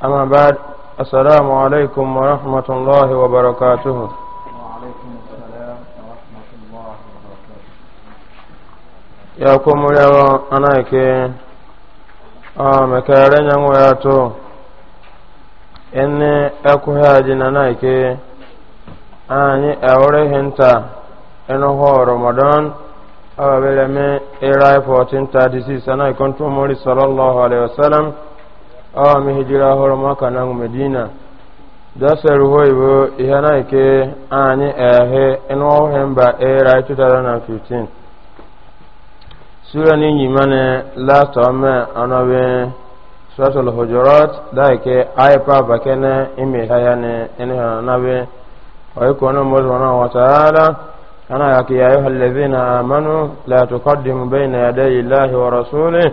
salam lolhịwartu akomnake mekerenyawehị tụ nekwughị adịna ake anyị ahụrghị nta nụhụrmadọ aree irịpụọcị nta dizs ankotụmri salọalsal awa mi hijira horo maka na medina da saru hoibo ihe na ike anyị ehe inu ọhụrụ mba era 2015 sura ni yi mana last ome anabi suratul hujurat da ike aipa bakene ime haya ne inu anabi oiko na muzu na wataala ana yaki ya ayuha allazina amanu la tuqaddimu bayna yaday illahi wa rasulih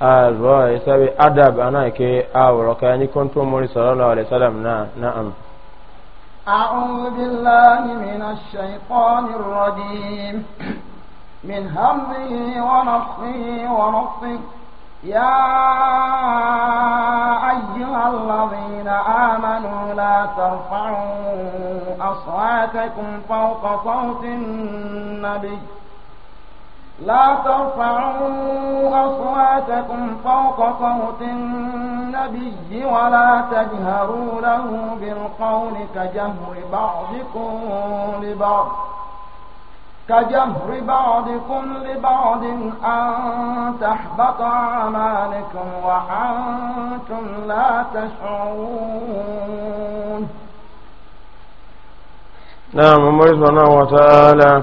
azwa isabi adab ana ke awro ka ni kontu muri sallallahu alaihi wasallam na na'am أعوذ بالله من الشيطان الرجيم من همزه ونفخه ونفخه يا أيها الذين آمنوا لا ترفعوا أصواتكم فوق صوت النبي لا ترفعوا أصواتكم فوق صوت النبي ولا تجهروا له بالقول كجهر بعضكم لبعض كجهر بعضكم لبعض أن تحبط أعمالكم وأنتم لا تشعرون نعم الله سبحانه وتعالى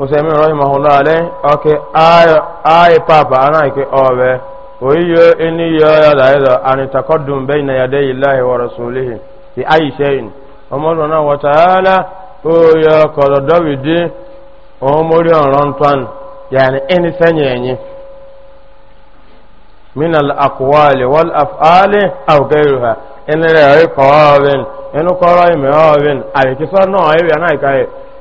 usaimin rahimahullah ale oke ayi papa anaike obe oyiyo eni yoyo daido ani takoddum baina yadayi llahi wa rasulihi fi ayi shay'in ọmọdún náà wọ̀tàálà oyo kọ̀dọ̀ dọ́wìdí ohun mórí ọ̀rọ̀ tán yàní ẹni sẹ́yìn ẹ̀yìn min al-akwali wal af'ali ayi ana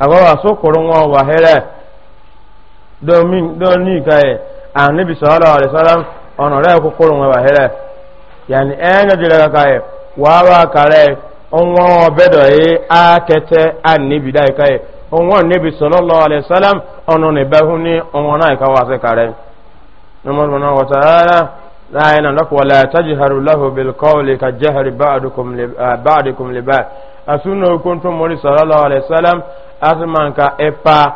agowa so kurunwa wa hele domin a nibi kai annabi sallallahu alaihi wasallam ona ra ko kurunwa wa hele yani ene dira kai wa wa kare onwa obedo yi akete annabi dai kai onwa annabi sallallahu alaihi wasallam ona ne bahuni onwa na kai wa se kare namar wana wa ta'ala ah, ah, la na nak wala tajharu lahu bil qawli ka jahri ba'dukum li ah, ba'dikum li ba'd asunu kuntum muri sallallahu alaihi wasallam asmanka epa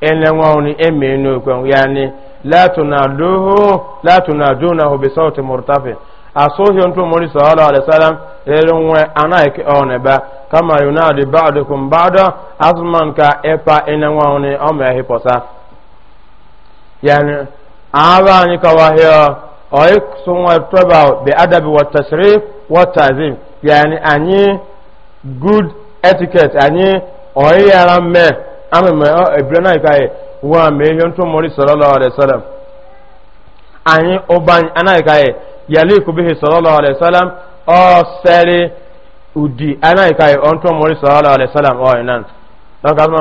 elenwawni emenu e kwen yani la tunaduhu la tunadunahu bi sauti murtafi asohi onto mori sallallahu alaihi wasallam elenwe anaike oneba kama yunadi ba'dukum ba'da asmanka epa elenwawni omehi posa yani aba ni kawahio oik sunwa toba bi adabi wa tashrif wa ta'zim yani anyị good etiket anyị. ọ̀yẹ́ yàrá mẹ́ amẹ́mẹ́ ẹ̀bìrẹ́ náà ìka yẹ wọ́n àmẹ́ ihe tó mọ́rí sọ̀rọ̀lọ́ ọ̀rẹ́sọ́lẹ̀m anyị ụbanyị anaghịka yẹ yàlẹ́ ìkùbíhì sọ̀rọ̀lọ́ ọ̀rẹ́sọ́lẹ̀m ọ̀sẹ̀rẹ̀ udi anaghịka yẹ ọ̀n tó mọ́rí sọ̀rọ̀lọ́ ọ̀rẹ́sọ́lẹ̀m ọ̀yẹ́nan lọ́kà tó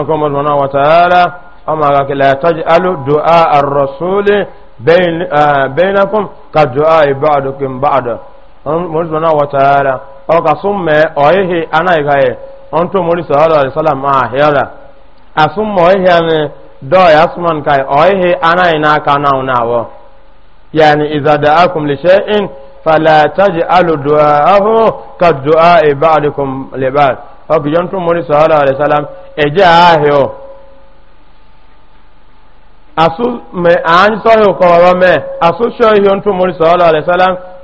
mọ̀ súnmẹ́ on to mori sallallahu alaihi wasallam a ah, hera asun mo he ne do yasman kai o he ana kana unawo yani idza da'akum li shay'in fala taj'alu du'aahu ka du'aa'i ba'dikum li ba'd o bi on mori sallallahu alaihi wasallam e asu me an so yo ko me asu sho mori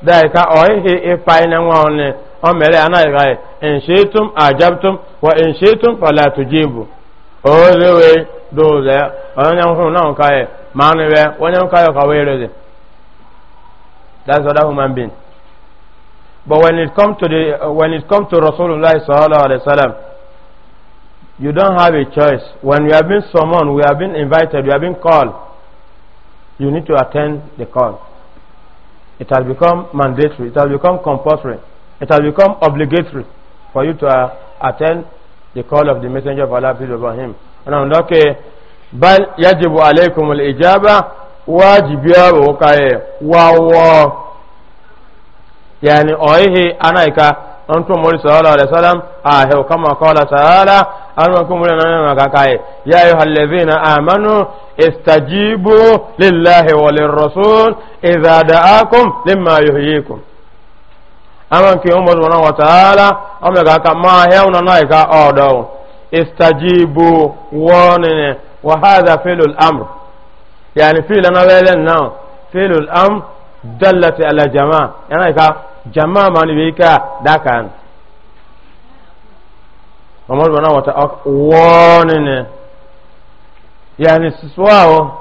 dai ka e on mere ana igaye in shaitum ajabtum wa in shaitum fala tujibu o lewe do le onya manu we onya ka yo re that's other human being but when it come to the uh, when it come to rasulullah sallallahu alaihi wasallam you don't have a choice when you have been summoned we have been invited we have been called you need to attend the call it has become mandatory it has become compulsory it has become obligatory for you to uh, attend the call of the messenger of Allah peace be upon him and I'm like bal yajibu alaykum al-ijaba wajibiya wa kaye wa wa yani oihi anaika antum muri sallallahu alaihi wasallam ahe kama qala ta'ala anwakum muri nana makakaye ya ayyuhallazina amanu istajibu lillahi wa lirrasul idha da'akum limma yuhyikum aman ke umar subhanahu wa ta'ala amma ga ka ma hewna na ka odo istajibu wonene wa hadha fi'lul amr yani fi'l na welen na fi'lul amr dallat ala jamaa yana ka jamaa man be ka dakan umar subhanahu wa ta'ala wonene yani siswao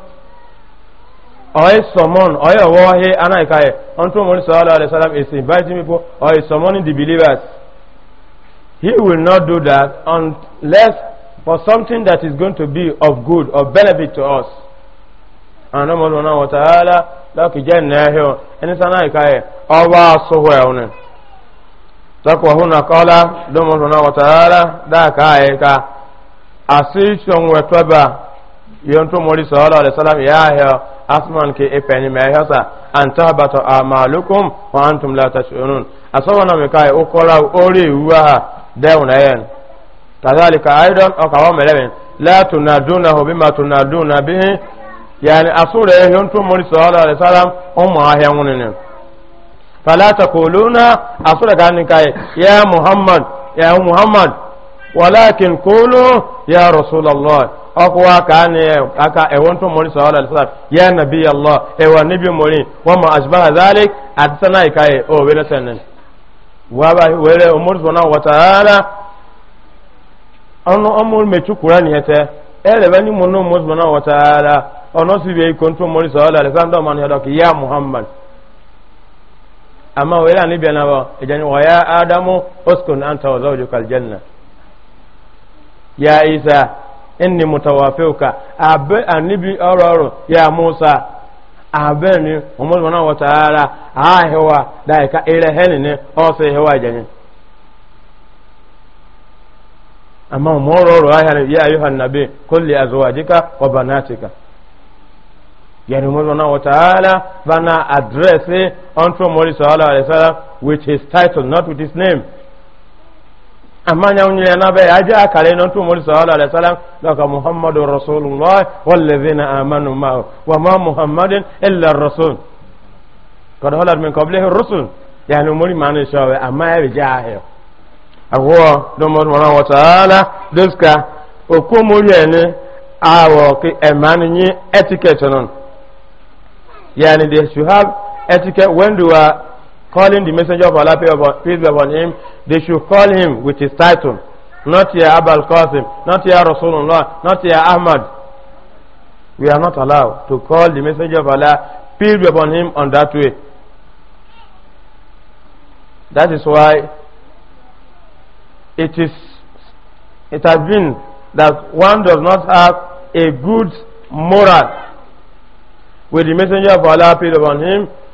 oil someone oil wahi anaikaye unto Muhammad sallallahu alaihi wasallam is inviting people or is summoning the believers he will not do that unless for something that is going to be of good of benefit to us and Muhammad subhanahu wa ta'ala laki janna hiyo eni sanaikaye owa sohwe onen takwa huna qala domo subhanahu wa ta'ala da kae ka asishon wetwaba yonto Muhammad sallallahu alaihi wasallam ya hiyo asman ke ifeni mai hasa an tabata amalukum wa antum la tashurun asawa na mikai ukora ore uwa daun ayen kadhalika aidan akawa melemen la tunadunahu bima tunaduna bihi yani asura ehi ontu mori sallallahu alaihi wasallam umma ahyan wunin fala taquluna asura kan kai ya muhammad ya muhammad walakin kulu ya rasulallah akuwa ka ne aka ewon to mori sallallahu alaihi wasallam ya nabi allah ewa nabi mori wa ma asbaha zalik atsana ikaye o wele sanan wa ba wele umur subhanahu wa ta'ala ono umur me chukura e ni ete ele ba ni mono umur subhanahu wa ta'ala ono si be ikon to mori sallallahu alaihi wasallam man ya dok ya muhammad amma wele ni be na ba ejani wa ya adamu uskun anta wa zawjuka aljanna ya isa inni mutawafiuka abe anibi ororo ya musa abe ni umar wana wa ta'ala ahewa da ka ire heni ne o se hewa jani amma mororo ahe ya ayuha nabi kulli azwajika wa banatika yani umar wana wa ta'ala bana address on to mori sallallahu alaihi wasallam with his title not with his name amanya nyɛ na bɛ aja akare na tu mori sallallahu alaihi wasallam daga muhammadu rasulullah wallazina amanu ma wa ma muhammadin illa rasul kad halat min qablihi rusul yani mori man shawe amma ya bija he agwo do mor mona wa taala deska oku mori ene awo ki emani nyi etiquette non yani they should etiquette when do are calling the messenger of Allah, peace be upon him, they should call him with his title. Not here al Qasim, not here Rasulullah, not here Ahmad. We are not allowed to call the messenger of Allah, peace be upon him, on that way. That is why it is it has been that one does not have a good moral with the messenger of Allah peace upon him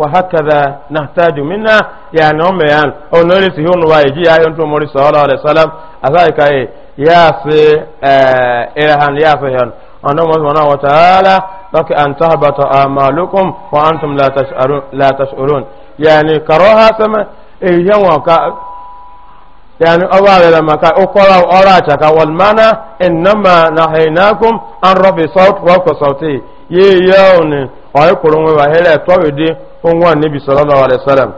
وهكذا نحتاج منا يعني أم يعني أو نريد هون وايجي يا أنتم مولى صلى الله عليه وسلم أذاك أي ياس إلهان ياس هون أن الله سبحانه وتعالى لك أن تهبط أعمالكم وأنتم لا تشعرون لا تشعرون يعني كروها سما إيجان وكا يعني أول لما كا أقرأ أراتك والمعنى إنما نهيناكم أن ربي صوت وفق يي يوني أيكم وهلا تويدي on wa nabi sallallahu alaihi wasallam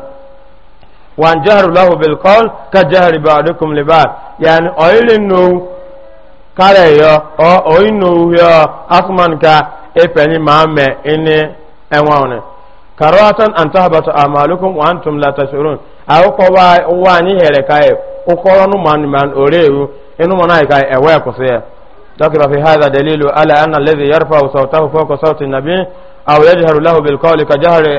wa jahru lahu bil qawl ka jahri ba'dukum li ba'd yani oyin no kare yo o oyin no yo asman ka e peni ma me ene enwa one karatan an amalukum wa antum la tashurun aw ko wa wa ni hele kai o ko no man man orewu inu mona kai e wa ya se ذكر في ala دليل على أن الذي يرفع صوته فوق aw yajharu lahu bil qawli ka jahri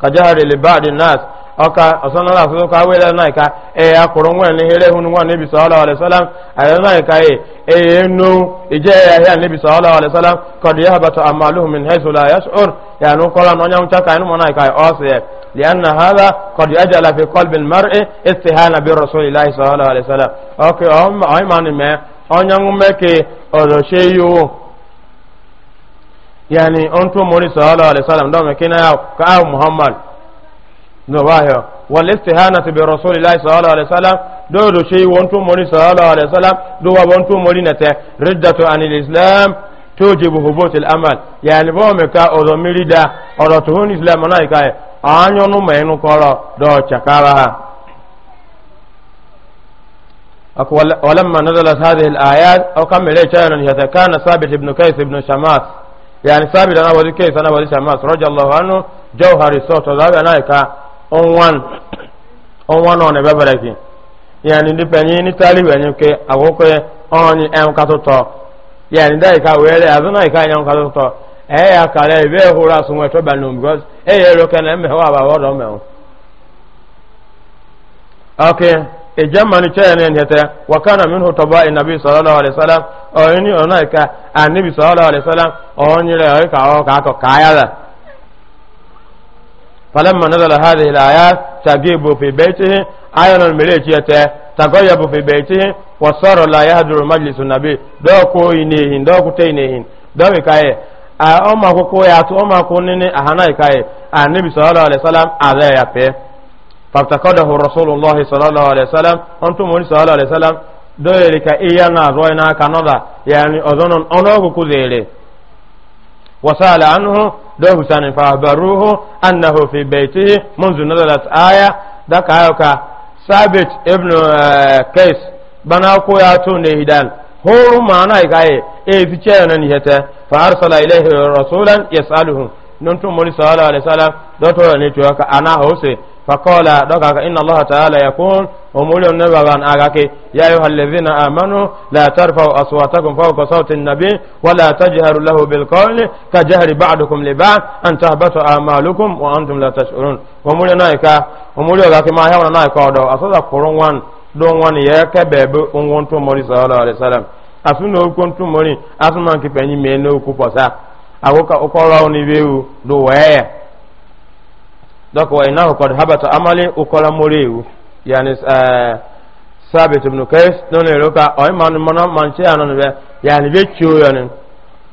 ka jahri li ba'd an-nas aka asana la so ka wele na ka e akurun wen ni hele hun wan nabi sallallahu alaihi wasallam ala na ka e e no ije ya ya nabi sallallahu alaihi wasallam kad yahbatu amaluhum min لأن هذا قد أجل في قلب استهانة بالرسول الله صلى الله عليه وسلم أوكي أم أي معنى ما أن yani on to mori sallallahu alaihi wasallam da me kina ka aw muhammad no wahyo wal istihana bi rasulillahi sallallahu alaihi wasallam do do sey won to mori sallallahu alaihi wasallam do wa won to mori nate riddatu anil islam tujibu hubut al amal yani bo me ka o do mirida o do to ni islam na ka anyo no me no koro do chakara ha ولما نزلت هذه الآيات أو كم إليه كان يتكان ثابت بن كيس بن شماس yani sabi da nawali kai sana wali shamas radiyallahu anhu jawhari soto da ga naika on wan on wan on be ya yani ni penyi ni tali wenye onye awoko ka wele ka ya kara be hura sunwe to banum e me ba e jamani chayenen hete wa kana minhu tabai nabi sallallahu alaihi wasallam o ini ona e ka annabi sallallahu alaihi wasallam o nyire o e ka o ka ko kaya la falamma nazala hadhihi alayat tagibu fi baytihi ayana almalaiki yata tagayabu fi baytihi wa sara la yahduru majlisu nabi do ko inihin do ko taynihin do be kaye a o ma ko ko ya to o ma ko nini ahana kaye annabi sallallahu pe فافتقده رسول الله صلى الله عليه وسلم أنتم صلى الله عليه وسلم ذلك إيانا روينا كندا يعني أظن أنه كذيري وسأل عنه ده سن فأخبروه أنه في بيته منذ نزلت آية ذاك آيوكا ثابت ابن كيس بناكو ياتون هدان هو معنا إيه إيه في شيء فأرسل إليه رسولا يسأله ننتم صلى الله عليه وسلم دوتو نيتوكا أنا هوسي fakola ɗauka ka inna allaha ta'ala ya kun umuriyar na baban agake ya yi hallazi na amanu la tarfa a suwatakun fauka sautin nabi wala ta jiharu lahu bil kawli ka jihari ba'dukum li ba'd an tahbatu amalukum wa antum la tashurun umuriyar na ika umuriyar ga kima yawan na ika odo asoza kurun wan don wan ya kebe bi ungun tumori sallallahu alaihi wasallam asuna okun tumori asuman kipenyi me na oku posa awoka okoro ni bewu do waya dɔk wa inahu kɔd habata amali ukɔla moriwu yani eh, sabit ibn kais dɔne roka ɔy man mana manche anon be yani be chuyo nen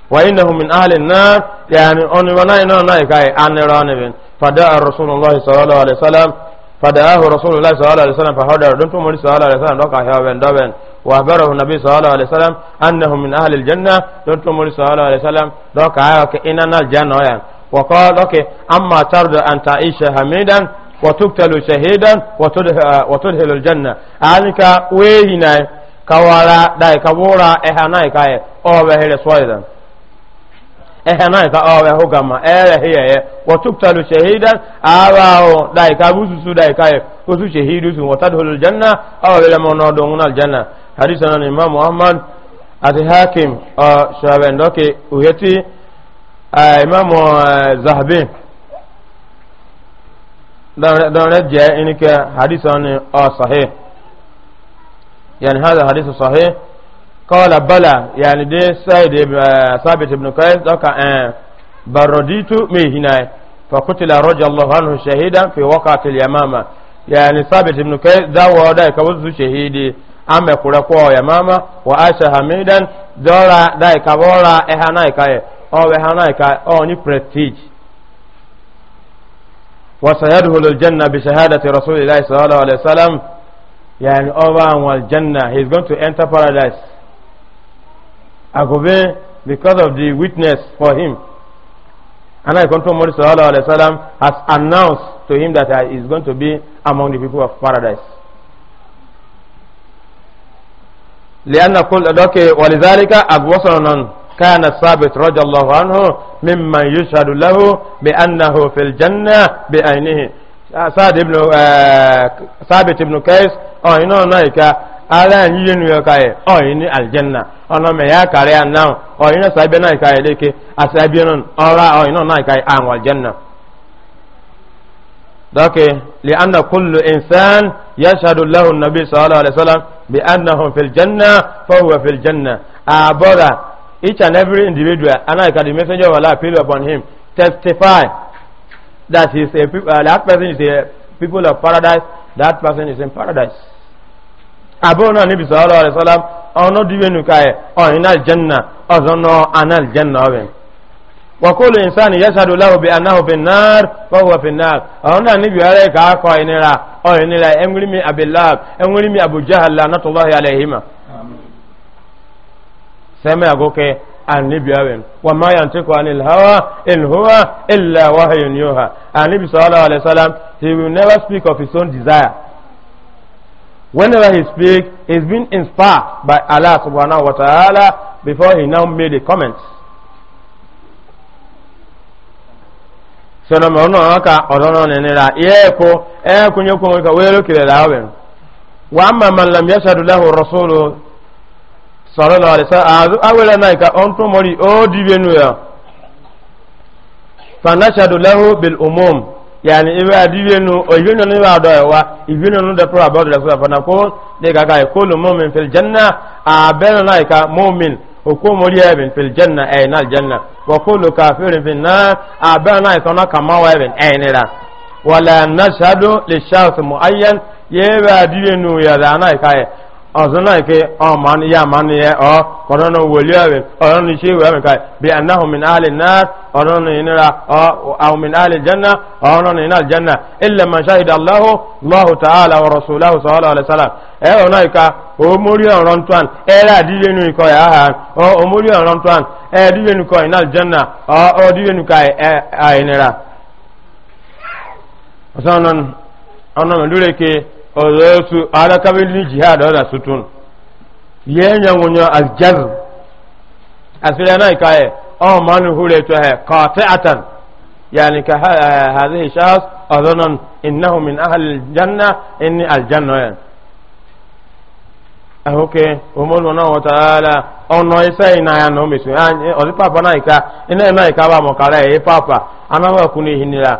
wa innahu min ahli nar yani on wana ina na kai anirane ben fada rasulullah sallallahu alaihi wasallam فدعاه رسول الله صلى الله عليه وسلم فحضر دون تمر صلى الله عليه وسلم دوكا هيا بن دوبن وأخبره النبي صلى الله عليه وسلم أنه من أهل الجنة دون تمر صلى الله عليه وسلم دوكا هيا كإننا الجنة يعني وقال اوكي اما ترضى ان تعيش حميدا وتقتل شهيدا وتدخل الجنه ذلك وينا كوارا داي كبورا اهناي كاي او بهل سويدا اهناي كا او هو كما اه هي وتقتل شهيدا او داي كبوسو داي كاي وتو شهيد وتدخل الجنه او لما نودون الجنه حديثنا الامام محمد ati hakim ọ ṣọ̀rọ̀ ẹ̀ndọ́kẹ̀ òyẹ́tí imam eh, zahabi don rajja in ka hadisa ne a sahih yani hada hadisa sahih qala bala yani de sa'id sabit eh, ibn qais doka eh baraditu me hinai fa qutila radiyallahu anhu shahidan fi waqati al-yamama yani sabit ibn qais da wada ka wuzu shahidi ame kura ko yamama wa asha hamidan dora dai ka bora ehanai kai ọwẹ ha náà ọni prestige وسيدخل الجنة بشهادة رسول الله صلى الله عليه وسلم يعني أبا والجنة he is going to enter paradise agobe because of the witness for him and I come to Muhammad صلى الله عليه وسلم has announced to him that he is going to be among the people of paradise لأن كل ذلك أبوصرنا كان ثابت رضي الله عنه ممن يشهد له بأنه في الجنة بعينه آه، آه، ثابت بن ثابت بن كيس اه انه نايكا على ين يوكاي اه ان الجنة انا ما يا كاري انا اه انه ثابت نايكا ديك اسابين اورا اه انه نايكا ان آه، الجنة لكن لأن كل إنسان يشهد له النبي صلى الله عليه وسلم بأنه في الجنة فهو في الجنة أبدا each and every individual, and I can the messenger of Allah appeal upon him, testify that he is a, uh, that person is a people of paradise, that person is in paradise. Abona Nabi sallallahu alaihi wasallam ono diwe nukaye on ina janna ozono anal janna oben. Wa kullu insani yashhadu lahu bi annahu bin Wahu wa huwa fin nar. Ona Nabi ara ka ko inira o inira emrimi abillah emrimi abu jahal lanatullahi alaihima. Amin sẹ́mẹ́ àgókẹ́ àníbi awẹ́n wà máa yà ń tẹ́kọ̀ àníl hawa ìlúwà ìlà wáhayò ní ọha àníbi he will never speak of his own desire whenever he speak he is being inspired by allah subhanahu wa ta'ala before he now made a comment. sọ̀rọ̀ mọ̀ náà ka ọ̀rọ̀ náà nìyẹn iye ẹ̀kọ́ ẹ̀kọ́ nyẹ́kọ́ wọn kà wẹ́ẹ́rẹ́ kìlẹ̀ làwọn wẹ́n wàá màmá lam yẹ́sàdúlẹ̀ hù rọ́sọ́lù sallallahu alaihi wasallam awela naika onto mori o dibenu ya fanashadu lahu bil umum yani ibe adibenu o ibenu ni ba do wa ibenu no de pro about the sallallahu na ko de ga ga ko lu mu'min fil janna abena naika mu'min o ko mori ya bin fil janna ay eh, nal janna wa kullu kafirin fil nar abena naika na kama wa bin ay eh, nira wala nashadu li shakhs muayyan yeba adibenu ya da naika eh, ọ̀sánà ike ọmọ ni yá ma ni yẹ ọ kọ̀dọ̀ ní wòlí ẹ̀wẹ̀ ọ̀dọ̀ ní ṣe ìwẹ̀ mẹ́ka bí anáhùn min áàlì oh, náà ọ̀dọ̀ ní ìnira ọ̀hùn min áàlì jẹ́nà ọ̀dọ̀ ní ìnà jẹ́nà ilẹ̀ ma ṣáhìdà lọ́hù lọ́hù tààlà wọ̀rọ̀ sùláhù sọ́ọ́lá ọ̀lẹ́ sálà ẹ ọ̀nà ìka omori ọ̀rọ̀n tuan ẹ̀rẹ́ àdílé nu ikọ̀ yà á omori ọ̀rọ̀n tuan ẹ̀ẹ́dílé nu ikọ̀ ìnà jẹ́nà ọ̀ọ́dílé nu ka àìnira. ọ̀sán ọ̀nà ọ̀nà mẹ́lúrẹ́kẹ́ ozotu ala kabili jihad ona sutun yenya ngunyo aljazm asira na ikaye o man hure to he qati'atan yani ka ha eh, hadhihi shakhs adhanan innahu min ahli aljanna inni aljanna yan ahoke omol wana wa ta'ala ono isa ina ya no mesu ani ori papa na ika ina na ika ba mo kala e papa anawa kuni hinira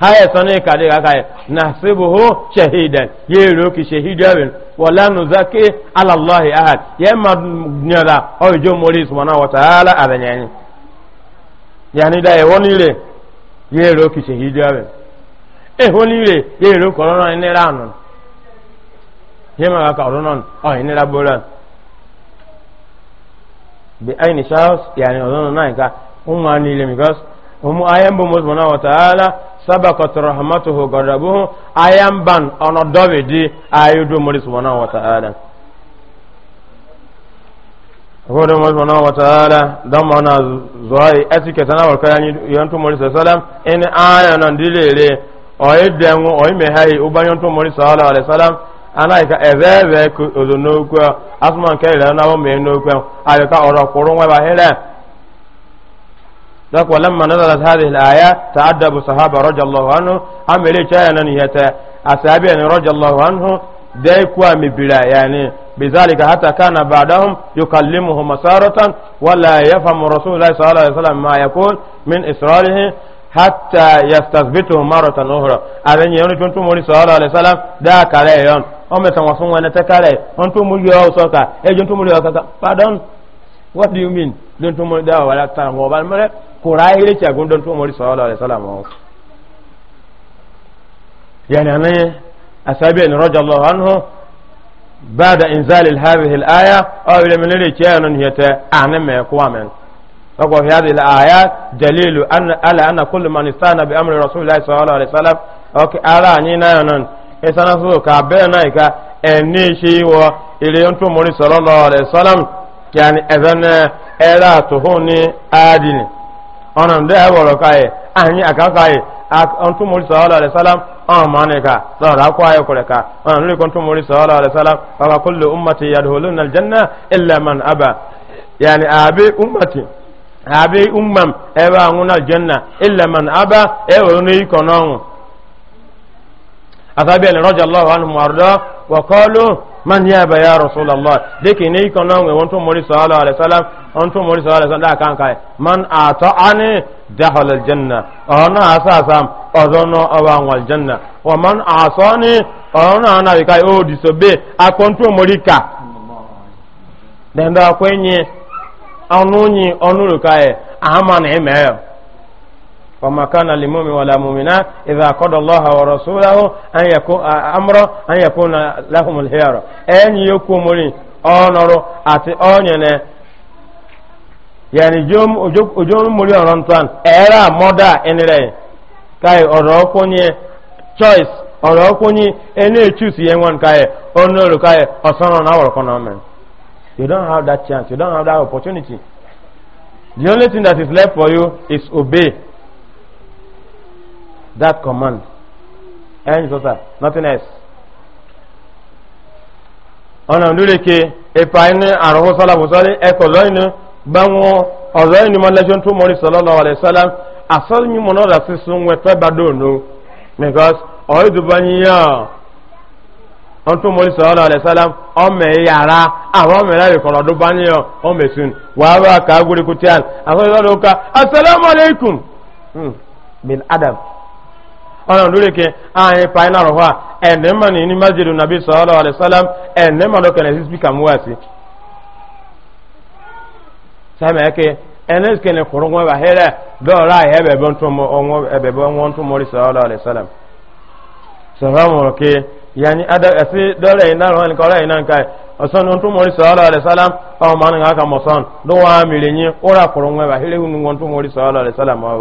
haya sani kade ga kai nahsibuhu shahidan ye roki shahidan wala nuzaki ala allah ahad ye ma nyala o jo mori subhanahu wa ta'ala abanyani yani da ye woni le eh, ye roki shahidan e woni le ye ro korona ni ranu ye ma ka korona o ni bi aini shaus yani nai ka umma ni le umu wa ta'ala sabaqat rahmatuhu ghadabuhu ayan ban ono di ayudu muri subhanahu wa ta'ala godo mo subhanahu wa ta'ala dan mana zuwai atike tana yantu sallam in aya nan dilele oyi oyi uba sallallahu alaihi wasallam ana ika ezebe ozo nke na ọ ọrọ kwụrụ ba ذاك ولما نزلت هذه الآية تعدب الصحابة رضي الله عنه عمل شيئا نيته أصحابي رضي الله عنه ديكوا مبلا يعني بذلك حتى كان بعدهم يكلمه مسارة ولا يفهم رسول الله صلى الله عليه وسلم ما يقول من إسراره حتى يستثبته مرة أخرى أذن يوني كنت مولي صلى الله عليه وسلم دا كاليون أمي تنوصن ونتكالي أنتم مولي أوسوكا أي جنتم مولي أوسوكا pardon what do you mean جنتم مولي دا ولا تنوصن kura ile cha gondon to mori sallallahu alaihi wasallam yani ana asabi an radiyallahu anhu بعد انزال هذه الآية أو لم نري كان يتا أعلم يقوامن فقو في هذه الآيات دليل أن على أن كل من استعان بأمر رسول الله صلى الله عليه وسلم أوكي على أنينا ينن إسانا سوك أبينا إكا أنيشي و إلي أنتم صلى الله عليه وسلم يعني إذن إلا تهوني آديني ọ̀nà ndé ẹ̀wọ̀rọ̀ káyẹ̀ àyìn àkákáyẹ̀ ọ̀ntúnmọ̀rí sọ̀rọ̀ alẹ́sálàm ọ̀mánìká lọ́rọ̀ akwáyẹ̀ kọ̀rẹ̀ká ọ̀nà lórí kọ̀ntúnmọ̀rí sọ̀rọ̀ alẹ́sálàm ọ̀rọ̀ kúlù ummati yadhulun aljanna illa man aba yani abi ummati abi ummam ẹwà àwọn aljanna illa man aba ẹwọ̀rọ̀ ní ikọ̀ náà asabi ẹ̀lẹ́rọ̀jà allah wa man yaba ya rasulallah deke ne ko na won to mori sallallahu alaihi wasallam on to mori sallallahu alaihi wasallam kan kai man ata'ani dakhala aljanna ona asasam ozono awan wal janna wa man asani ona na kai o oh, disobe akon to mori ka den da kwenye anunyi onuru kai ahama na emeyo وما كان لمؤمن ولا مؤمنة إذا قضى الله ورسوله أن يكون أمره أن يكون لهم الخيار أن يكون لي أنر أتي أنين يعني جوم جوم مليون رمضان إلى مدى إن لي كاي أروكوني choice أروكوني إن choose يمون كاي أنر كاي أصلا نور كنامن You don't have that chance. You don't have that opportunity. The only thing that is left for you is obey that command ẹn sọsà nothing else. ọ̀nà ìdúrèké ìpa inú àrùn sálàmùsọ́lé ẹ̀kọ́ lọ́yìn gbẹ̀wọ̀n ọ̀rọ̀ ìní mọ́lẹ́sọ̀n tó mọ́rí sọlọ́lọ́ ọ̀rẹ́ sálám àsọ́yìn mọ́ náà sí sun wẹ́pẹ́ bá dòònù because ọ̀rẹ́ ìdúbọ̀ yíyàn ọ̀n tó mọ́rí sọlọ́lọ́ ọ̀rẹ́ sálám ọmọ ìyàrá àwọn ọmọ ìyàrá ìkọ̀rọ̀ ọdún bá yíyàn ọmọ ìsìn wàá bá kàá gúrí kútíàn àsọ́yìn sọlọ́lọ́ hmm. bil adam ọ̀nà lórí ke ààrin pàìlà rọ̀ wá ẹ̀ẹ́dẹ́ mọ̀ ní ní májèlú nàbí sọ̀rọ̀ alẹ́sálàm ẹ̀ẹ́dẹ́ mọ̀ lọ́kẹ̀lẹ̀ sí spíkà mú wá sí. sáàmì ẹ̀kẹ́ ẹ̀ẹ́dẹ́ kẹ̀lẹ̀ kọ̀rọ̀ wọn bá hẹ́rẹ́ dọ́ọ̀rọ̀ àyẹ́ ẹ̀bẹ̀bẹ̀ wọn tún mọ́rí sọ̀rọ̀ alẹ́sálàm. sọ̀rọ̀ mọ̀ ke yanni ada ẹsẹ dọlẹ yìí náà wọn kọlẹ yìí náà nka yìí ọsàn wọn tún mọ sọọlọ alẹ sálám ọmọ mọ nǹkan kan mọ sọọn ló wọn mìíràn yín ó rà kọrọ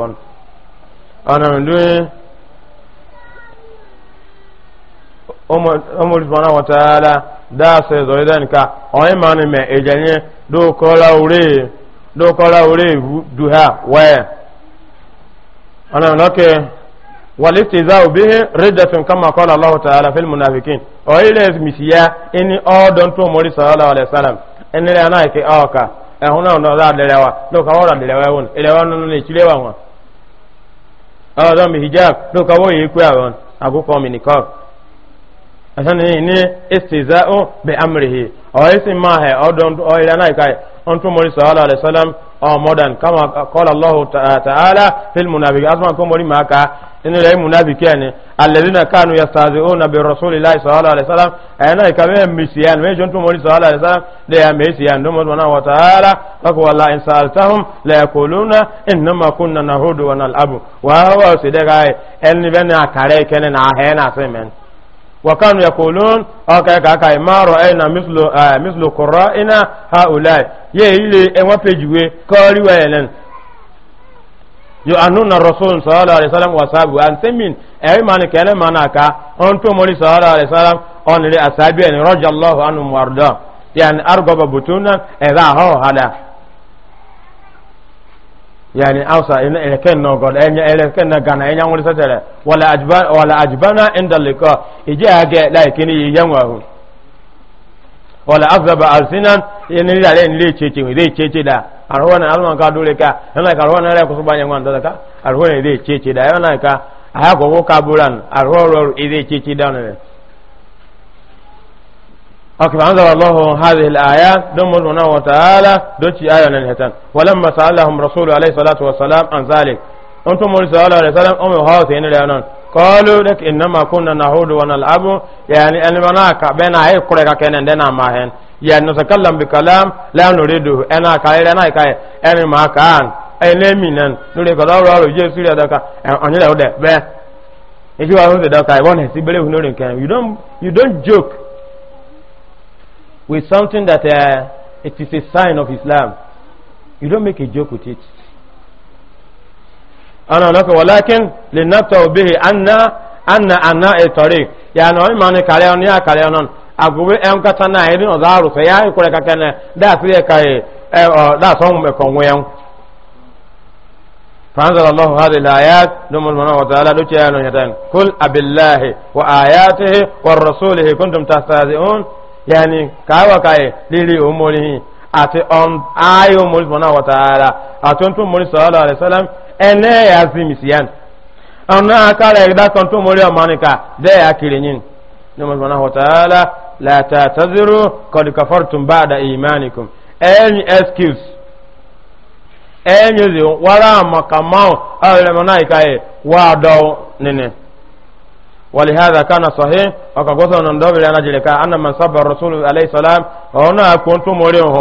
wọn bá omori subhanahu wa ta'ala da se zori da nka oyin ma ni me ejenye do kola ore do kola ore duha waya ana loke walitizau bihi riddatun kama qala Allah ta'ala fil munafiqin o ile misiya ini o don to mori sallallahu alaihi wasallam eni le ana ke oka e huna no da lewa do ka ora lewa won lewa no ne chilewa won o do mi hijab do ka wo yi ku awon agu ko mi asani ni istiza'u bi amrihi o isi ma he o don o ila na kai on to mori sallallahu alaihi wasallam o modan kama qala allah ta'ala fil munafiqin asma ko mori ma ka inu le munafiqin ni alladhina kanu yastazi'una bi rasulillahi sallallahu alaihi wasallam ayna ka be misiyan me jonto mori sallallahu alaihi wasallam de ya misiyan do mo na wa ta'ala fa walla in sa'altahum la yaquluna innama kunna nahudu wa nal'abu wa huwa sidaqai elni bena kare kenen a hena semen وكانوا يقولون أوكي كاكاي ما رأينا مثل آه مثل قرائنا هؤلاء يلي إنوا بيجوا كاري ويلن يؤنون الرسول صلى الله عليه وسلم وصحبه أن سمين أي من كان مناكا أنتم مولي صلى الله عليه وسلم أن لأصحابه رضي الله عنهم وارضاه يعني أرغب بطونا إذا هو هذا yani ausa ina eleken no god enya eleken na gana enya ngori satere wala ajban wala ajbana inda lika ije age laikini yanwa hu wala azaba alsinan yani la len le cheche we le cheche da arwana alma ka dole ka yana ka arwana le kusuba nyangwa nda ka arwana le cheche da yana ka aya go ka buran arworo ile cheche da ne أكف أنزل الله هذه الآيات دم سبحانه وتعالى دوتي آية ننهتان ولما سألهم رسول عليه الصلاة والسلام عن ذلك أنتم مولي صلى الله عليه وسلم أمي هاوثين لأنان قالوا لك إنما كنا نهود ونلعب يعني المناك بين أي قرية كان دنا معهن يعني نتكلم بكلام لا نريده أنا كاير أنا كاير أنا ما كان أنا مينن نريد كذا ولا رجع سوريا دكا أنا لا أود به إيش هو هذا دكا يبون هسيبله هنورين كان you don't you don't joke with something that uh, it is a sign of Islam. You don't make a joke with it. أنا نك ولكن لنبتو به أن أن أن الطريق يعني ما نكاليون يا كاليون أقول أم كتنا هيدن أزارو سيا يقول كأن ده سيا كاي ده سوم كونغيان فأنزل الله هذه الآيات نم سبحانه وتعالى لتيانو يتن قل أب الله وآياته والرسول كنتم تستهزئون yani kawa kai lili umurihi ati on ayi umuri fona wa ta'ala atuntu umuri sallallahu alaihi wasallam ene ya zimisiyan ona akala da kontu umuri amanika de ya kirinyin numuri fona wa ta'ala la ta'tazuru qad kafartum ba'da imanikum any excuse any nene ولهذا كان صحيح وكغوثنا ندبر أنا جلك أن من سب الرسول عليه السلام هنا كنت مريه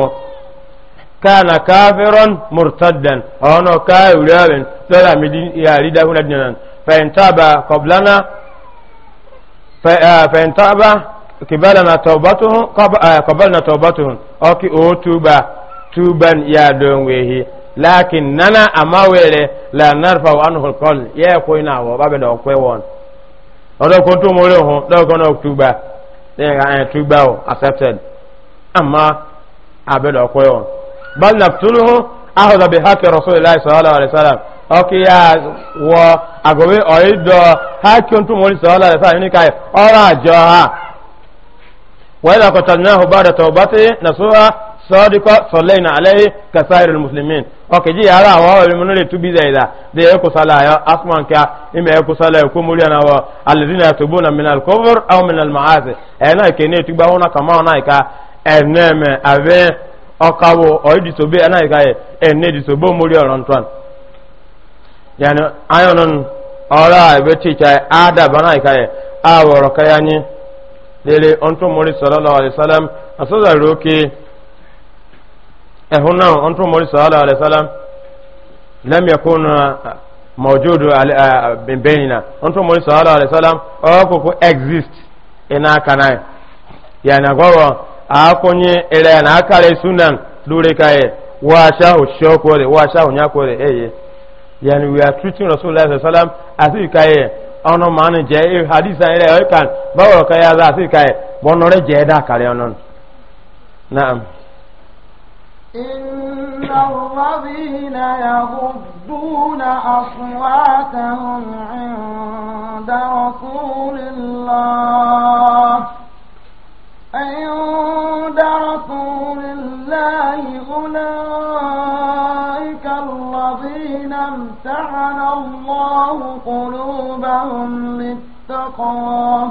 كان كافرا مرتدا هنا كافرا تلا مدين يريد هنا دينا فإن تاب قبلنا فإن تاب قبلنا توبته قبلنا توبته أوكي أو توبة توبا يا دونويه لكن ننا أما لا نرفع عنه القول يا كوينا وبابنا وكوي ọdọkun tó mọ lóhun lọkàn náà túgbà lẹ́yìn ẹ̀ túgbà ọ accepted ama abẹ́lẹ̀ ọkọ yọ. bal naftuluhu ahọ́dà bí hákì rasulillahi sallallahu alaihi wasallam ọkì yà wọ àgọ́wé ọ̀yẹ́ dọ̀ hákì tó mọ sallallahu alaihi wasallam ní káyọ̀ ọ̀rọ̀ àjọ ha. wọ́n yà kọ́tà náà hùbá dàtọ̀ bàtí nasuha sọ́díkọ́ sọ̀lẹ́yìn alẹ́yìn kasáyìrì mùsùlùmí ọkẹ̀jì yàrá àwọn ọ̀rẹ́ mi lórí túbí zẹ̀yìdá dé ẹ̀kọ́ sálà ayọ́ asmanka ìmẹ̀ ẹ̀kọ́ sálà ẹ̀kọ́ múlíà náà wọ alẹ́dínà ẹ̀tọ́gbó na minal kọ́fọ́r àwọn minal mahazi ẹ̀nà ìkẹ́ni ẹ̀túgbà wọn kàmá wọn àìká ẹ̀nẹ́mẹ̀ abẹ́ ọkàwọ̀ ọ̀ídìsọ́gbé ẹ̀nà ìká ẹ̀nẹ́dìsọ́gbó múlíà ọ̀rọ̀ntọ́n yani ayọ̀nọ́n ọ̀rọ̀ ẹ̀bẹ̀ tíjà ádàbà náà ìká ẹ̀ àwọ̀rọ̀ kẹyà ní lélẹ̀ ọ̀ntún múlí sọ̀rọ̀ lọ́wọ́ ẹ̀hún náà ọ̀n tó mọ̀rí sọ́ọ́lá alẹ́sọ́lá lẹ́mìẹ̀kún mọ̀júdù bẹ̀yìnà ọ̀n tó mọ̀rí sọ́ọ́lá alẹ́sọ́lá ọkùnkùn exist iná kanáà yàrá gbọ́rọ̀ àákúnyé ilẹ̀ yàrá kárẹ̀ sunan lórí káyẹ̀ wọ́n aṣá òṣìṣẹ́ wa sha aṣá òyìn kọ́rẹ̀ ẹ̀yẹ yani we are treating rasulillah alẹ́sọ́lá àti ìkáyẹ̀ ọ̀nà màánu jẹ́ eh, hadisa ilẹ̀ ọ̀kan báwọ̀ káyà àti ìkáyẹ̀ bọ́nọ̀rẹ́ jẹ́ dá kárẹ̀ ọ̀nà. naam إن الذين يغضون أصواتهم عند رسول الله عند رسول الله أولئك الذين امتحن الله قلوبهم للتقوى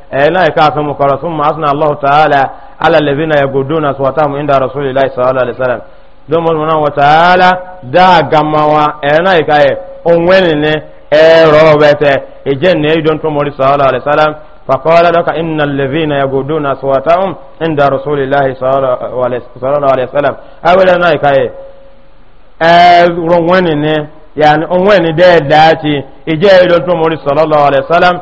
لا يكافم مقرا ثم أثنى الله تعالى على الذين يقودون أصواتهم عند رسول الله صلى الله عليه وسلم دوم المنا وتعالى دا جماوا أنا يكاي أونين إيروبته إجن يدون تمر صلى الله عليه وسلم فقال لك إن الذين يقودون أصواتهم عند رسول الله صلى الله عليه وسلم أولا أنا يكاي أونين يعني أونين ده داتي إجن يدون تمر صلى الله عليه وسلم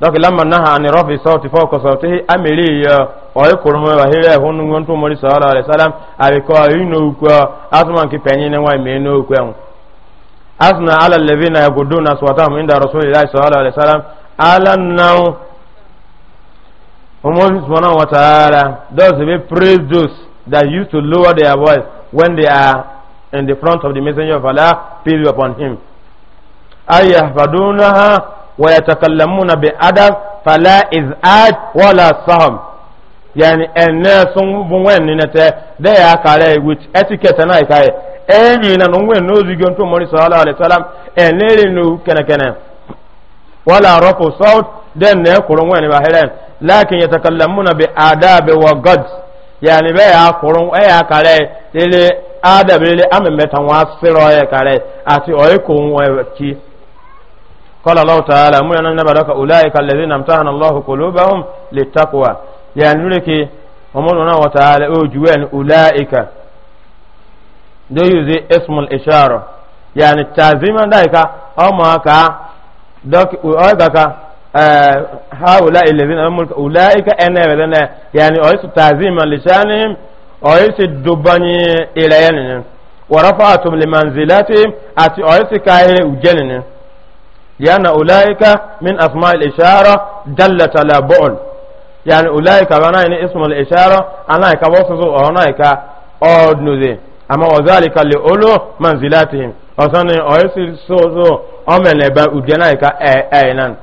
donc lamma naha an rafi sawti fawqa sawtihi amiri ya oy kurma wa hira hunu ngontu mori sallallahu alaihi wasallam abi ko inu ko asman ki penyi ne wa me no ko en asna ala alladhina yaquduna aswatahum inda rasulillahi sallallahu alaihi wasallam ala now Umar subhanahu wa ta'ala those be praise those that used to lower their voice when they are in the front of the messenger of Allah peace be upon him ayahfadunaha ويتكلمون بأدب فلا إذآت ولا سهم يعني الناس بوين نتا ده يا كاري ويت اتيكيت ناي كاي اني نا نوين نوزي جونتو مولى صلى الله عليه وسلم اني نو كنا كنا ولا رفع صوت ده نه كورون وين باهرن لكن يتكلمون بآداب وقد يعني بها كورون اي كاري للي آداب للي امم متان واسرو اي كاري اتي اوي كون وكي قال الله تعالى من نبلك أولئك الذين امتحن الله قلوبهم للتقوى لأن لك ومننا وتعالى أوجوان أولئك دو يزي اسم الإشارة يعني تعظيما ذلك أو ماكا دوك أولئك هؤلاء الذين أملك أولئك أنا بدنا يعني أيس تعظيما لشانهم أيس دبني إليهم ورفعتم لمنزلتهم أتي أيس كاهل وجنن لأن أولئك من أسماء الإشارة دلت على بعد يعني أولئك بنا إن اسم الإشارة أنا كوصف أنا كأود نذي أما وذلك لأولو منزلاتهم وصنع أيسي سوزو أمن لبا أدينا كأينا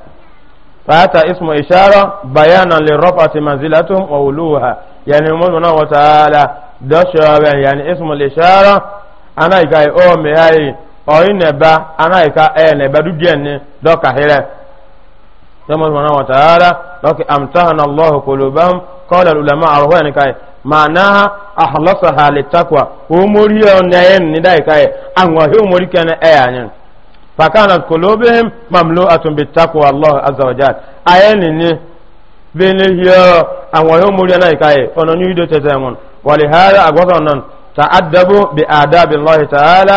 فأتى اسم إشارة بيانا لرفعة منزلتهم وولوها يعني مولانا وتعالى دشوا يعني اسم الإشارة أنا كأي أمي هاي oyi neba anaghị ka ee neba dudiyan ne dọka hira zama subhanahu wa ta'ala dọki amtahana allah qulubam qala ulama arwa ne kai ma'ana ahlasaha litakwa umuri ne na ni dai kai na wa umuri kana e ayanin fakana qulubihim mamlu'atun bittaqwa allah azza wa jalla ayanin ne bene hiyo an wa umuri ne ni do tete mon wali hada agwa non ta'addabu bi adabi allah ta'ala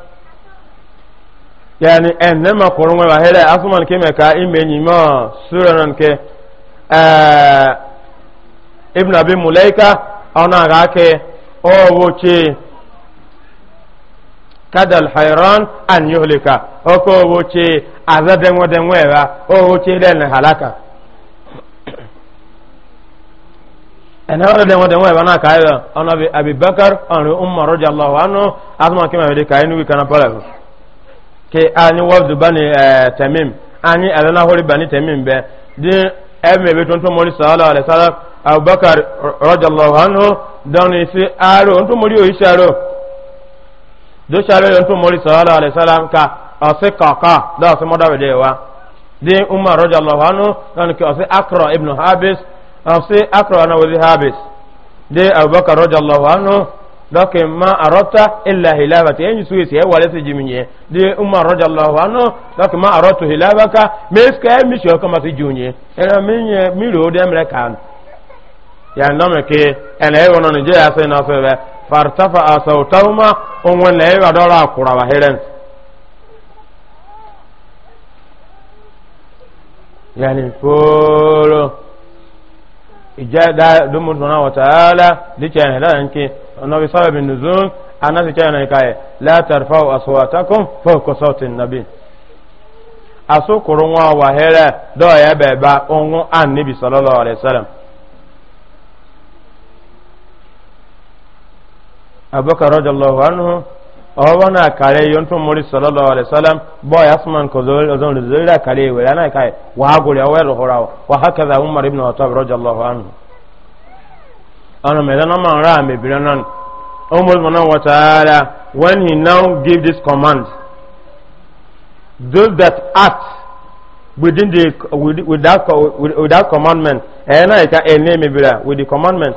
yani en nema kurun wa hele asuman ke meka imbe nyima sura nan ke eh ibn abi mulaika ona ga ke o woche kadal hayran an yuhlika o ko woche azade ngode ngwera o woche den halaka ene wala den wada wai bana kaiwa ona bi abubakar ona umar radiyallahu anhu asma kima bi kai nuwi kana pala ke ani wafdu bani eh, tamim ani alana hori bani tamim be din ebe be tonto moni sallallahu alaihi wasallam abubakar radiyallahu anhu dawni si aro onto mori o isaro do sharo onto mori sallallahu alaihi wasallam ka ase kaka da ase moda be wa din umar radiyallahu anhu dawni ki ase akra ibn habis ase akra na habis de abubakar radiyallahu anhu donc ma arota illa hilabata yanyi suwe sai wale su jimin ye de umar radiyallahu anhu ma arotu hilabaka me ska mi sho kama su junye ina min ye mi ro de mre kan ya ndome ke ene e wono je ya sai na so be fartafa asawtahuma on wala e wadora akura wa heren yani polo ijada dumu tuna wa ta'ala dicha nabi sabe bin nuzul anasi kana kai la tarfa'u aswatakum fawqa sawti an-nabi aso kurunwa wa hera do ya beba onwo annabi sallallahu alaihi wasallam abubakar radiyallahu anhu ọwọ́ náà kàrẹ́ yóò tún mórí sọlọ́lọ́ alẹ́sọ́lám bọ́ọ̀ yasman kò zọ́rọ̀ kàrẹ́ ìwé lánàá kàrẹ́ wàá gòrè ọwọ́ ẹ̀rọ hùrà wàá hákàdà umar ibn ọ̀tọ́ rọ́jọ́ lọ́wọ́ anhu. ana me dana man ra me biranan umar subhanahu wa ta'ala when he now give this command those that act within the without that commandment and I can name with the commandment.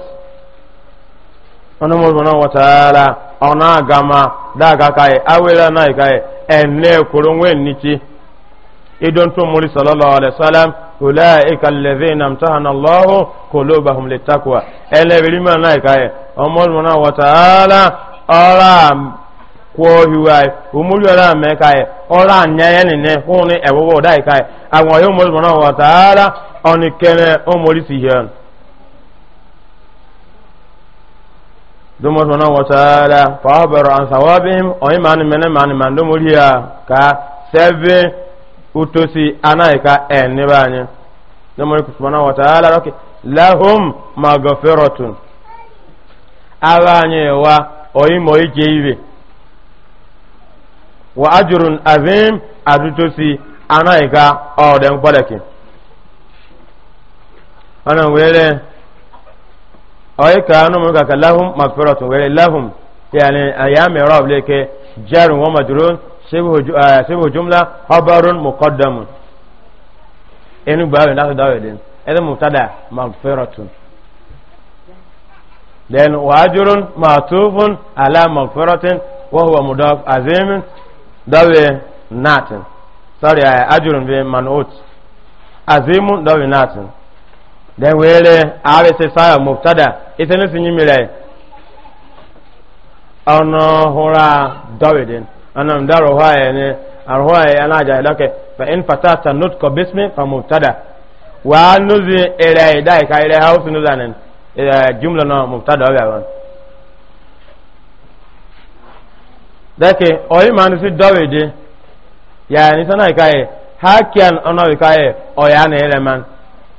ọnụmụ subhanahu wa ta'ala ara na-aga ma daga ka ya e, awela na e ka ya e, enne kwuru nwe nnichi idon tumuri sallallahu alaihi wasallam أولئك الذين امتحن na قلوبهم للتقوى إلا بلما نايكا أمرنا وتعالى أرام kwohiwai umuri ọla mmeka ya ọla anya ya nene hụni ewuwe ụda ika ya àwọn ya umuri mọna si ihe dumuri mọna wataala fa ọbẹrọ ansawabim mene mani ka huto si ana-aka e nribe-anyi nemo-ikuku mana wata lara-lare ok lahum ma gofero agha-anyi wa oyimoyi je ire wa arjuru-azim as huto si ana-aka all dem kpole-ke ana were den oyika ana-amurika ka lahum ma gofero tun were lahum ki a ni aya amara ike jerin war ma شبه جملة خبر مقدم إنه باب الناس داويدين إذا مبتدع مغفرة لأن وأجر معطوف على مغفرة وهو مضاف عظيم داوي ناتن سوري أجر بمنعوت عظيم داوي ناتن then wele awe se saya mubtada itene sinyi mire ono hura dawidin anam daro hwaye ne ar hwaye ana ja lake fa in fatata nutqa bismi fa mubtada wa nuzi ila idai ka ila hausu nuzanin jumla na mubtada wa ban dake oyi manu si dawede ni sana kai hakian ona kai oyane eleman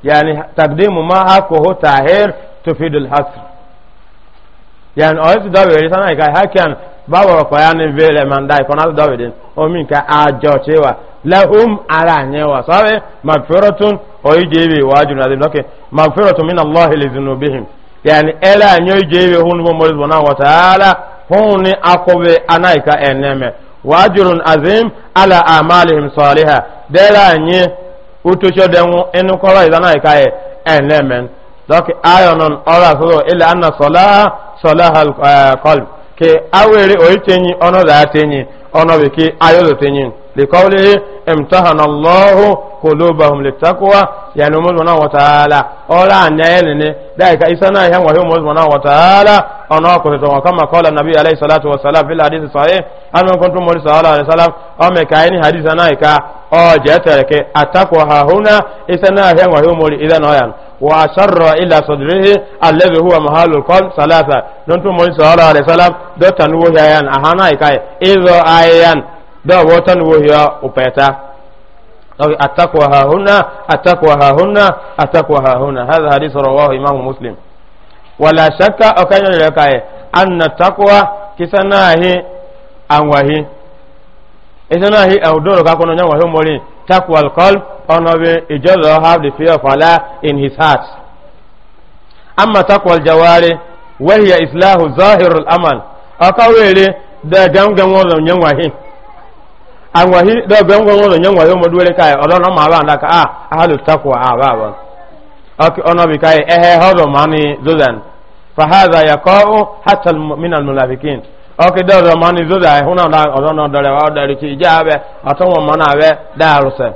yani taqdimu ma hakuhu tahir tufidul hasr yani oyi dawede sana kai hakian bawo ko ya ni vele man dai ko na dawidin o min ka a joche wa lahum ala nyewa sabe magfiratun o ijewe wajun azim okay magfiratun min allah li dhunubihim yani ela nyo ijewe hun bo mo zona wa taala huni akobe anaika eneme wajurun azim ala amalihim salihah dela nye utucho denwo enu ko ra anaika e eneme donc ayonon ora so ila anna salah salah al ke awere o itenyi ono da atenyi ono be ke ayo tenyi li qawli imtahana allah qulubahum litaqwa yani mo bona wa taala ola nayele ne da ka isana ya wa mo bona wa taala ono ko to kama qala nabi alayhi salatu wa salam fil hadith sahih an kuntum mo sallallahu alayhi wasallam o me ka ini hadith na o je tere atakwa ha huna isana ya wa mo idan oyan وأشر إلى صدره الذي هو محل القلب ثلاثة ننتو من صلى الله عليه وسلم دو تنوه يان أهانا إكاي إذا آيان دو وتنوه يا أبيتا التقوى ها هنا التقوى ها هنا التقوى ها هنا هذا حديث رواه إمام مسلم ولا شك أكان لكاي أن التقوى كسناه أنوهي إذا ناهي أو دور كاكونا نوهي مولين taqwa al-qalb onobe ijaza have the fear of Allah in his heart amma taqwa al-jawari wa hiya islahu zahir al-amal akawele da gangan wannan yan wahin an wahi da gangan wannan yan wahin mu dole kai odon ma ba ndaka ah ahlut taqwa ah ba ba ok onobe kai ehe hodo mani zuzan fa hadha yaqa'u hatta min al oke dọdọ mani zoda hụ na ọdọ na ọdọrọ wa ọdọrọ ki ije abẹ ọtọmọ mọ na abẹ daaru sẹ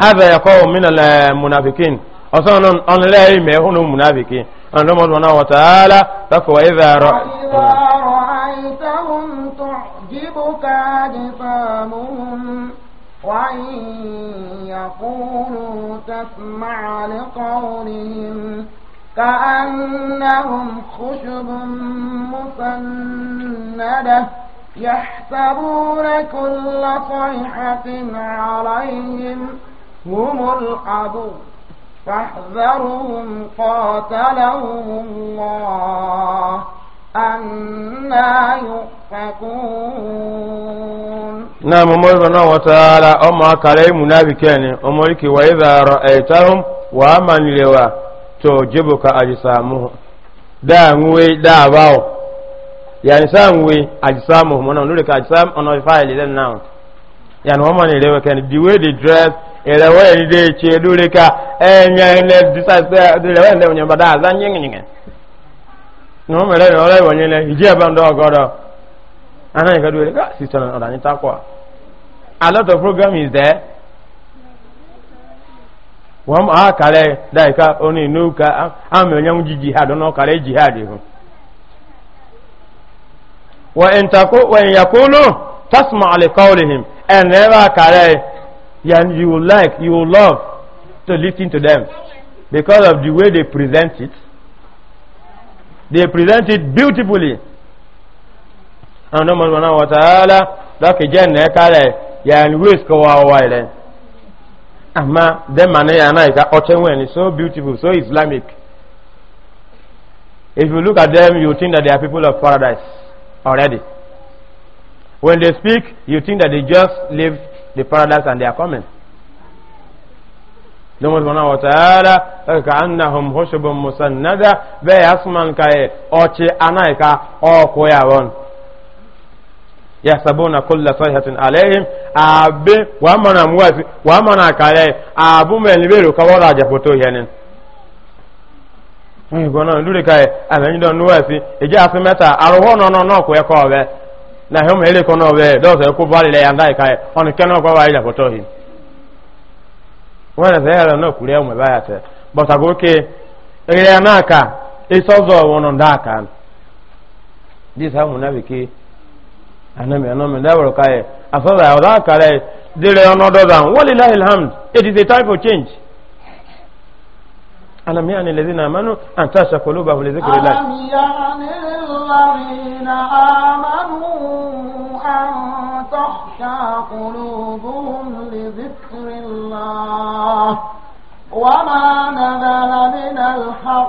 haza ya kọ mina lẹ munafikin ọsọ nọ ọnlẹ yi mẹ hụ na munafikin ọdọ mọ sọ na taala wa كأنهم خشب مسندة يحسبون كل صيحة عليهم هم العدو فاحذرهم قاتلهم الله أنا يؤفكون نعم مرضنا وتعالى أما كريم نابكين أمريكي وإذا رأيتهم وأمن لواه to jibuka ajisamuhu da nwe da bawo yani sa nwe ajisamuhu mona nure ka ajisam ono file then now yani wama ni lewe kan the way they dress elewe ni de che dure ka enya ne disase lewe ne nyamba da za nyinga nyinga no mere no le wonye le ije ba ndo ogodo ana ka dure ka sister no ni takwa a lot of program is there wọ́n mọ̀ ah, á kàlẹ́ ka oní inú ka àmì ọ̀nyẹ́wò jí jihad ọ̀nà kàlẹ́ jihad ihun. wọ́n ìyàkúnú tasma him ẹ̀nà ẹ̀ bá kàlẹ́ yan you like you love to lis ten to them because of the way they present it they present it beautifully. ama dem man ya na ka otenwen is so beautiful so islamic if you look at them you think that they are people of paradise already when they speak you think that they just leave the paradise and they are coming domo subhanahu wa ta'ala ka annahum hushubun musannada be asman kai oche e, anaika o ko ya won yasabuna kulla sayhatin alayhim abe wa mana muwasi wa mana kale abu men bero ka wala ja foto yenin ni gona lure kai amen don nuwasi eje afi meta aroho no no no ko e ko be na hum hele ko no be do se ko bali le yanda kai on ken ko wa ja foto hin wala zehara no kure mu ba ya te but agoke ere anaka isozo wono ndaka this how munabiki anami anami dábòrò káyẹ afẹ́fẹ́ ọ̀dọ́ àkàrẹ dèrè ọ̀nà ọ̀dọ́dọ̀ àwọn wọ́n lè láì hamd it is a type of change. alam yaani lezina amanu an tasha kulubahu li dhikri llahi alam yaani lladhina amanu an tahsha qulubuhum li dhikri llah wama nazala min alhaq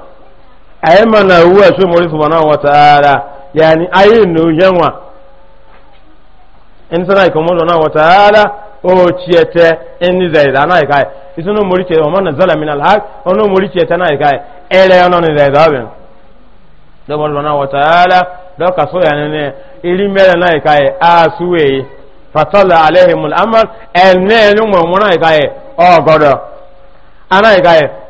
ayi mana wu a so mori subhanahu wa ta'ala yani ayi no yanwa in na ikomo o chiete eni na ikai isuno mori chiete o na zala min al haq mori chiete na ikai ele ono na zaida ben do mori subhanahu wa ta'ala do ka so yani ne iri mere na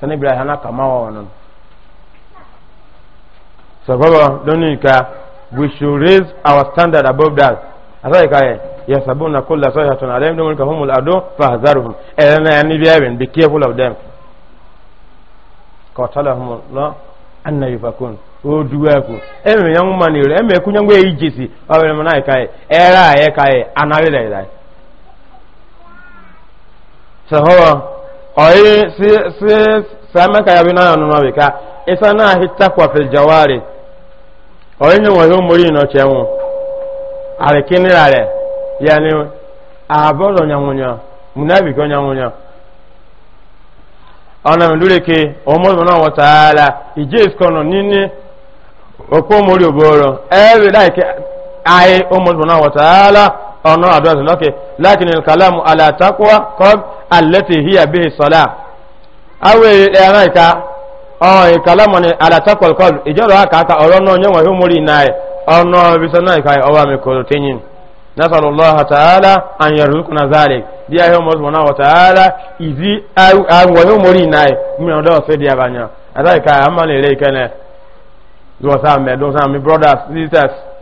sani bila hana kama wa wannan sababa ka we should raise our standard above that asai ka ye yasabuna kulla sayhatun alayhim dum ka humul adu fahzaruhum elena eh, yani bi even be careful of them qatalahum la anna yufakun o duwa ku eme yan ma ni re eme ku nyangwe ijesi awere mo nai kai era aye kai anare dai dai sahawa oyi si si sama ka yabi na yanu mabi ka isa na ahi takwa fil jawari oyi nye wa hiyo muri ino chemu ale kini lale yani abodo nyangunya munabi ko nyangunya ona mdule ke omo bona wa taala ije iskono nini okwo muri oboro ewe like ai omo bona wa taala ono adu loke lakini al kalamu ala taqwa qad allati hiya bihi salah awe era ka o kalama ni ala taqwal ijoro aka aka oro no nyen wa humuri nai ono bi sanai kai owa mi ko tinyin nasallallahu ta'ala an yarzuqna zalik dia he mo wa ta'ala izi awu wa humuri nai mi odo dia banya ka amale le kene do sa me do sa mi brothers sisters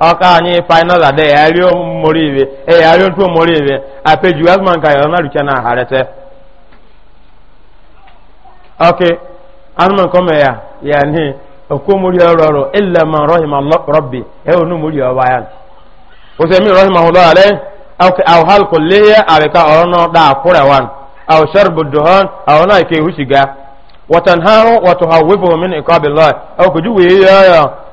ọka anyị final ade yari omori iwe e yari otu omori iwe apeju asma nka yọ narucha na harete ok asma nka ya ya ni okwu omori ọrụ ọrụ illa ma rahim rabbi e onu omori ọba ya o se mi rahim ahụlọ ale aw hal kulliya abika ọrọ da akure wan aw sharbu duhan aw na ke husiga watanharu wa tuhawwifu min iqabillah aw kujuwe ya ya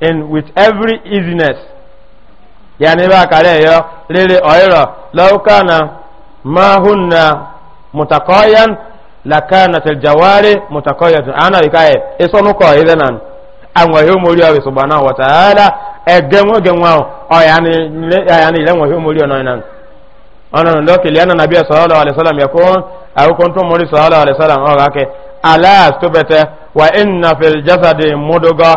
in with every easiness yani ba kare yo lele oyro law kana ma hunna mutaqayan la kanat al jawari mutaqayat ana ikaye esonu ko idenan anwa yo mori awe subhanahu wa ta'ala egenwo genwo oyani yani ile anwa yo mori ona nan ona ndo ke liana nabi sallallahu alaihi wasallam yakon au kontu mori sallallahu alaihi wasallam o gake ala stubete wa inna fil jasadi muduga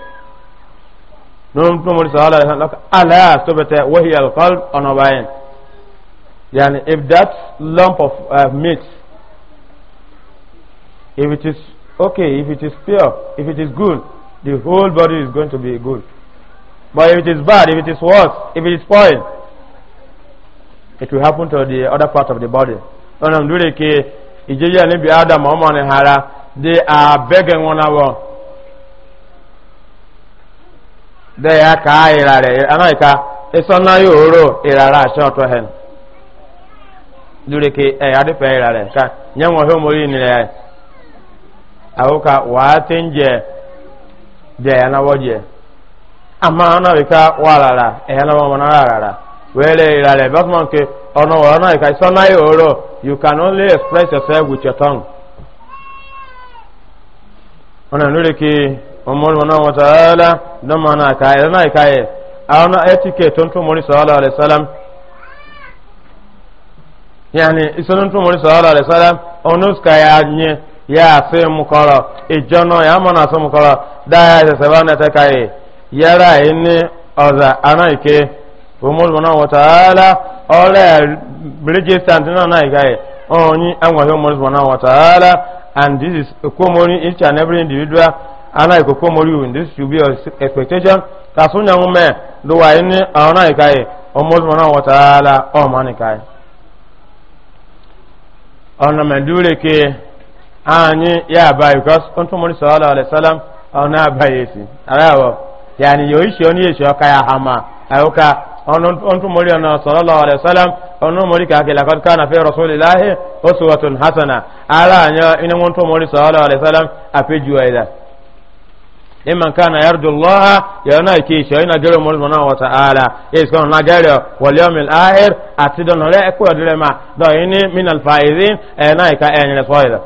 non to mo sala ala sobete wahi al qalb ono if that lump of uh, meat if it is okay if it is pure if it is good the whole body is going to be good but if it is bad if it is worse if it is spoiled it will happen to the other part of the body ona ndure ke ijeje ni bi they are begging one another de ya ka ira re ana ka eso na yoro ira ra sho to hen dure ke e ade pe ira ka nyam wo mo ri ni re awu ka wa tinje de ya na woje ama ana we ka warara e ya na mo na rara wele ira re but man ke ono wa na ka eso na yoro you can only express yourself with your tongue ona nure umar wa don mana kaye na kaye a wani etiquette tun tumuri sallallahu alaihi wasallam yani isanun tumuri sallallahu alaihi wasallam nye ya se mukoro ijono ya mana se mukoro da ya se sabana ta kaye yara inni oza na onyi and this is each and every individual ana ikoko mori you this should expectation kasun ya ngume do ini ana ikai, omol mana wa taala o mani kai ona medure ke anyi ya bai because onto mori sallallahu alaihi wasallam ona bai yesi arawo yani yoishi oni yeshi okaya hama ayoka onto mori ona sallallahu alaihi wasallam ono mori ka ke lakad kana fi rasulillahi uswatun hasana ala anya ina onto mori sallallahu alaihi wasallam apejuwa ida لمن كان يرجو الله ينايكيش وإن أجل ملمنا وتعالى إذن إيه نجل واليوم الآخر أتدن لك ويدل ما دعيني من الفائزين ينايك أين الفائزة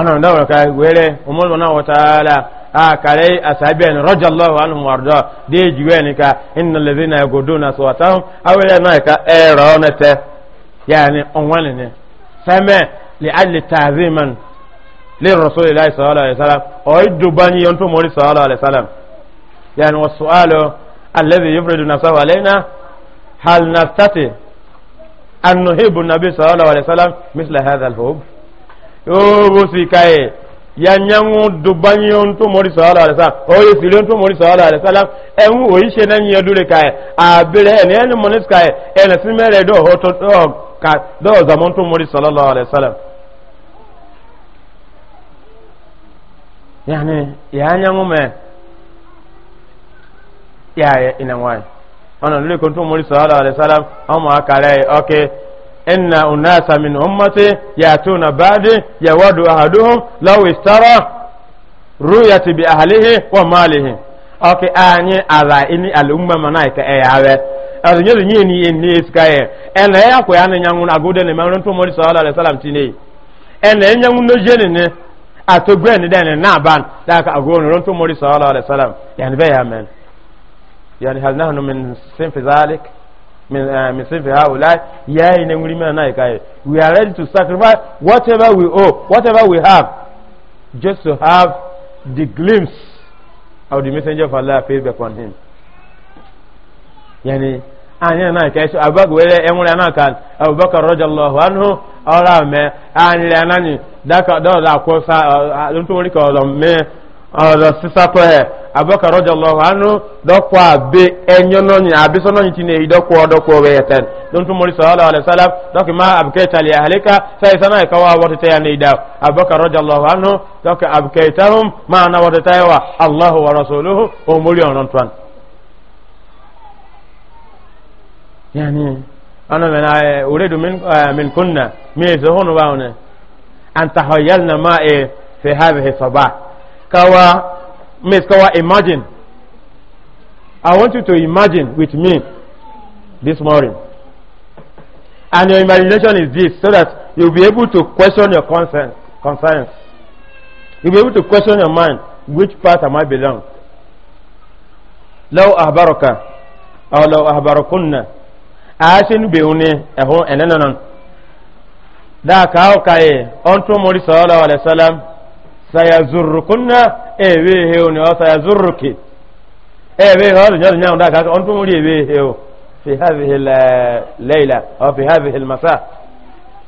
أنا ندورك أقول ملمنا وتعالى أكالي آه أسابين رجى الله عنهم وارجاء دي جوانك إن الذين يقودون صوتهم أولا نايك أيرونة يعني أموانين سمع لأجل تعظيمًا ní rasulillah sallallahu alaihi wasallam ọ̀hìn dubani yẹn tó mọ̀rí sallallahu alaihi wasallam yẹn wọ́n sọ́ọ́lọ́ alẹ́bí yóò na sáwọ́ alẹ́nà hal na tati anuhibu nabi sallallahu alaihi wasallam misla hadha alhub yóò bó sì káyè yẹn yẹn dubani yẹn tó mọ̀rí sallallahu alaihi wasallam ọ̀hìn sì yẹn tó mọ̀rí sallallahu alaihi wasallam ẹ̀hún òyìn ṣe náà yẹn dúró káyè àbẹ̀rẹ̀ ẹ̀ni ẹni mọ̀ní káyè ẹ̀ni símẹ́rẹ̀ dọ̀ ọ̀tọ̀ dọ̀ yani ya anyanwụ mee ya ina nwanyị ọnà lórí kò tó mórí sọ́ọ́lá alẹ́sálàm ọmọ akàrẹ́ ọkẹ́ ẹnna unasa min ummati na báàdì yàwọ́dù àhàdúhùn lọ́wọ́ ìsọ́rọ̀ rúyàtì bí àhàlíhì wọ́n máa lèhì ọkẹ́ ààyè àlà ìní àlùmọ́ mọ́ náà ìkẹ́ ẹ̀yà rẹ̀ ni na atogbe ni dɛn na ban. daaka agogo ni rontu mori sɔɔlɔ alayhi salam yanni bɛ yaa mɛn yanni hali naa nu min sinfi zaalik min ɛɛ eh, min sinfi hawulai yaa yi ne wuli mɛn ka we are ready to sacrifice whatever we owe whatever we have just to have the glimpse of the messenger of allah peace be upon him Yani. anya na ka isu abagu wele enwere na kan abubakar radiyallahu anhu ora me anile anani daka do da ko sa ntu wori ko do me ọ̀rọ̀ sísá pẹ́ ẹ̀ abọ́kàrọ̀ jọlọ hánú dọ́kọ̀ àbẹ́ ẹ̀yọ́nà àbísọ́nà ní ti ní èyí dọ́kọ̀ ọ̀dọ́kọ̀ ọ̀rẹ́ ẹ̀tẹ́n lóńtún mọ́rí sọ́ọ́lá ọ̀lẹ́sálá dọ́kì máa àbùkẹ́tàlẹ̀ àhálíkà sáìsánà ìkọwà wọ́tẹ́tẹ́ yà ní ìdá abọ́kàrọ̀ jọlọ hánú dọ́kì àbùkẹ́tàhùn máa náwọ́tẹ́tẹ́ wà allahu wa rasuluhu òmúrí ọ̀rọ̀ tuwan yani ana mena uridu min eh, min kunna mi e zo hono baune an tahayyalna ma e fi hadhihi sabah kawa miss kawa imagine i want you to imagine with me this morning and your imagination is this so that you'll be able to question your conscience conscience you'll be able to question your mind which part am i belong لو أخبرك أو لو أخبركن aase nu bɛn ne ɛho ɛne no no daa kaa o kae ɔnto mori sallallahu alaihi wasallam sayazurukunna ewe heo ne ɔ sayazuruki ewe heo ɔdo nyɔdo nyɔdo daa kaa ɔnto mori ewe heo fi hafihi leila ɔ fi hafihi masa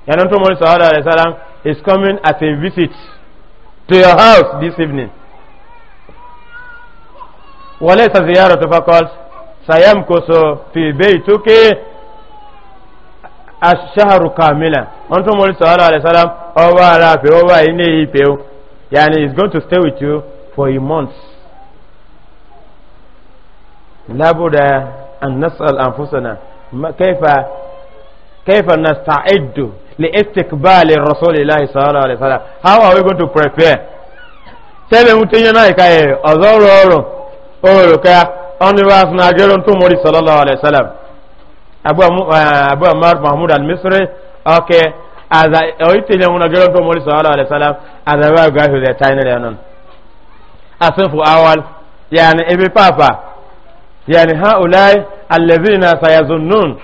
yɛn ɔnto mori sallallahu alaihi wasallam is coming as a visit to your house this evening wale sa ziyara tufakol koso fi tuke ashaharu kamila on to mori sallallahu alaihi wasallam o wa ala pe o wa o yani is going to stay with you for a month labuda an nas'al anfusana kaifa kaifa nasta'iddu li istiqbali rasulillahi sallallahu alaihi wasallam how are we going to prepare sebe mutenya na ka e ozoro oro oro ka on wa na jero to mori alaihi wasallam Uh, abu amar mahmud al-misri ok aza oitele wuna gero to mori sallallahu alaihi wasallam aza wa ga hu da tayne le non asafu awal yani ibi papa yani haulai allazina sayazunnun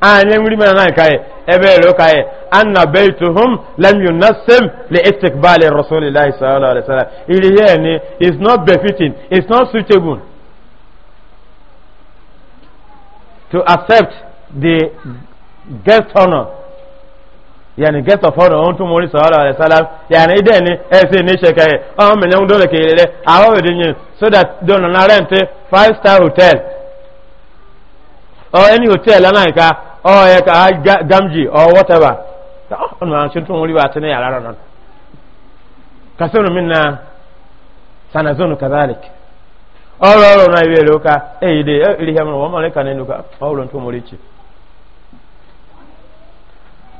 an yan wuri mana kai ebe lo kai anna baituhum lam yunassim li istiqbal rasulillahi sallallahu alaihi wasallam ili yani is not befitting is not suitable to accept the guest honor yani guest of honor on tumori sallallahu alaihi salam ya na ni ese ni sheke o me nyamu dole ke ile awo so that don na rent five star hotel or any hotel anaika or ya ka gamji or whatever on ma shin tumori wa tene kasoro ọrụ na mụrụ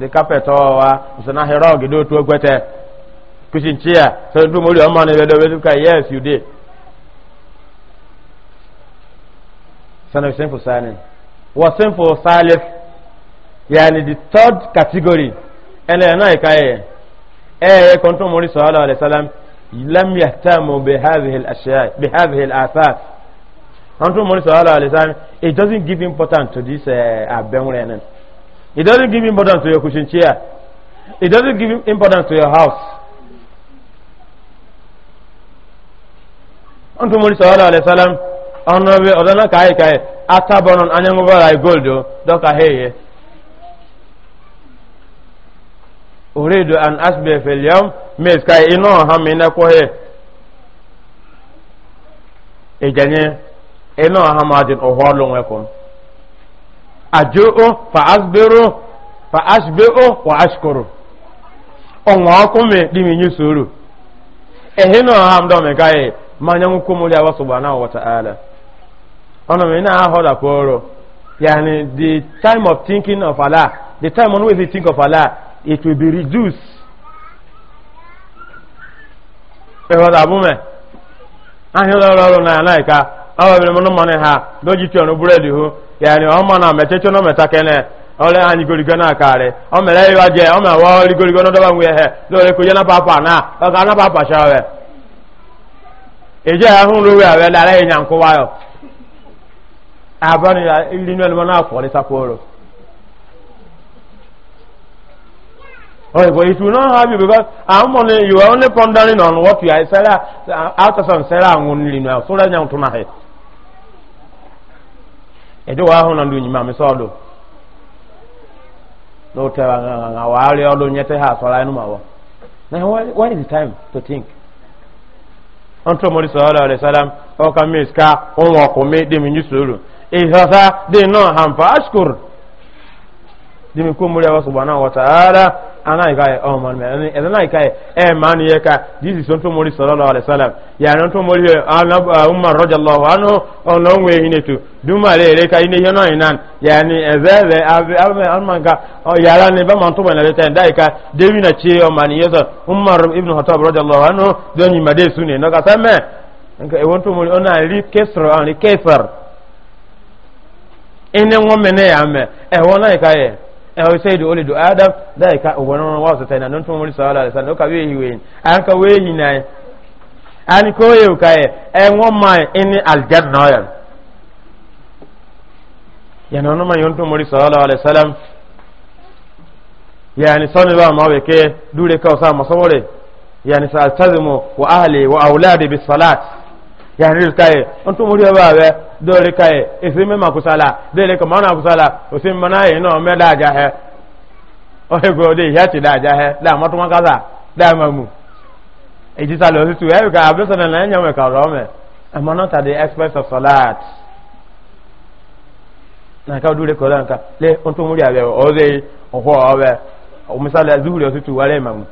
the carpet ọwa nsona ahịrị ọgị dị otu okwete kitchen chair so dum ori ọma na ebedo ebedo ka yes you dey son of sinful silence was sinful silence yani the third category ẹnna ẹ̀ náà ìka ẹ̀ ẹ̀ ẹ̀ kọ́ńtò mọ́rí sọ́ọ́lá ọ̀lẹ́ sálám lam yahtamu bihazihil ashya bihazihil asas kọ́ńtò mọ́rí sọ́ọ́lá ọ̀lẹ́ salam. it doesn't give importance to this uh, eh, abẹ́wúrẹ́ It doesn't give importance to your cushion chair. It doesn't give importance to your house. Antu Muri sallallahu alaihi wasallam ọ̀nà bí ọ̀dọ́ náà káyé káyé atábọ̀nà anyanwọ́bọ̀rà ìgóòdò dọ́ka hẹ́yẹ. Orídò an asbẹ̀ fẹ̀lẹ́m mẹ́s káyé iná ọ̀hán mi nẹ́kọ́ hẹ́. Ìjẹ̀nyẹ́ iná ọ̀hán máa dín ọ̀họ́ lóhun ẹ̀kọ́. aju'u fa asbiru fa ashbi'u wa ashkuru onwa okume dimi nyusuru ehino hamdo me kai manyangu kumuli awa subhanahu wa ta'ala ono me na ọrụ. Ya yani the time of thinking of Allah the time on which we think of Allah it will be reduced ehwa da Ahịa ụlọ ọrụ ọrụ na alaika ọ bi mo no mane ha doji ti onu bread hụ. yani ọmọ na mẹtẹtẹ na mẹta kẹnẹ ọlẹ goligo na kaare ọmọ ẹlẹ ya jẹ ọmọ ẹwọ ọlẹ na dọba ọ hẹ lórí kò yẹ na papa na ọkà na papa sọ wẹ ìjẹ ẹhún lówó ẹwẹ lẹ alẹ yẹnyàn ya ìlú ní ẹnumọ náà kọ́ni sakoro ọyìnbó ìtù ha bi bẹbẹ ni you are only pondering on edo wa hono ndu nyima mi sodo no te na wa le odo nyete ha so la nu mawo na what is the time to think onto mori sallallahu alaihi wasallam o ka mi ska o wa ko me de mi nyusuru e hasa de no hampa ashkur de mi ko muri wa subhanahu wa ta'ala ana ga e o oh, man me ani na ye ka this is onto mori sallallahu alaihi wasallam ya non to umar radiyallahu anhu o non we hinetu ka ine yono inan ya ni e ze ze abi ah, al ah, man ga ah, o oh, ba man to bana le ka de chi o oh, ye umar ibn don su eh, ne ẹ̀họ́ ṣe ìdò olè dò adam dáìka òwòrán wọn wá ọ̀sọ̀tẹ̀ náà tó mọ́rí sọ́ọ́lá rẹ̀ sànà ó kàwé èyí wẹ̀yìn à ń kàwé èyí náà à ní kó èyí òkà yẹ ẹ wọ́n máa ń ní aljanna náà yẹn ọ̀nà máa yọ̀n tó mọ́rí sọ́ọ́lá rẹ̀ sálám yẹn sọ́ni bá máa wẹ̀kẹ́ dúró ká ọ̀sán àmọ́sọ́wọ́rẹ̀ yẹn sàtàzìmọ̀ wà áhàlẹ̀ wà áwùlá dole kai isimi makusala dole ka mana kusala usim mana yi no me da ja he o he go de ihe ti da ja he da mo tuma kaza da ma mu e ji salo tu e ka abu na nya me ka ro me am not at the of salat na ka dole kọrọ lan ka le on to muri abe o de o ho abe o misala zuhuri o tu wale ma mu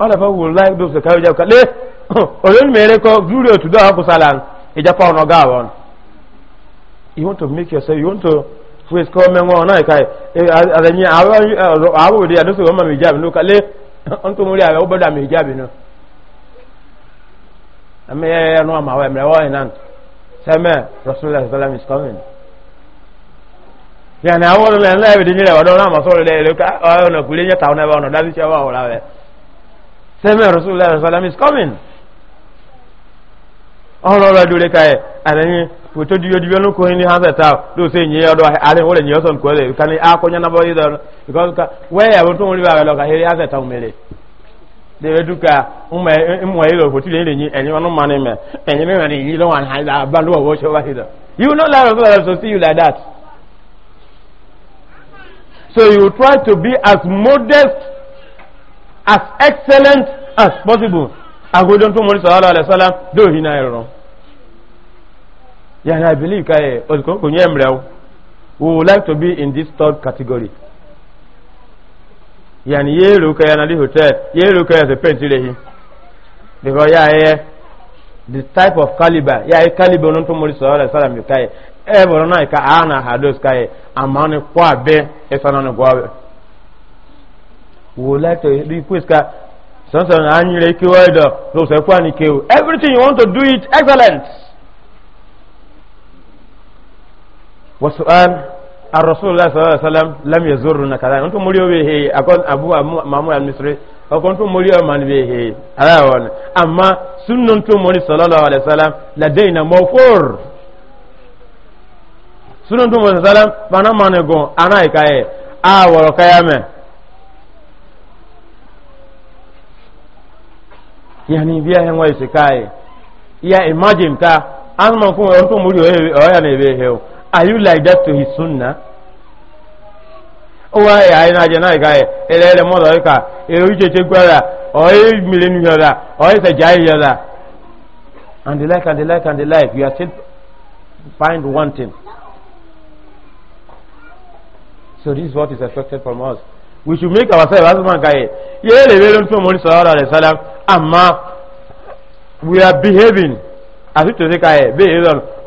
Ọ fa wo like do se ka ja ka le o mere ko zuhuri otu tu do ha kusala ìjọba ọ̀nà ọ̀gá àwọn. you want to make yourself you want to face kọ́ mẹ́wọ́ ọ̀nà ìka àtẹ̀yìn àwọn òde àdóso ọmọ mi jáde ló kalẹ̀ ọ̀n tó múlẹ̀ àwọn ọbọ̀dà mi jáde náà. àmì ẹ̀yẹ ẹnu àmà àwọn ẹ̀mẹ̀rẹ̀ wọ́n ìnáà sẹ́mẹ̀ rasulillah salam is coming. yẹn ni àwọn olùlẹ̀ ńlá ẹ̀bìdì nílẹ̀ ọ̀dọ́ náà mọ̀sọ́ olùlẹ̀ èlò ọlọ́rọ̀ ẹ̀dùnrẹ́ ka ẹ̀ àrẹ̀yìn fòtó díyó díyó ló kóyìn ní hansẹ̀tà ló sì yìn ọdọ àrẹ̀ wọlé yìn ọsàn kọ́ ẹ̀ kàní akọ́nyá náà bọ́yìí dọ̀rọ̀ because wẹ́ẹ̀ ẹ̀wọ̀n tó ń rí bàrẹ̀ lọ́ka eré hansẹ̀tà òmìnir dèrè dùkà mọ̀ ẹ̀ lọ fòtí lẹ́yìn lẹ́yìn ẹ̀yìn wọn mọ̀ ní mẹ̀ ẹ̀yìn mẹ́rin ní yìí lọ́wọ́ àná àbálùwọ̀ wọ́ ṣọ́ báyìí dọ̀ you no lie to others to see you like that so you try to be as modest as excellent as possible agodon tó mọ̀ ní sọ̀rọ̀ alẹ́ sọ́lá dóòhìn náà ẹ̀rọ. Yeah, I believe kai osikonko nye mrew. We would like to be in this third category. Yeah, ye ruka na di hotel, ye ruka ya se penti lehi. Because yeah, ye eh, the type of caliber, ya ye eh, caliber non to mori sallallahu alaihi wasallam kai. E boro na ka ana hados kai amani kwa be esana no gwawe. We would like to request ka sansan anyire kiwa do so se kwa ni kewu. Everything you want to do it excellence. wasu'an an rasulullah sallallahu alaihi wasallam lam yazurru na kaza antum muri be he akon abu mamu al misri akon tum muri man be he ala won amma sunnun tum muri sallallahu alaihi wasallam ladaina mawfur sunnun tum muri sallam bana manego ana ikaye a woro kayame yani biya hen wa isikai ya ka an o are you like that to his sunnah wa ya ina je na ga ele ele mo do ka e u je je gbara o e mire nu yara o e se jai and the like and the like and the like you are still find one thing so this is what is expected from us we should make ourselves as man guy ye le le ntu mo ni sallallahu alaihi wasallam amma we are behaving asi tose ka ye be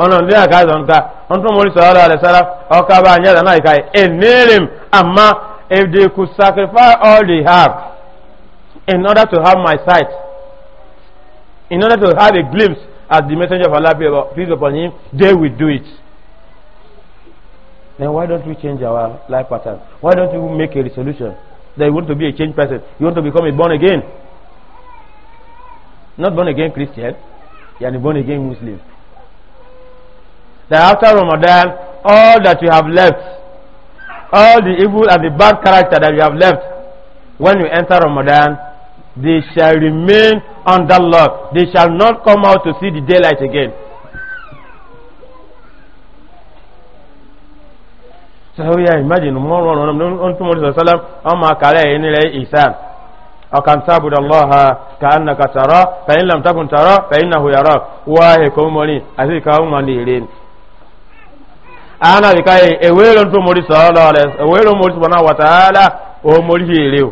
ɔnɔ n tɛna k'a zɔn ta n mɔri sɔrɔ la alesara ɔ k'a b'a n'a ye k'a e neelem ama if they could sacrifice all they have in order to have my sight in order to have a glimpse as the messenger of allah be peace upon him they will do it then why don't we change our life pattern why don't we make a resolution that you want to be a changed person you want to become a born again not born again christian. You yani born again Muslim. That after Ramadan, all that you have left, all the evil and the bad character that you have left, when you enter Ramadan, they shall remain under lock. They shall not come out to see the daylight again. So yeah, imagine, Muhammad Allah. أو كان تعبد الله كأنك ترى فإن لم تكن ترى فإنه يراك وهي كوموني أذيك أمني لين ana bi kai ewelo to mori sallallahu alaihi ewelo mori subhanahu wa ta'ala o mori hirew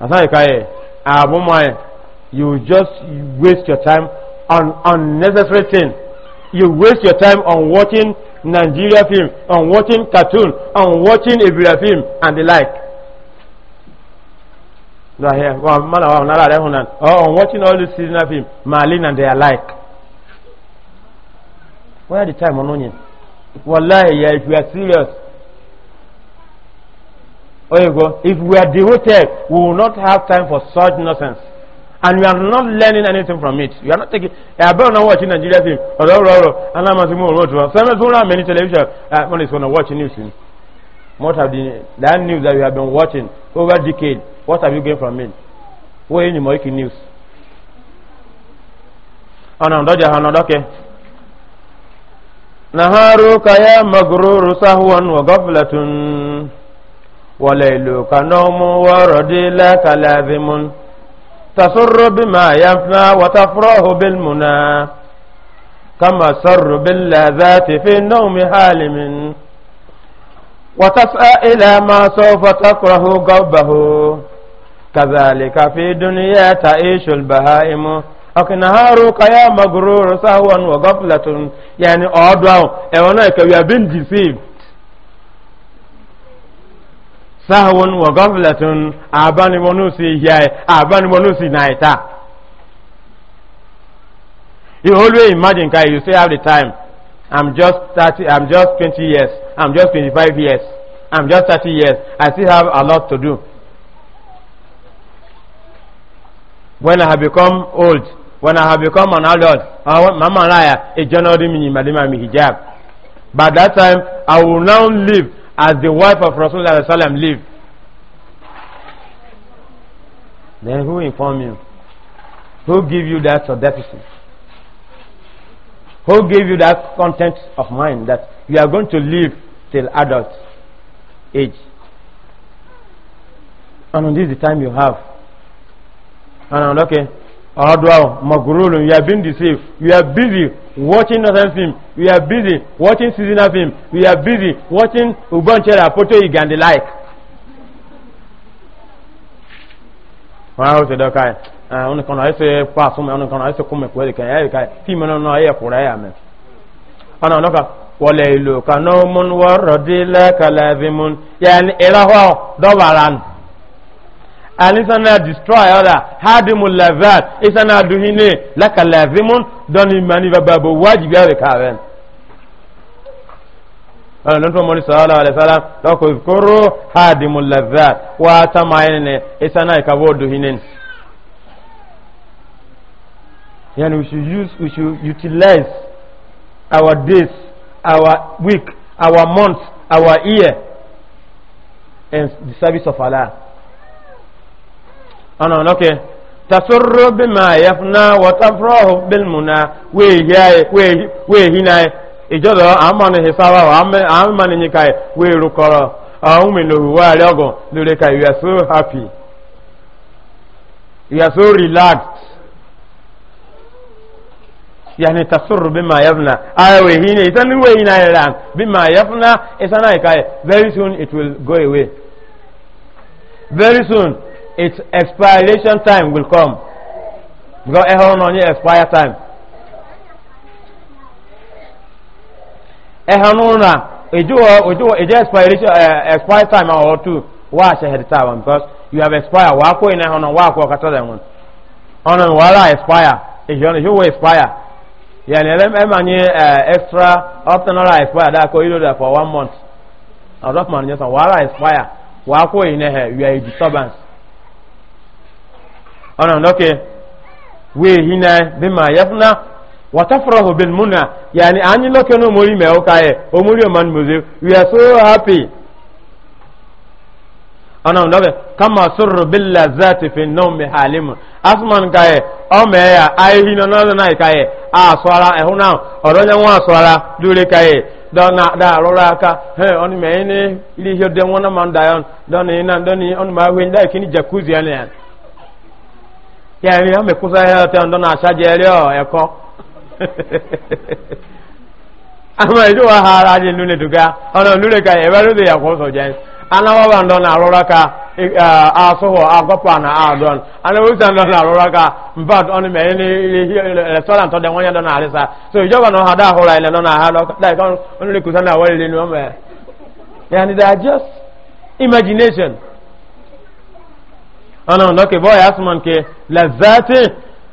asa kai abu mai you just waste your time on unnecessary thing you waste your time on watching Nigeria film on watching cartoon on watching Ibira film and the like man, wa mana wa Oh, I'm watching all season of him, Malin and they are like. Where the time on onion? Wallahi, yeah, if we are serious. Oh, you go. If we are devoted, we will not have time for such nonsense. And we are not learning anything from it. You are not taking. Eh, I better not watching Nigeria film. Or, or, or, and I'm not more road to Some many television. I'm going to watch news. What have the that news that we have been watching over decade? What have you gained from it? Where in the news? Ana ndoja hana doke. Naharuka ya magruru sahwan wa ghaflatun wa layluka nawmu wa radilaka lazimun tasurru bima yanfa wa tafrahu bil muna kama sarru bil lazati fi nawmi halimin وتسعى إلى ما سوف تكره قلبه كذلك في دنيا تعيش البهائم أكنهارك يا مغرور سهوا وغفلة يعني أدعو أولئك we have been deceived sahun wa gaflatun abani wonu si yai abani wonu si naita you always imagine guy. you say all the time i'm just 30 i'm just 20 years i'm just 25 years i'm just 30 years i still have a lot to do when I have become old, when I have become an adult, I want Mama Raya, a general Madima hijab. By that time, I will now live as the wife of Rasulullah Sallam lived. Then who inform you? Who give you that audacity? Who gave you that content of mind that you are going to live till adult age? And this is the time you have And I'm okay. Adwa, Magurulum, you have been deceived. We are busy watching northern film. We are busy watching seasonal film. We are busy watching Ubanchera, Poto Ig and the like. Wọ́n á ṣe dọ́ka ẹ̀ ọ̀nà kan náà ṣe pa fún mi ọ̀nà kan náà ṣe kún mi pẹ̀lú ẹ̀ka ẹ̀ka fíìmù náà náà ẹ̀yẹ kúrẹ́ ẹ̀yà mi. Ọ̀nà ọ̀nà wọlé ìlú kanáà mún wọ́n rọ̀dí lẹ́kàlẹ́ bí mún yẹn ìrọ́wọ́ dọ́bàrà And ali sana destroy oda hadimu lazat isana duhine laka lazimun doni mani bababo wajibi awe kawen ana nantu mori sallallahu alaihi wasallam to ko zkuru hadimu lazat wa tamayne isana ikavo duhine And we should use we should utilize our days our week our month our year in the service of Allah ana ah, loke tasurru bima yafna wa tafrahu bil muna we hiya we we hina ijodo amani hisawa wa amani nyikai we rukọrọ ahun mi lo wa logo lori ka you are so happy you are so relaxed yani tasurru bima yafna ay we hina itan we hina ran bima yafna isana kai very soon it will go away very soon its expiration time will come because ẹ̀họ́ náà ní expire time ẹ̀họ́ náà na ìjúwọ̀ ìjúwọ̀ ìjẹ́ expiration uh, expire time uh, or two wà ṣẹ̀hẹ̀dì time because you have expire wà á kó iná ẹ̀họ́ náà wà á kó ọ̀kátọ́ dẹ̀ wọn ọ̀nà wàhálà expire ìjọ ní ìjúwọ̀ expire yẹn ẹ̀rẹ́ ẹ̀ma ní extra optional expire dáko yìí ló dà for one month ọ̀dọ́kùnrin yẹn sọ wàhálà expire wà á kó iná you are a disturbance. ana ndoke we hina bima yafna wa tafrahu bil muna yani anyi loke no mori me o kae o mori o we are so happy ana ndoke kama surru bil lazati fi nawmi asụman asman kae o me ya ai e hina no na kae a swara e huna oronya nwa swara dure kae dɔna da lɔra aka hɛ ɔni mɛ ɛni da yɔn ɔni ma kini jacuzzi yɛn lɛ yan. yẹri ọmọ ìkúsọ ẹ ọtẹ ọdún náà ṣáájú ẹ ọ ẹkọ àwọn ìlú wa ha ara di lónìí dùgá ọ̀nà lónìí ka ẹ̀rọ lóde yàgò sọ jẹ́ anáwó wa ndọ́ náà rọra ka asọ́wọ́ agọ́pọ̀ àná àdọ́n anáwó sàn ndọ́ náà rọra ka mbàd ọ̀nà mẹ́rin ní restaurant ọ̀dẹ̀ wọ́n yẹn ndọ́ náà àrísà so ìjọba náà ha dá àhọ́ra ilẹ̀ náà ha lọ́kọ́ náà ọmọ yẹn ni they are just ana ndoke boy asman ke lazati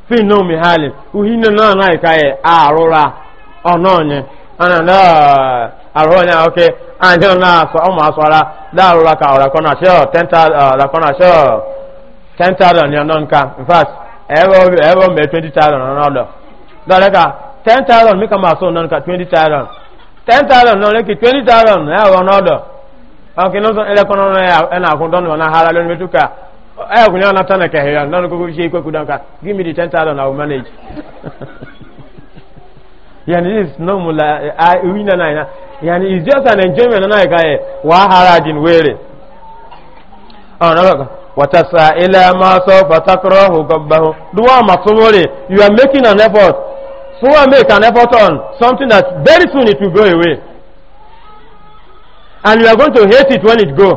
fi nomi hali uhine na e, na ikaye arura ononye ana na aronya okay anjo na so o ma da arura ka ora kona sho tenta la kona sho tenta don ya non ka in fact ever ever me 20000 na odo dole ka 10000 mi ka ma so non ka 20000 10000 no le ki 20000 na odo okay no so ele ya na na akun don na hala lo mi aya kunya na tana ka heya nan ko shi ko kudan ka give me the 10000 i will manage yani is no mula a wina na ina yani is just an enjoyment na ka e wa harajin were ah na ka watasa ila ma so fatakrahu qabbahu duwa masore you are making an effort so I make an effort on something that very soon it will go away and you are going to hate it when it go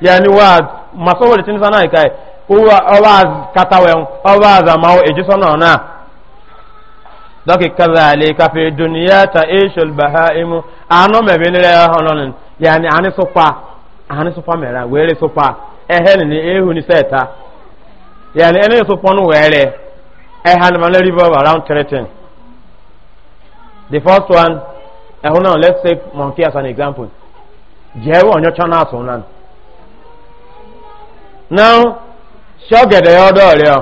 yani what masowori tin sana kai uwa awa katawen awa eji ejisona na doki kazalika fi dunya ta'ishul bahaimu ano me bin re honon yani ani sopa ani sopa mera were sopa ehe ni ehu ni seta yani ene sopa no were e han man river around threaten the first one na, let's take monkey as an example jewo onyo chana so nan now ṣọ́gẹ̀dẹ̀ ọdọ́ rẹ̀ ọ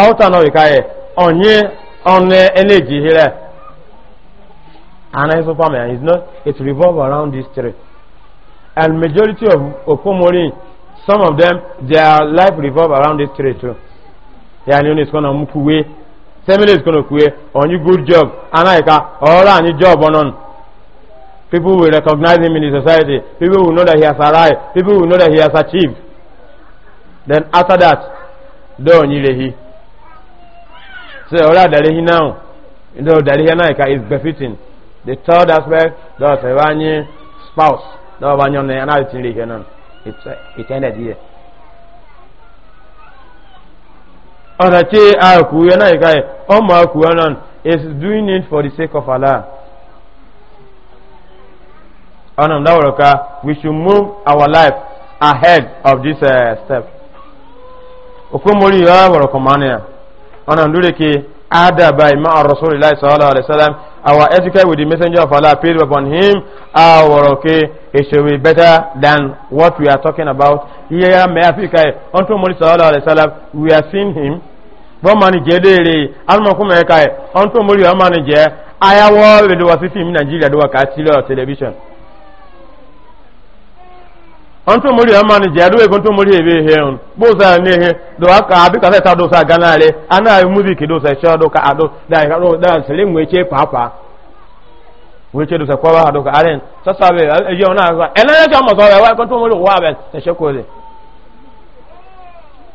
ọ̀hútànà ìkáyẹ̀ ọ̀nyẹ́ ọ̀nà ẹlẹ́jì hílẹ̀ ana isu farming is not it revolve around this three and majority of okomori some of them their life revolve around this three too yani oni iskona mukuwe seminary iskona kuwe onyi good job anaika ọrọ anyi job ọnọn people will recognize him in the society people will know that he has arrived people will know that he has achieved then after that dɔɔ nyi lehi so ɔlɔ adalehi now ndo adalehi now ka is befitting the third aspect dɔɔ sɛ ɛbɛ anyi spouse dɔɔ bɛ anyi ɔnɛ ɛna ati lehi nan it uh, it ended here ɔnà tí a kú yẹn náà ka ɔmọ akú yẹn nan is doing it for the sake of allah ɔnà ndawuro ka we should move our life ahead of this uh, step okomori ya wara kumane ya ana ndure ke ada by ma rasulillahi sallallahu alaihi wasallam our educate with the messenger of allah peace upon him our okay it should be better than what we are talking about here me afika e, onto mori sallallahu alaihi wasallam we are seeing him bọ́mọ̀nì jẹ́ léèrè alùmọ̀kúnmọ̀ ẹ̀ka ẹ̀ ọ̀n tó mórí ọmọ ni jẹ́ ayáwọ́ rẹ̀ lọ́wọ́ sí fíìmù nàìjíríà lọ́wọ́ kà ọ̀ntún múrí ọmọ jẹ́rú egun tún múrí ebe ihe un bóòsà ní ihe dọ̀wà ka abíkàtà ta dọ̀sà gánà rẹ̀ aná ayé múzíkì dọ̀sà ẹ̀ṣọ́ dọ̀ka sílé mú ẹ̀ṣẹ́ pàápàá wọ́n ṣe dọ̀sà kọ́wá sọ́sà bẹ̀ ẹ̀yẹ ọ̀nà àgbà ẹ̀lẹ́yẹ̀kẹ́ ọmọ sọ̀rọ̀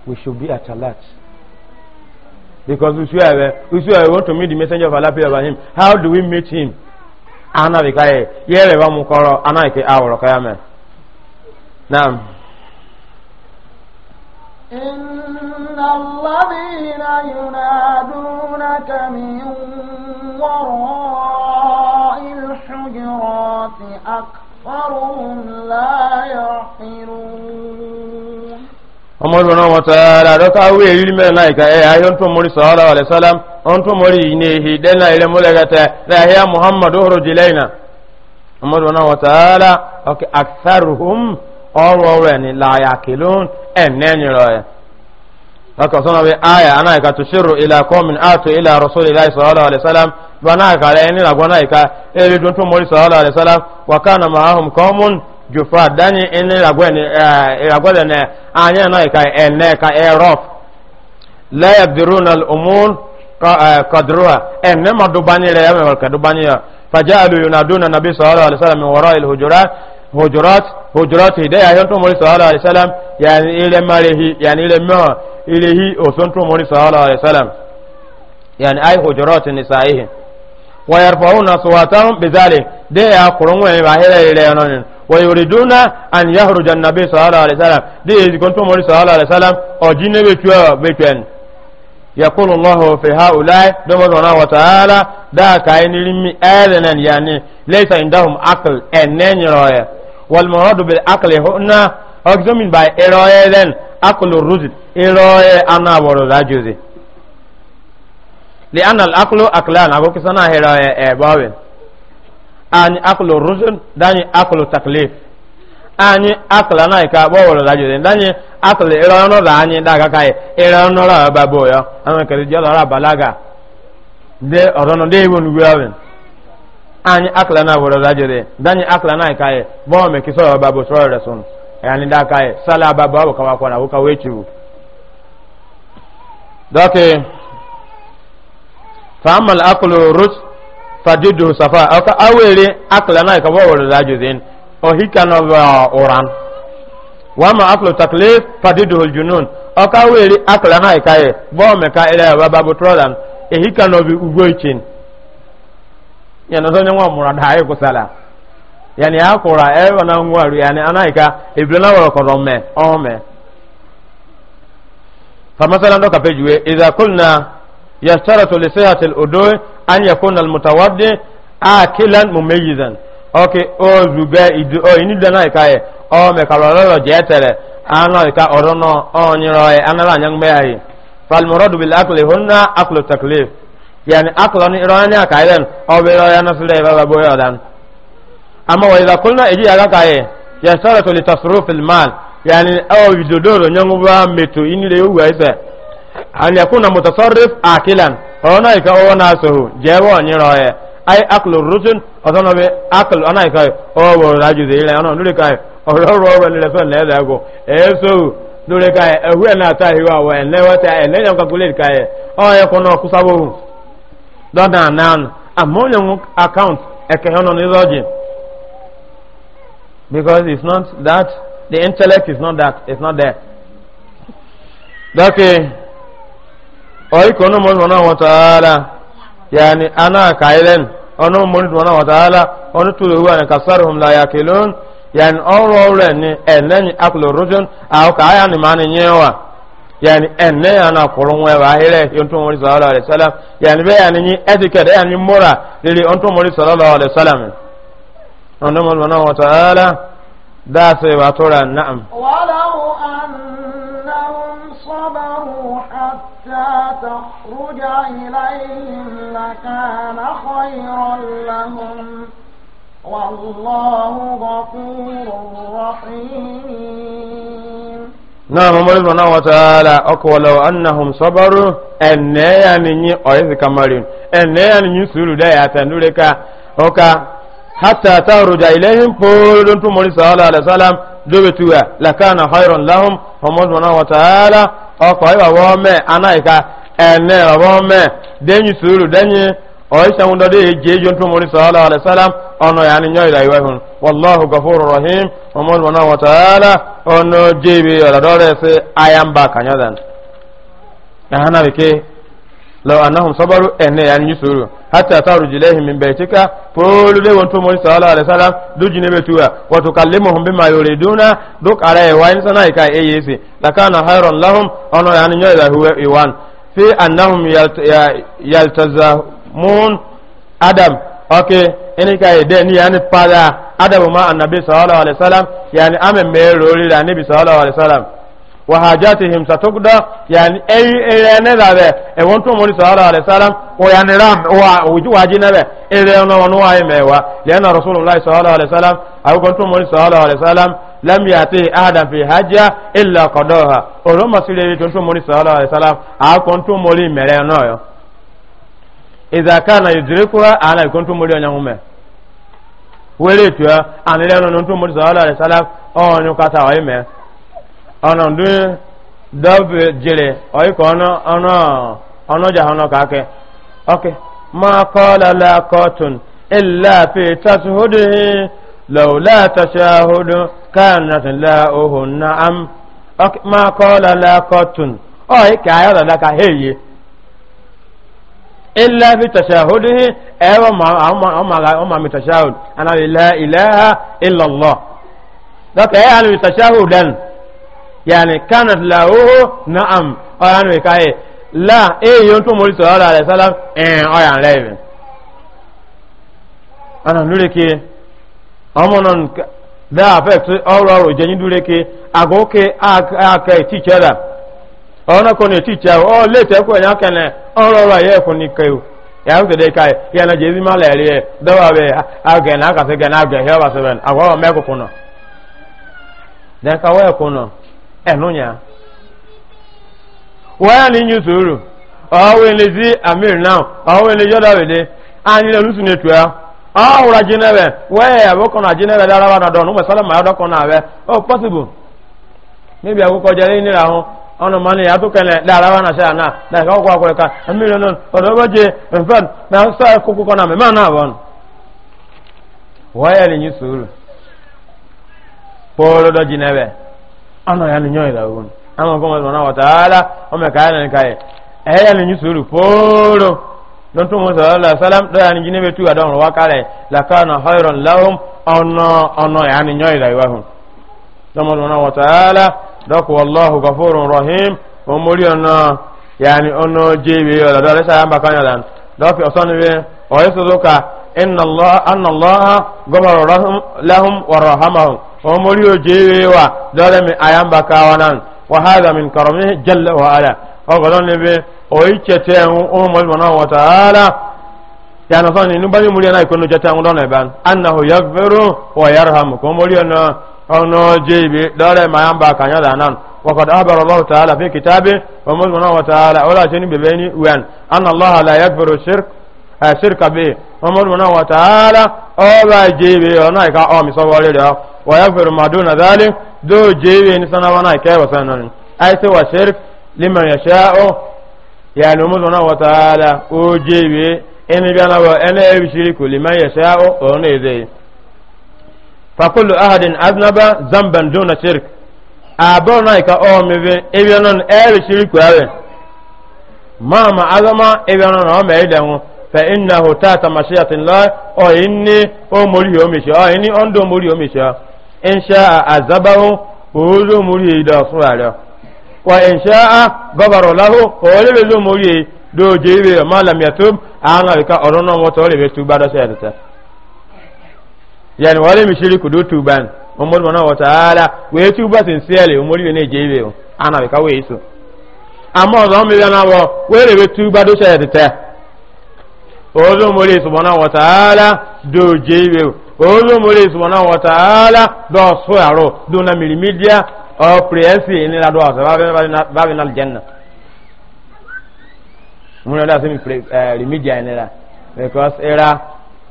we should be alert because usu ẹ̀wẹ̀ usu ẹ̀wẹ̀ want to meet the messenger of Allah of him how do we meet him ana bikaye yẹ́rẹ̀ wa mú kọ́rọ̀ aná ìkẹ́ e àwọ̀rọ̀ kọ́yàmẹ́ نعم إن الذين ينادونك من وراء الحجرات أكثرهم لا يعقلون ọmọdún náà wọ́n tààrà àdọ́ká owó èyí rí mẹ́rin láìka ẹ̀ ayọ́ tó mórí sọ́ọ́lá alẹ́sálám ọ́n tó mórí ìní èhì dẹ́nà ilẹ̀ múlẹ̀gẹ́tẹ̀ láàáyá muhammadu horo jìlẹ́ìnà ọmọdún náà wọ́n tààrà ọkẹ́ àkàrùhùn ọrọ rẹ ni laaya kìlún ẹnẹnyìrọ ẹ lọkọ sọnà bí aya anáyíká tó ṣírò ilà kọmin àtò ilà rasul ilà ìsọlọ alẹsàlám bá náà kàrẹ ẹni làgbọn náà ìka eré tuntun mọrí sọlọ alẹsàlám wàkàna mahum kọmun jufa dani ẹni ìràgbọ́ ẹni anya náà ìka ẹnẹ ka ẹrọ lẹyà biruna umur kadruha ẹnẹ ma dubani rẹ ẹmẹ wàlka dubani ya fàjá àlùyùnà dúnà nàbí sọlọ alẹsàlám wọrọ ìlú hujurat hujurati da ya to mori sallallahu alaihi wasallam yani ile marehi yani ile ma ilehi o son to mori sallallahu alaihi wasallam yani ai hujurati nisaihi wa yarfa'una suwatahum bidhalik da ya kurun wa ba hele ile non wa yuriduna an yahruja an-nabi sallallahu alaihi wasallam da ya kon to sallallahu alaihi wasallam o jinne be tuwa be tuen يقول الله في هؤلاء دم سبحانه وتعالى ذاك عين لمي آذنا يعني ليس عندهم عقل أنين رأيه والمراد بالعقل هنا أكزمين باي إرائي عقل الرزق إرائي أنا ورزا جزي العقل أقلان أقول كسانا إرائي إباوين أني عقل الرزق داني عقل تكليف anyị akụla na ka gbọwụrụ da anyị daga ka ịrụ ya ọrụ ani akla na woro rajere dani akla na kaye bo me kiso ba bo so re sun yani da kaye sala ba ba ka wa kwana ka we chu doke fa amal aklu rus fajidu safa aka awere akla na ka bo woro rajere o hika no ba oran wa ma aklu taklif fajidu al junun aka awere akla na kaye bo me ka ile ba ba bo trodan e hika no bi ugo ichin ya e na zonye nwa mura da ayi kusala ya ni akura na wana ngwa ru ya anaika ibile e na woro korome ome fa masala ndo kapejwe idha kulna yashtaratu li sihhati al-udu an yakuna al-mutawaddi akilan mumayyizan okay o zuga idu o ini da na ikaye o me kalolo jetere ana ika orono o nyiro e anara anyang me ayi fal muradu bil akli hunna aklu taklif yani aklon iranya kaiben obiro yana sule baba boyo dan amma wa idha qulna iji aga kai ya saratu li tasruf al mal yani aw bidodoro nyangu ba meto inile uwa ise an yakuna mutasarrif akilan ona ika ona sohu jebo ọ roye ai aklu na ta hiwa wa le dọda anan amonyo account ekehono ni lodging because it's not that the intellect is not that it's not there dọkị ọyịkọ ọnụ mmụọ nọ wọtaala yani ana kailen ọnụ mmụọ nọ wọtaala ọnụ tụrụ ewu anyị kasara hum la ya kelon yani ọrụ ọrụ ẹni ẹnẹni akụlọ rojon ahụ ka anyị anụmanụ nye wa yani enne yana kurun wai ba hire yonto mori sallallahu alaihi wasallam yani be yani ni etiquette yani mora lili onto mori sallallahu alaihi wasallam onto mori subhanahu wa ta'ala da sai ba tora na'am walau annahum sabaru hatta takhruja ilayhim lakana khayran lahum والله غفور رحيم náà mọ́mọ́lẹ́ sọ náà wọ́tàálà ọkọ̀wọ̀lọ́ annahun sọ́bọ́rú ẹ̀nẹ́yà ni yí ọ̀yẹ́sì kamarin ẹ̀nẹ́yà ni yí sùúrù dẹ́yà àtẹ̀ndúrẹ́ ká ọka hátà táwùrùjà ilẹ́yìn pòórùn tó mọ́rí sọ́ọ́lá alẹ́sálàm dóbẹ̀tùwà làkàna hairon lahun mọ́mọ́lẹ́ sọ náà wọ́tàálà ọkọ̀ ìwàwọ́ mẹ́ anáìka ẹ̀nẹ́ ìwàwọ́ mẹ́ dẹ́yìn sùúrù dẹ́yìn ọ̀yẹ́sẹ̀ ọ̀nà yà ni yọ ìlà ìwẹ̀ hùn wàlláhu gafúrú rahim ọmọ ìmọ̀nà wàtàlá ọ̀nà jẹ́bi ọ̀làdọ́rẹ̀ sí ayamba kanyadan nahana bike law annahum sabaru enne yani yusuru hatta taruju ilayhim min baytika polu de wonto mo sallallahu alaihi wasallam duji ne betuwa wa tukallimuhum bima yuriduna duk ara e wain sana e kai eyesi lakana khairan lahum ono yani nyoya huwa iwan fi annahum yaltazamun adam ok ini ka ide ni yani pada adabu ma annabi sallallahu alaihi wasallam yani ame merori da annabi sallallahu alaihi wasallam wa hajatihim satugda yani ay irene da be e won to mori sallallahu alaihi wasallam o yani ram wa wuju waji na be ire no wono ay mewa lena rasulullah sallallahu alaihi wasallam aw kon to mori sallallahu alaihi wasallam lam yati adam fi hajja illa qadaha o ro masire mori sallallahu alaihi wasallam a kon mori mere no yo iza kana yudrikuha ana ikon to muri onyan ume wele tuwa ani lẹ́nu ní tó mọ́tò sọ́ọ́lá rẹ̀ sálá kata ọ̀yìn mẹ́ ọ̀nà ọ̀dún dọ́bì jèrè ọ̀yìn kọ́ ọ̀nà ọ̀nàjà ọ̀nà kàkẹ́ ọ̀kẹ́ máa kọ́ lálẹ́ kọ́tùn إلا في تشهده أو ما ما تشهد أنا لا إله إلا الله ذاك يعني تشهدا يعني كانت له نعم أنا كاي لا إيه ينتم مولى صلى الله عليه وسلم إيه أنا لا أنا نوريكي أمون ذا أفكت أول أول جنين نوريكي أقولك أك أك تيجي ọ̀nà kan ní tíìtì àwọn ọ̀ lè tẹ́kọ̀ ẹ̀yàn kẹ́nẹ̀ ọ̀rọ̀ ọ̀rọ̀ ayé ẹ̀kọ́ ní kẹ́yọ̀ yàrá tẹ̀lé ká yẹ yẹn náà jẹ́bí má lẹ̀ ẹ̀ dọ́wọ́ bẹ agẹ̀nà àkàtẹ́ gẹ̀nà agẹ̀hẹ́ ọba sẹ́bẹ̀n àwọn ọmọ ẹ̀kọ́ kùnà yà. yín sòrò sí amir náà ọ̀wọ́ ọnụ mmanụ ya atụkele darawa na shana na ka ọkwa akwụrịka mmiri nọ ọdọgọje mfen na nsọ na mmemme na abụọ waya suru polo ya ama na o me ka na kai e ya linyi suru polo don to mo salam dọ wasallam tu la lahum ya na dɔk wallahu gafurun rahim omori ɔnɔ yaani ɔnɔ jeebe ɔlɔ dɔ lɛsɛ ayamba kan yɔlan dɔk ɔsɔni bɛ ɔyɛ soso ka inna allah anna allah gɔbɔrɔ lahum wɔrɔhamahum omori o jeebe wa dɔlɛ mi ayamba kawanan wa hada min karɔmi jalla wa ala ɔgɔdɔni bɛ oyi cɛtɛ ŋu ɔmɔ mɔna wa taala yaani sɔni nubali muri yɛn na ikonu cɛtɛ ŋu dɔn na ọ̀nà jẹ́bi lọ́rẹ̀ mayan ba kan yọ́dà náà wakọ̀dá abẹ̀rẹ̀ lọ́wọ́ tààlà fi kìtàbí ọmọdún náà tààlà ọlá ṣe ní bèbè ní un annalọ́ha la yẹ́gbẹ̀rẹ̀ ṣírka bí ọmọdún náà tààlà ọba jẹ́bi ọ̀nà ìka ọmọ ìsọ́wọ́ rẹ̀ rẹ̀ wà yẹ́gbẹ̀rẹ̀ madu na zálí dó jẹ́bi ní sanawa náà kẹwà sanan aisi wa ṣírk liman ya ṣá'o ya ni ọmọdún náà tààlà ó jẹ́bi ẹni bí anáwọ̀ ẹni ẹbi ṣírikù liman ya fakulu ahadin aznaba zamban duna shirk abon na ka o mi bi ebi non e bi shirku awe mama azama ebi non o me de hu fa innahu ta mashiyatin la o inni o mori o mi o inni on do mori o mi in sha azabahu o do mori da suwara wa in sha gabaro lahu o le be do mori do jebe malam yatub ana ka orono mo le be tu bada sha yani wale mishiriku do tuban umar mana wa ta'ala we tuba sincerely umar yene jebe o ana be kawe iso amma zan mi yana wa we re tuba do shaye ta ozo umar subhanahu wa ta'ala do jebe o ozo umar subhanahu wa ta'ala do so aro do na miri media o prensi ni la do asa ba be na aljanna mun da se mi pre eh, media ni la because era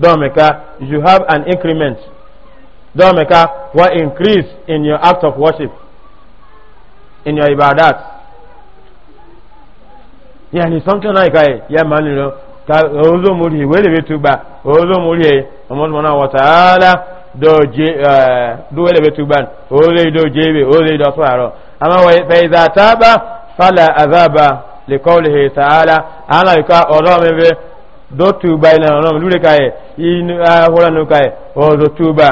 domeka you have an increment domeka wa increase in your act of worship in your ibadat yani something like ai ya mani lo ka ozo muri wele tu ba ozo muri omo mona wa taala do je eh do wele tu ban ozo do jebe ozo do faro ama wa fa iza taba fala azaba liqawlihi ta'ala ana ka ozo mebe Do yi na ɔnɔm lure ka yɛ inu ahora nu ka yɛ ɔdɔ tuba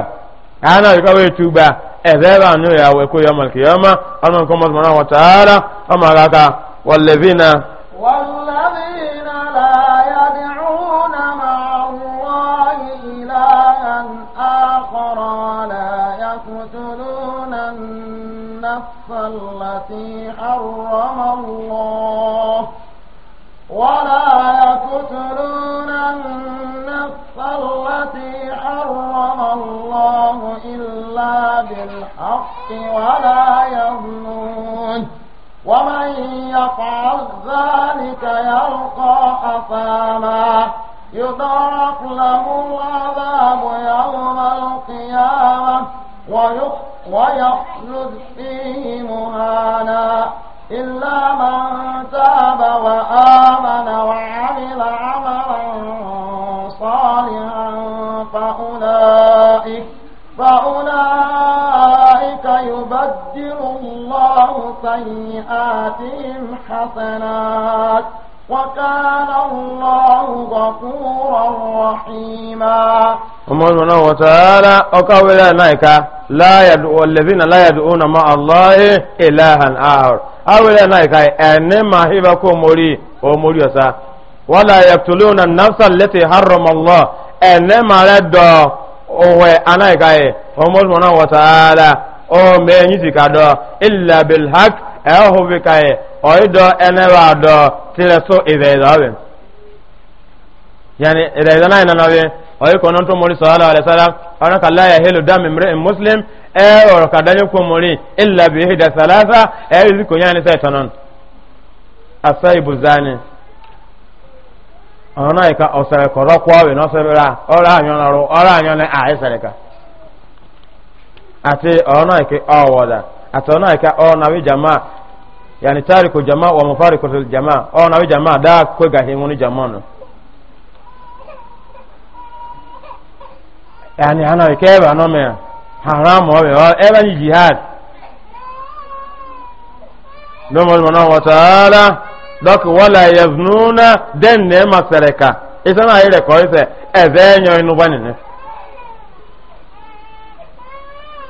ana yi ka wo tuba ɛbɛ ba nu ya wo ko yɔma kiyɔma ɔnɔ nkɔmɔ tuma na wɔ taara ɔmɔ ala ka wɔlɛbi na. والذين لا يدعون مع الله إلها آخر ولا يقتلون النفس التي حرم بالحق ولا يظنون ومن يفعل ذلك يلقى أثاما يضاعف له العذاب يوم القيامة ويخلد فيه مهانا إلا من تاب وآمن وعمل عملا صالحا فأولئك, فأولئك يبدل الله سيئاتهم حسنات وكان الله غفورا رحيما ومن سبحانه وتعالى أكاولا نايكا لا يدعو الذين لا يدعون مع الله إلها آخر أولا نايكا أنما هبكم موري وموري ولا يقتلون النفس التي حرم الله أنما لدى أوه أنايكا ومن سبحانه وتعالى o me nyi si ka do illa bil haq e ho bi ka e o do ene wa do tire so ibe do be yani ida ida na na be o ko non to mori sallallahu alaihi wasallam ana ka la yahilu dam imri'in muslim e o ka danyo ko mori illa bi hida salasa e ri ìka ọ̀sẹ̀rẹ̀ ọ̀wẹ̀ náà sẹ́bẹ̀rẹ̀ ọ̀rọ̀ àyànlọ́rọ̀ ọ̀rọ̀ ati ọ̀nà ìkẹ́ ọ̀wọ̀dà àti ọ̀nà ìkẹ́ ọ̀nàwí jama yàni tàríkù jama wà mọ̀fárí kòtò jama ọ̀nàwí jama dáa kó gàhí wọn ní jama nù. yàni hànà ìkẹ́ nọ mẹ́ haram ọ̀bẹ̀ ọ̀ jihad. lọ́mọdé mọ̀nà wọ́n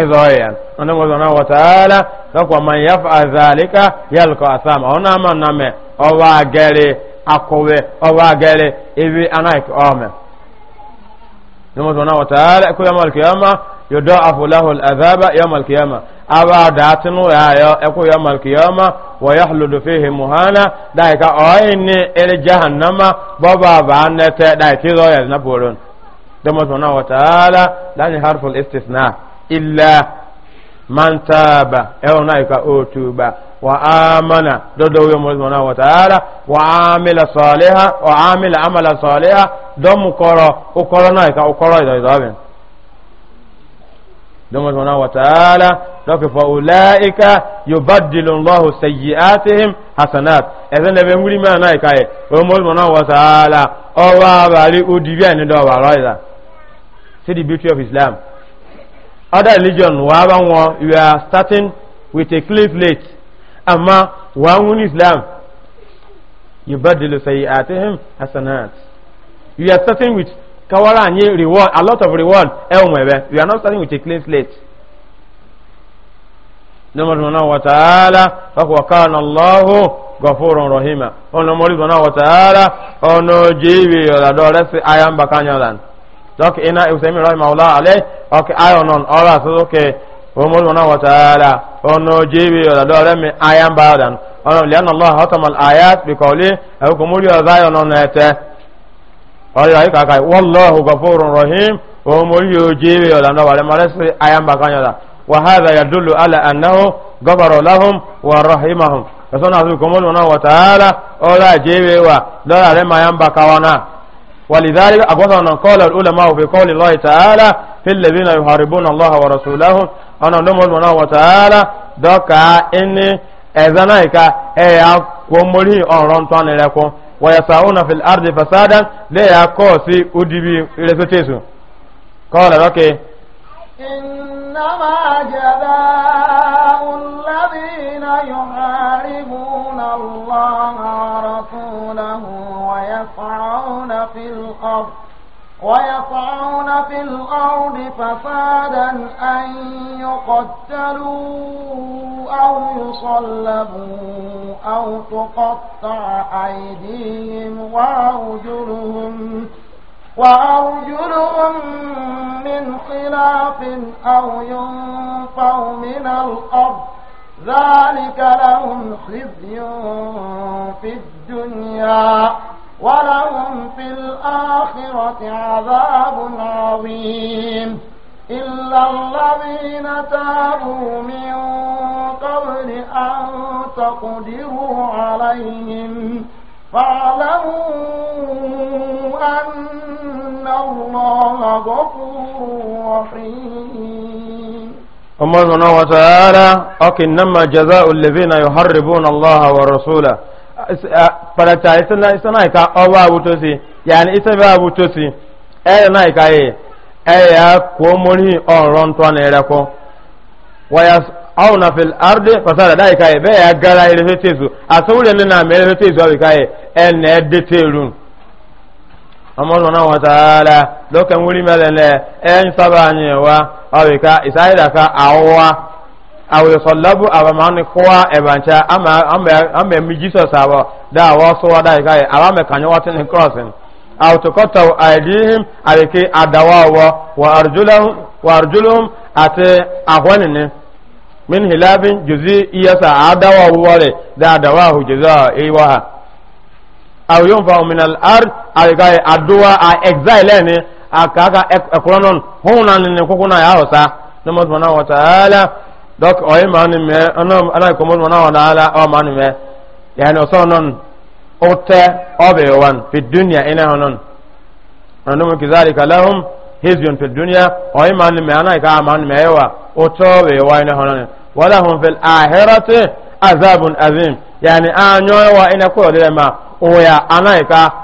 ezoyan ona mo zona wa taala kwa man yaf'a zalika yalqa asama ona man name o wa gere akowe o wa gere ibi anaik ome nomo zona wa taala ko yamal kiyama yudha'afu lahu al'adhaba yamal kiyama aba datinu ayo eko yamal kiyama wa yahludu fihi muhana daika oyni ele jahannama baba banete daiki zoya na bolon nomo zona wa taala dani harful istisna' illa man taba ẹwọn náà ìka òtùbà wa amana dọ́dọ̀ wíwọ́n mọ́ ìsìnkú náà wọ̀tàára wa amila sọ̀lẹ́ha wa amila amala sọ̀lẹ́ha dọ́mù kọ́rọ̀ ukọ́rọ̀ náà ìka ukọ́rọ̀ ìdọ̀dọ̀bìn dọ́mù ìsìnkú náà wọ̀tàára dọ́kẹ̀fọ́ ọ̀làíka yóò bá dìlùn lọ́hùn sẹ́yì átìhìm hasanat ẹ̀sẹ̀ lẹ́bẹ̀ wúrí mẹ́rin náà ìka yẹ ọmọ ìsìnkú other religion wa ba wọn you are starting with a clean plate amma wa hun islam yubadilu sayi'atihim hasanat you are starting with kawara anyi reward a lot of reward ẹwọn ẹbẹ you are not starting with a clean slate nomadu mana wataala Allah, kaana allahu gafurun rahima ọna mọri mana wataala ọna ojeewe ọdadọ rẹsi ayamba kanyalan dọk ina iusemi rahima Allah, alẹ okay ayo non ora so okay wa mo na wa taala ono jibi ora do re mi ayan ba dan ono li anna allah hatama al ayat bi qawli aw ko mo yo zayo non ete ora yi ka kai wallahu ghafurur rahim wa mo yo jibi ora no wale mare si ayan ba kan yo wa hadha yadullu ala annahu ghafara lahum wa rahimahum kasona e, su ko mo na wa taala ora jibi wa do re أقول أن قال العلماء في الله تعالى في الذين يحاربون الله ورسوله أنا نمو سبحانه وتعالى دوكا إني إذنائك إيا كومولي أوران تواني لكم ويسعون في الأرض فسادا ليا كوسي أدبي إلسوتيسو قال لك إنما جزاء الذين يحاربون الله ورسوله ويسعون في الأرض ويطعون في الأرض فسادا أن يقتلوا أو يصلبوا أو تقطع أيديهم وأرجلهم وأرجلهم من خلاف أو ينفوا من الأرض ذلك لهم خزي في الدنيا ولهم في الآخرة عذاب عظيم إلا الذين تابوا من قبل أن تقدروا عليهم فاعلموا أن الله غفور رحيم الله سبحانه وتعالى أكنما جزاء الذين يحربون الله ورسوله farata isa e na e ka ọwa abutosi yani isa bẹ abutosi ẹyẹ e na ka yi ẹyẹ ya ko mori ọrọ ntọ na ẹrẹ kọ waya aw na fil arde fasada da ka yi bẹ ya gara ẹrẹ fẹ tezu asawure ne na mẹrẹ fẹ tezu ọbi yi na ẹ de teru na lọkẹ wuri mẹlẹ lẹ ẹ nsaba anyi wa ọbi ka isa yi awa. awo sɔlɔbu abamani kowa ɛbankyɛ ama ama mi jesus awɔ da awɔ sowa da yika yɛ awa mɛ kanyɛ wɔte ne krɔsin awo ayidihim ayike adawa awɔ wa arjulahum wa arjulahum ati ahɔnini min hilabin juzi iyasa adawa wɔre da adawa ahu juzi a eyiwa ha awo yomfa ominal ard ayika yɛ aduwa a exile ni akaaka ɛkɔnɔn hunan ni kokona yɛ ahosa ne mɔtumana wa taala dɔk ɔye maani mɛ ɔnam ala kɔmɔ mɔ n'awɔ n'ala ɔ maani mɛ yanni o sɔɔ nɔn o tɛ ɔbɛ wan fi duniya ina hɔ nɔn ɔnum kizari kalahum hezbon fi duniya ɔye maani mɛ ana ka maani mɛ wa o tɛ ɔbɛ wa ina hɔ nɔn wala hun fi ahirati azabun azim yanni a wa ina kɔɔ lɛ ma o ya ana ka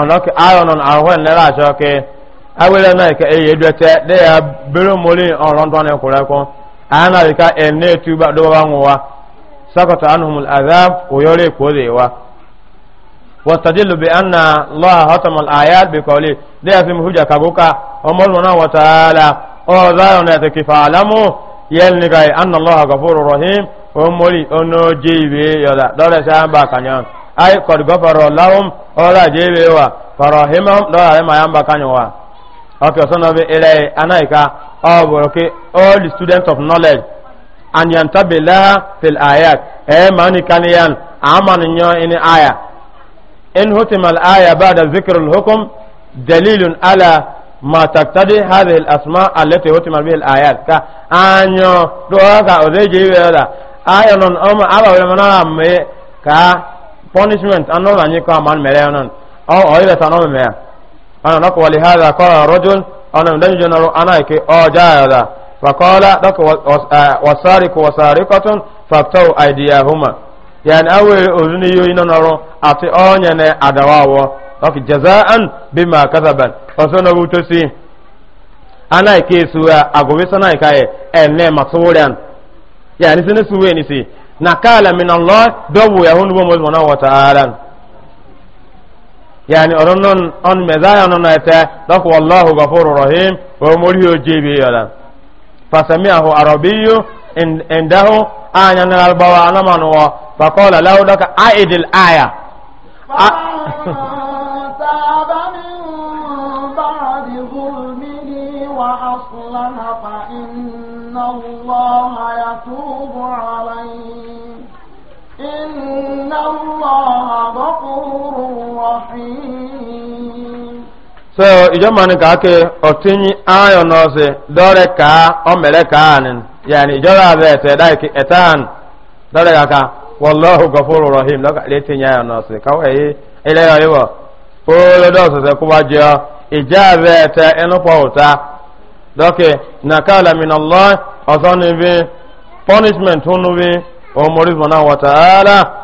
ọ̀nàkì ayọ̀nà àwọn ẹ̀lẹ́rà àṣọ kí awẹ́lẹ́ náà ìkẹ́ èyí dẹ́tẹ́ dẹ́yà bẹ́rẹ̀ mọ́lẹ́ ọ̀rọ̀ tó ní ẹ̀kùnrẹ́ kún àánà ìka ẹ̀ní ètùbà dọ́wọ́ wa sákòtò anuhumul azab òyọ́rẹ́ èkó wa. wọ́tàdìlù bí anna lọ́ha hotmal ayat bí kọ́lé dẹ́yà fi nnọọ kabuka ọmọlùmọ́ náà wọ́tà nìkan rahim ọmọlì jẹ́ ìwé bá ay kod gafaro lahum ola jebe wa farahimahum do ay mayamba kanyowa okay so no be ile anaika oboro ke all the students of knowledge And an yantabi laha fil ayat e mani kaniyan aman nyo ini aya in hutima al aya ba'da dhikr al hukm dalilun ala ma taktadi hadhihi al asma allati hutima bihi al ayat ka anyo do ka odeje wela aya non o ma aba wala manara me ka punishment an nɔnɔ anyi kɔn a man mɛrɛ yɔnɔ ɔ ɔ yɛrɛ ta nɔnɔ mɛya ɔnɔ nɔkɔ wali ha da kɔrɔ rɔjol ɔnɔ ndani jɔn nɔrɔ ana yake ɔ jaa yɛ da fakɔla dɔkɔ wasaari ko wasaari eh, kɔtun faktaw aidiya huma yani awe ozuni yoyi nɔnɔrɔ ati ɔnyɛ nɛ adawa wɔ dɔkɔ jazaan bima kasaban ɔsɔ nɔ wuto si ana yake suwa agobe sana yaka yɛ ɛnɛ masowore an yani sini suwe ni si nakala min allah dobu ya hundu bomo subhanahu wa ta'ala yani oronon on mezaya non ete dako wallahu ghafurur rahim o mori o jebi yala fasamiahu arabiyyu indahu anya na albawa anamanu wa faqala law daka aidil aya تاب من بعد ظلمه وأصلح فإن الله يتوب عليه so ijomani ka ake otinyi ayo nose dore ka o mere ka anin yani ijora be ete dai ki etan dore ka wallahu ghafurur rahim laka le tinyi ayo nose ka we ile yo yo o lo do se ku ba je ijabe te enu pauta doke nakala min allah azani bi punishment hunu bi o mori na wa ta'ala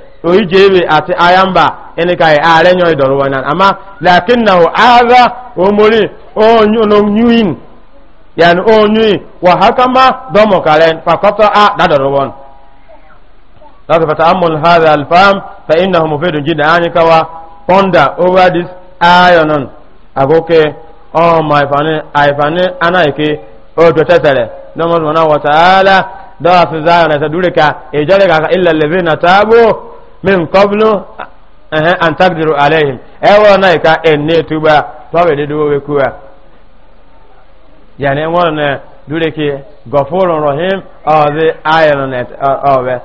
oyi jebe ati ayamba ene kai are nyoy dor wanan ama lakinnahu hadha umuri o nyuno nyuin yani o wa hakama domo kalen fakata a dador won Lakin fata'ammul hadha al-fam fa innahu mufidun jidda anika wa ponder over this ayonon agoke oh my fani aifani anaike otu etetere nomo subhanahu wa ta'ala ala fi zayana ka min qablu eh, an taqdiru alaihim ewa na ka enne tuba na dure ke gafurun rahim azi ayana net awe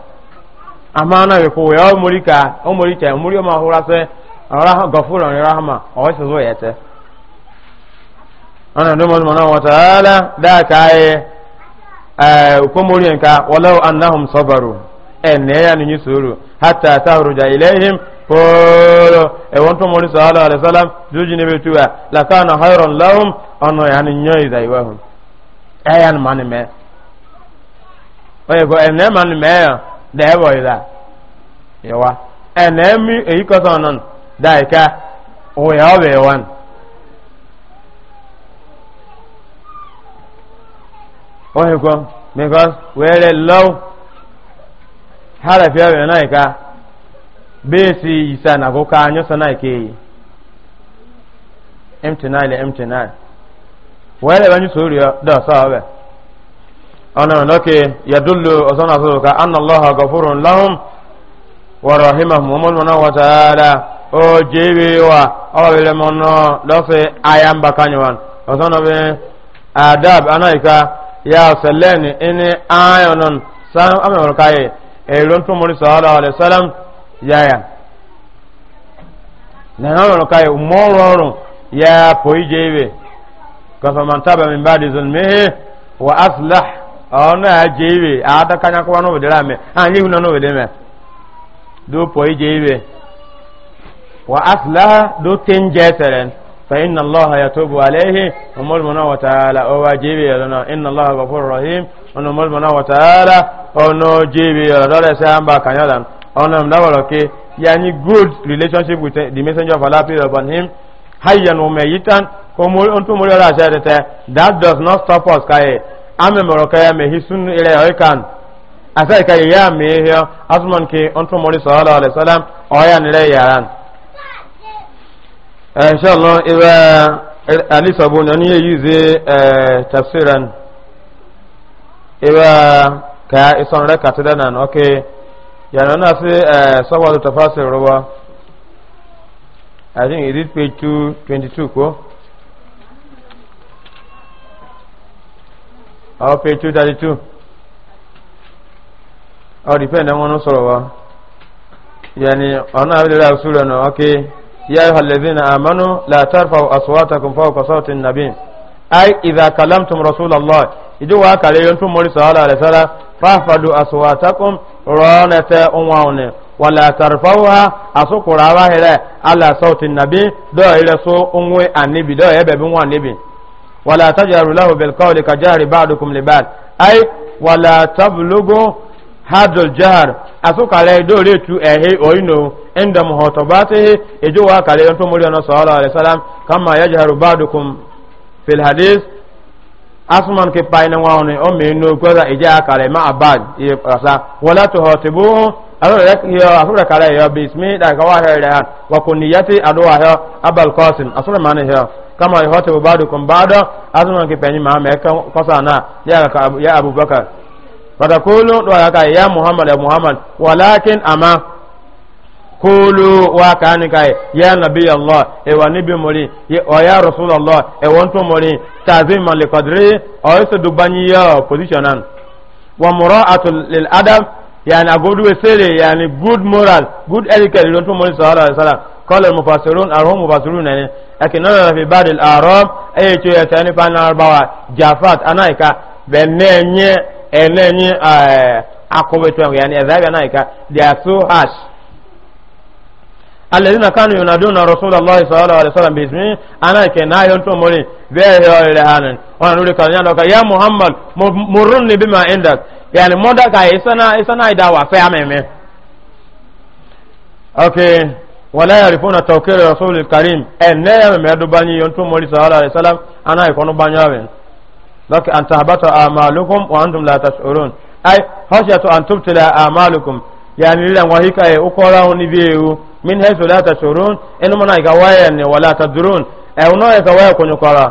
na ko ya murika o murika muri ma hura se ara gafurun rahma o se zo yete ana no nka ya hatta tahruja ilayhim kolo e wonto mori sallallahu alaihi wasallam juji ne betuwa la kana khairan lahum ono yani nyoi dai wa hun ayan e man me oye go ene man me da e boy da yawa ene mi e ko sonon dai e ka o ya be wan oye go because where low harafi ya wena ika besi isa na kuka anyo sana ike yi mtna ile mtna wele banyu sori da sawabe ana ndoke yadullu osana soka anna allah ghafurun lahum wa rahimahum wa manwana wa ta'ala o jewe wa awele mono lose ayamba kanyawan osana be adab anaika ya saleni ini ayonon san amewol kaye ẹ̀rọ tó mọ̀rí sọ́ọ́lá ọ̀lẹ́sọ́lá yáyà lẹ́yìn ọ̀rọ̀ káyọ̀ mọ́rọ̀rùn yá pòíjẹ́ ibẹ̀ kọfàmọ́ntàbà mi bá di zùn mẹ́hẹ́ wà áfìlá ọ̀nà àjẹ́ ibẹ̀ àádọ́kányákọ́wá náà wòdìrà mẹ́ àyè ìhùn náà wòdìrà mẹ́ dó pòíjẹ́ ibẹ̀ wà áfìlá dó tẹ́ ń jẹ́ sẹ̀rẹ̀ فإن الله يتوب عليه ومولمنا وتعالى أواجيبي لنا إن الله غفور رحيم ومولمنا وتعالى ونجيبي لنا سيامبا كنيدا ونم دولك يعني good relationship with the messenger of Allah peace upon him hayyan wa mayitan komul onto mul ala sharata that does not stop us kai ame moroka ya me hisun ile oikan asai kai ya me asman ke onto mul sallallahu alaihi wasallam oyan ile yaran Eh, inshallah iba eh, ali sabuni ani ye yuze eh, tafsiran iba ka ison re katida nan okay yana na fi sawa da tafasir ruwa i think it is page 222 ko or oh, page 232 or depend on one sọrọ wa yani ọ̀nà àbílẹ̀ àṣúrẹ̀ náà okay يا أيها الذين آمنوا لا ترفعوا أصواتكم فوق صوت النبي أي إذا كلمتم رسول الله إذا وكالي ينتم مولي صلى الله عليه وسلم فاحفظوا أصواتكم رانة أموانة ولا ترفعوها أسوك رواهلا على صوت النبي دو إلى سوء أموي النبي دو يبب النبي ولا تجهروا له بالقول كجهر بعضكم لبعض أي ولا تبلغوا هذا الجهر أسوك عليه دو ريتو إهي أوينو inda muhotabatihi ejo wa kale yon to muri ona sallallahu alaihi wasallam kama yajharu ba'dukum fil hadith asman ke paina waone o me no goza eja kale ma abad ye asa wala tuhatibuhu aro rek yo asura kale yo bismi da ka wa hera wa kuniyati adwa ha abul qasim asura mane ha kama yuhatibu ba'dukum ba'da asman ke paini ma me ka kosana ya ya abubakar fatakulu do ya ka ya muhammad ya muhammad walakin ama kulu wa kani kai ya nabi allah e wa nabi mori o ya rasul allah e won to mori tazim li qadri o so du bani ya positionan wa mura'atu lil adam yani agodu sele yani good moral good etiquette don to mori sallallahu alaihi wasallam qala al mufassirun arhum mufassirun yani lakin nara fi ba'd al arab ay e to ya tani fa na arbawa jafat anaika benenye enenye eh, akobetu yani azabi anaika they are so harsh الذين كانوا ينادون رسول الله صلى الله عليه وسلم باسمه انا كنا ينتموني به الهان وانا نقول كان يا محمد مرني بما عندك يعني مودا كاي سنا سنا دعوا فاهمين اوكي ولا يعرفون توكيل رسول الكريم ان يا مدباني ينتموني صلى الله عليه وسلم انا يكونوا بانيوين لك ان تهبط اعمالكم وانتم لا تشعرون اي خشيه ان تبتلى اعمالكم يعني لن وهيك ايه وقراه نبيه min haisu la tashurun enu mana ga waya ne wala tadrun e uno e ka waya kunyu kara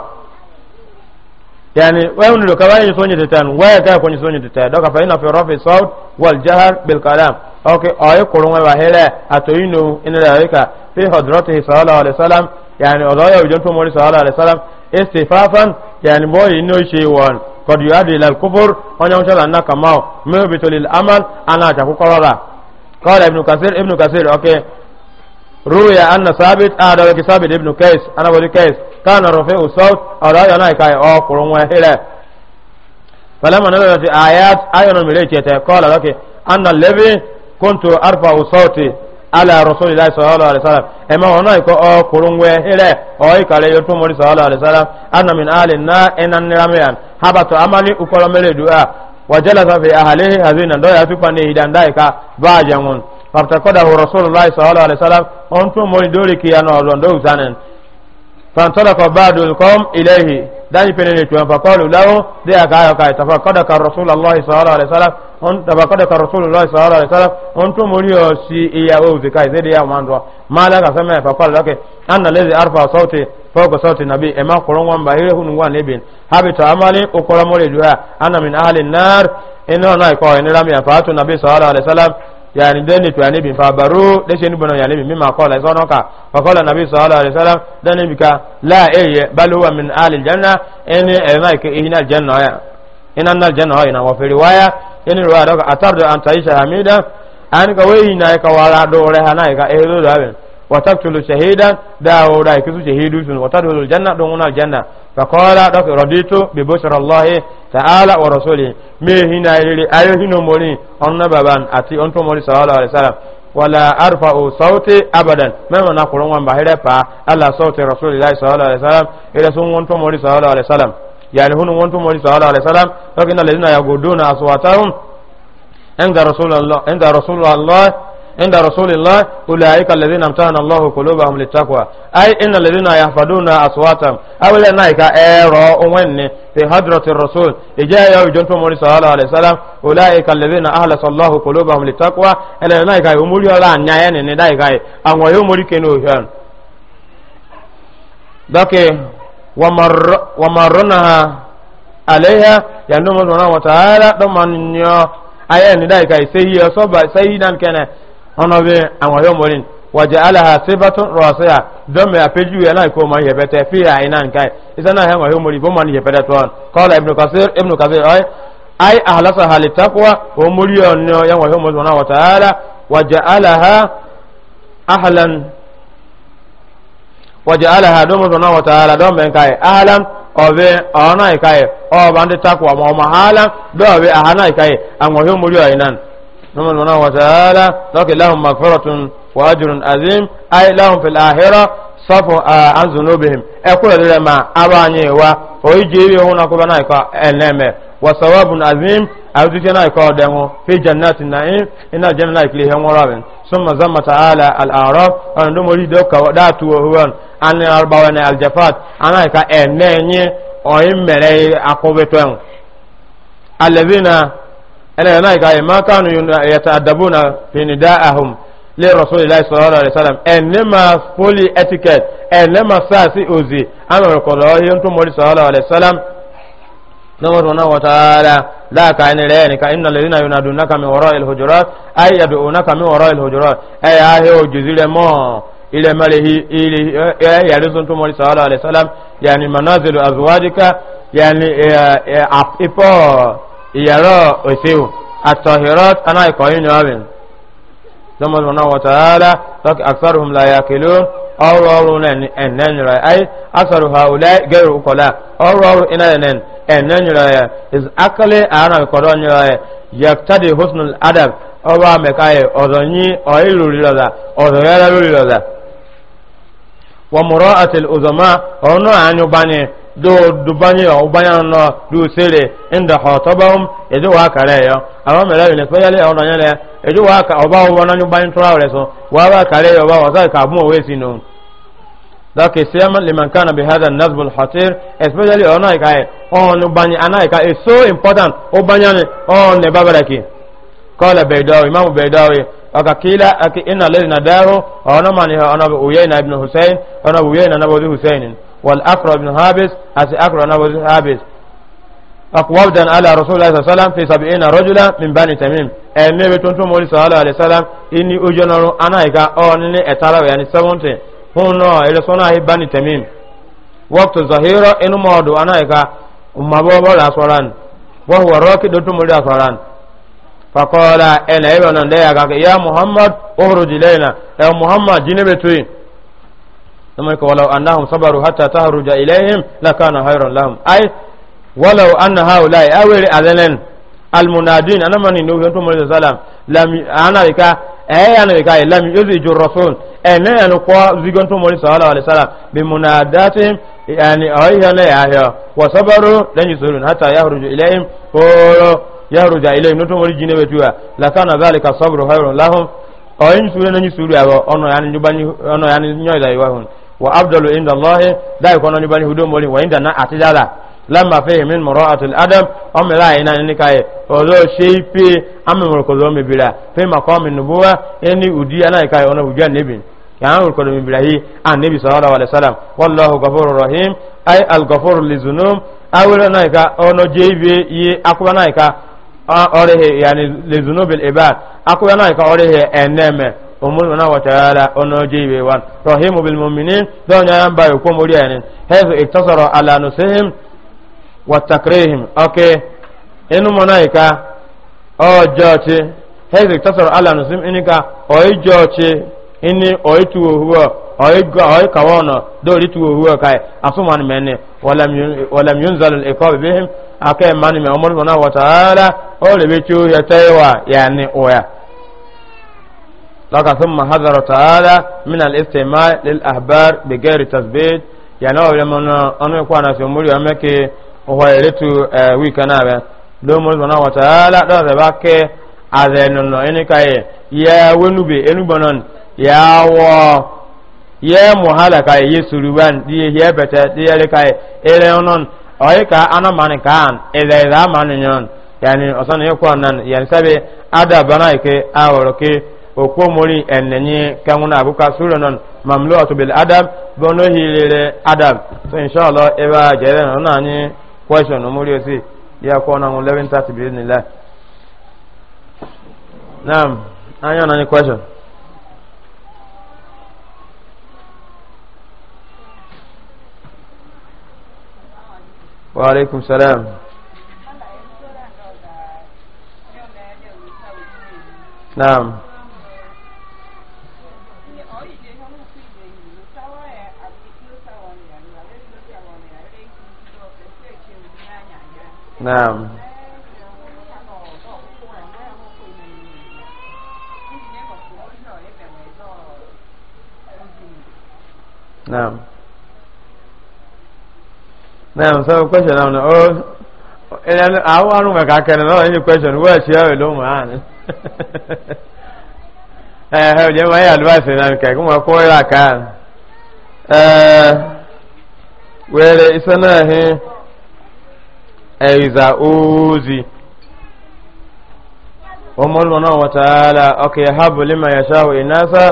yani waya uno ka waya sonye tetan waya ka kunyu sonye tetan doka fa ina fi rafi saut wal jahr bil kalam okay ayi kurun wa hele atoyinu ina da yaka fi hadratihi sallallahu alaihi wasallam yani odaya ujon to mori sallallahu alaihi wasallam istifafan yani boy ino shi won قد يؤدي إلى الكفر ونعمل أنك ما مهبط للأمل أنا تقول قال ابن كثير ابن كثير أوكي روي أن ثابت أهدى لك ثابت ابن كيس أنا بولي كيس كان رفيع الصوت أو رأي أنا كاي أو قرون وهلا فلما نزلت آيات أيضا مليكيته قال لك أن الذي كنت أرفع صوتي على رسول الله صلى الله عليه وسلم أما هنا يكو أو قرون وهلا أو يكالي يرتم صلى الله عليه وسلم أن من آل النار إن النرميان حبت عملي أكرم لدعاء وجلس في أهله هذين دوية تفني إذا دايكا باجمون فابتكده رسول الله صلى الله عليه وسلم أنتم مولدورك يا نوزن دوزن فانطلق بعض القوم إليه داني بنيت فقالوا له دي أكايا كاي تفقدك رسول الله صلى الله عليه وسلم أن تفقدك رسول الله صلى الله عليه وسلم أنتم موليوسي إيا ووزكاي زي يا ماندوا ما لك سمع فقال لك أنا الذي أرفع صوتي فوق صوت النبي إما قرون وان بهيره نوان نبين هابت عملي أقرم لدعاء أنا من أهل النار إنه نايقوا إن لم يفعته النبي صلى الله عليه وسلم yani dani to anabi fa baro da shi ni bono yani mimma qala sono ka fa qala nabi sallallahu alaihi wasallam dani bika la ayya bal huwa min ahli aljanna in ayma ka ihna aljanna ya in anna aljanna ina wa fi riwaya in riwaya da atardu an taisha hamida an ka wayna ka wala dore hana ka ehlo da ben وتقتل شهيدا داود يكسو شهيد وتدخل الجنة دون الجنة فقال دك رضيت ببشر الله تعالى ورسوله مي هنا يلي ايو هنا مولي ان بابان اتي انتو مولي صلى الله عليه وسلم ولا ارفع صوتي ابدا مما نقول وان باهره با على صوت رسول الله صلى الله عليه وسلم الى سن وانتو مولي صلى الله عليه وسلم يعني هنا وانتو مولي صلى الله عليه وسلم لكن الذين يغضون اصواتهم عند رسول الله عند رسول الله عند رسول الله أولئك الذين امتحن الله قلوبهم للتقوى أي إن الذين يحفظون أصواتهم أو لنايك إيرو وين في حضرة الرسول إجاء يوجد مولى صلى الله عليه وسلم أولئك الذين أهلس الله قلوبهم للتقوى إلا لنايك يمولي ولا نعين ندايك أما يمولي كنوهان ذكي ومر ومرنها عليها يندم سبحانه وتعالى ضمن أيان ندايك سيئة صبا سيئة كنا ọ̀nà bí àwọn yóò mọ̀rin wàjẹ́ aláha síbátú rọ̀ṣíà dọ́mẹ̀ àpéjú ẹ̀ náà kó ma yẹ bẹ́tẹ̀ fi àyìn náà nǹkan iṣẹ́ náà hẹ́wọ̀n yóò mọ̀rin bó ma yẹ bẹ́tẹ̀ tọ́ kọ́lá ibùdó kasir ibùdó kasir ọ̀yẹ́ ay ahlasa hali takwa o muri on no yan wa homo zona wa ta'ala wa ja'alaha ahlan wa ja'alaha do mo zona wa ta'ala do men kai ahlan ọ̀bẹ ọ̀nà ìkáyẹ̀ ọ̀bá ń dẹ́takùwà mọ̀ ọmọ hálà dọ́ọ̀bẹ àhánà ìkáyẹ̀ àwọn ohun múrí نمر منه وتعالى لكن لهم مغفرة وأجر عظيم أي لهم في الآخرة صفوا عن ذنوبهم أقول لما أباني و ويجيبي هنا كبنا يقع النمى وثواب عظيم أبدتنا يقع دمو في جنات النعيم إن جنة يكليهم ورابن ثم زم تعالى الأعراف أن نمري دوك وداتو هو أن أربعون الجفات أنا يقع النمى أو إمري أقوبتهم الذين أنا هناك ما كانوا يتأدبون في نداءهم لرسول الله صلى الله عليه وسلم إنما فولي etiquette إنما ساسي أوزي أنا أقول له أنتم مولى صلى الله عليه وسلم نمرنا وتعالى ذاك عن العين كأن الذين ينادونك من وراء الحجرات أي يدعونك من وراء الحجرات أي آهي وجزيل ما إلى ماله إلى يرزق أنتم مولى صلى الله عليه وسلم يعني منازل أزواجك يعني إيه إيه إيه إيه iyaro osewu atọhirọt ana ikọyin ni ọbin lọmọdún náà wọ́n tààlà lọ́kì aksaruhum la yakilu ọrù ọrù nẹ́ni ẹ̀nẹ́nyìrọ̀ ayé aksaru ha ulẹ̀ gẹ̀rù ukọ̀lá ọrù ọrù iná ẹ̀nẹ́n ẹ̀nẹ́nyìrọ̀ yẹ is akali àárọ̀ ìkọ̀dọ̀ nyìrọ̀ yẹ yẹtadi husnul adab ọba mẹka yẹ ọ̀dọ̀ yín ọ̀yìn lórí lọ́dà ọ̀dọ̀ yẹrẹ lórí lọ́dà wọ́n mọ̀rọ̀ àti ọ̀zọ̀mọ́ ọ̀nà àánú bá ní do dubanye o bayan no du sele inda khatabahum ejo wa kare yo awon mele ni so yale awon yale ejo wa ka oba o wona nyu bayan tura re so wa ba kare yo ba wa sa ka mu we sinu ذاك سيما لمن كان بهذا النصب الحصير especially ona ikaye on bani ana ikaye so important o banyane on ne babaraki قال بيداوي امام Aka Kila, aki ina lezi na daro ona mani ona uyaina ibn husayn ona uyaina nabodi husainin wal akra bin habis àti akra náà bin habis akwabdan ala rasulillah sallallahu alaihi wasallam fi sab'ina rajula min bani tamim e mebe tuntun mori sallallahu alaihi wasallam inni ujonaru anaika o nini etara yani 70 huno ile sona hi bani tamim waqtu zahira inu modu anaika ummabobo la soran wa huwa raki do tumuri la soran faqala ila ibn ndeya ga ya muhammad uhruj ilaina ya نمك ولو أنهم صبروا حتى تهرج إليهم لكان خيرا لهم أي ولو أن هؤلاء أول أذنين المنادين أنا من نوح أنتم عليه السلام لم أنا بك أي أنا بك لم يزج الرسول أنا أنا قا زيجنتم عليه صلى الله عليه وسلم بمناداتهم يعني أي هنا يا وصبروا لن يسرون حتى يخرج إليهم يخرج إليهم أنتم عليه جنبه جوا لكان ذلك صبر خير لهم أين سورة نجسورة أو أنا يعني جباني أنا يعني نجاي لا يواجهون wa abdalu inda allahi dai kono ni bani hudum moli wa inda na atijala lamma fe min mura'atul adam o me la ina ni kai o zo sheipe amme mor ko zo me bila fe ma ko min nubuwa eni udi ana kai ona hujja nabi ya mor ko do bila hi an nabi sallallahu alaihi wasallam wallahu ghafurur rahim ay al ghafur li zunum awra na ka ono jeibe yi akwa na ka orehe yani li zunubil ibad akwa na ka orehe eneme umurna wa ta'ala ono jibe wan rahimu bil mu'minin don yan bayo ko muri anin hazu wa takrihim okay inu monaika o joche hazu iktasara ala nusihim inika o joche ini o itu huwa o ga o kawono do ritu huwa kai asuman menne walam walam yunzal al iqab bihim akay man me umurna wa ta'ala o lebe chu ya yani oya لك ثم حذر تعالى من الاستماع للأحبار بغير تثبيت يعني أولا من أنه يكون في أمور يومك وهو يلتو ويكنا لهم سبحانه وتعالى لا ذبك أذن إنك يا ونبي إنبنا يا و يا مهلك يا سلوان هي بتا دي لك إلى أنن أيك أنا من كان إذا إذا من يعني أصلا يكون يعني سبي أدبنا يك أولك okomori enenyi kanguna abuka sura non mamluatu adam adab bono hilire adam so inshallah eba jere non anyi question umuri osi ya ko na 11:30 bi idnillah naam anya na ni question wa alaikum salam naam نعم نعم نعم so question on all and I want to make I any question uh, uh, where she are alone man eh how you my advice na kai kuma ko ra ka eh where isana he ẹ̀yìzà ozi ọmọlùmọ̀nà wàtàálà ọkẹ̀ yahabu lima yashawu inasa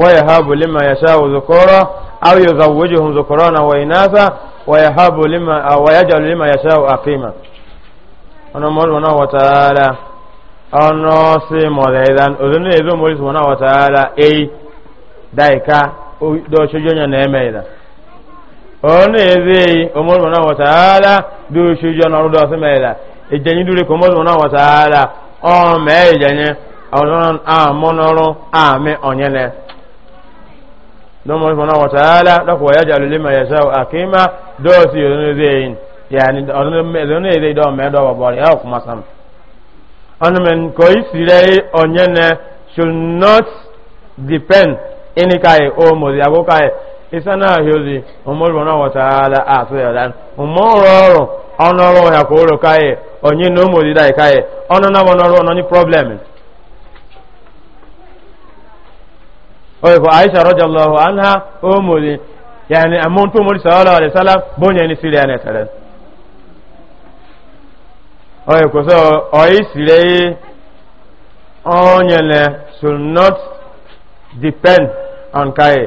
wa yahabu lima yashawu zukura aw yuzawwijuhum zukurana wa inasa wa yahabu lima wa yajalu lima yashawu aqima ọmọlùmọ̀nà wàtàálà ọ̀nà sí mọ̀lẹ́dán òdúnú èzó mọ̀lẹ́sùmọ̀nà wàtàálà èyí dáìka dọ́ṣojú yẹn na ẹ̀mẹ́ ìdá onu ebe umar mana wa ta'ala du shujo na rudo se mela ejenyi dure ko umar mana wa ta'ala o me ejenyi awon a monoro a me onyele do umar mana wa ta'ala da ko ya jalu lima akima do si onu zeyin yani onu me onu me do wa bori ya kuma sam onu men onyele should not depend any kai o mo ya isana ahiozi ọmọlùmọ́nà wọ̀tàálà àtúnyàdá ọmọrọrọ ọnọrọ ọ̀hà kò rò káyẹ ọ̀nyí ní ọmọ òdìdá ìkáyẹ ọ̀nọ́nà ọ̀nọrọ ọ̀nà ní pọ́blẹ́mì. oyinbo aisha rọjò lọhùn anha ọmọdé yàní àmọ́ntòmọ́lì sọ̀rọ̀ ọ̀rẹ́ sálá bóyá ní sírí ẹni tẹ̀lé. oyinbo sọ ọ̀yí sílẹ̀ ọ̀nyẹ̀lẹ̀ should not depend on káyẹ.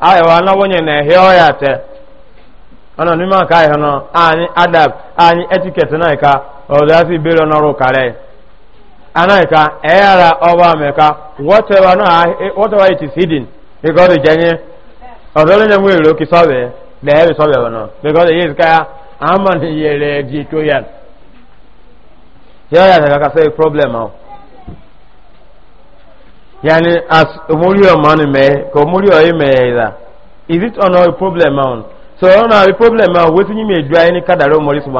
ayo ana wonye na ehe ọrịa te Ọnọdụ ni ma kai adab anyị na ka o da fi na kare ana e ka era oba me wọtewa na e, whatever it is hidden e jenye o e ya ka problem yani as omori o man mee ka omori o me is it on a problem so on a problem on wetin you may dry ni kadare omori and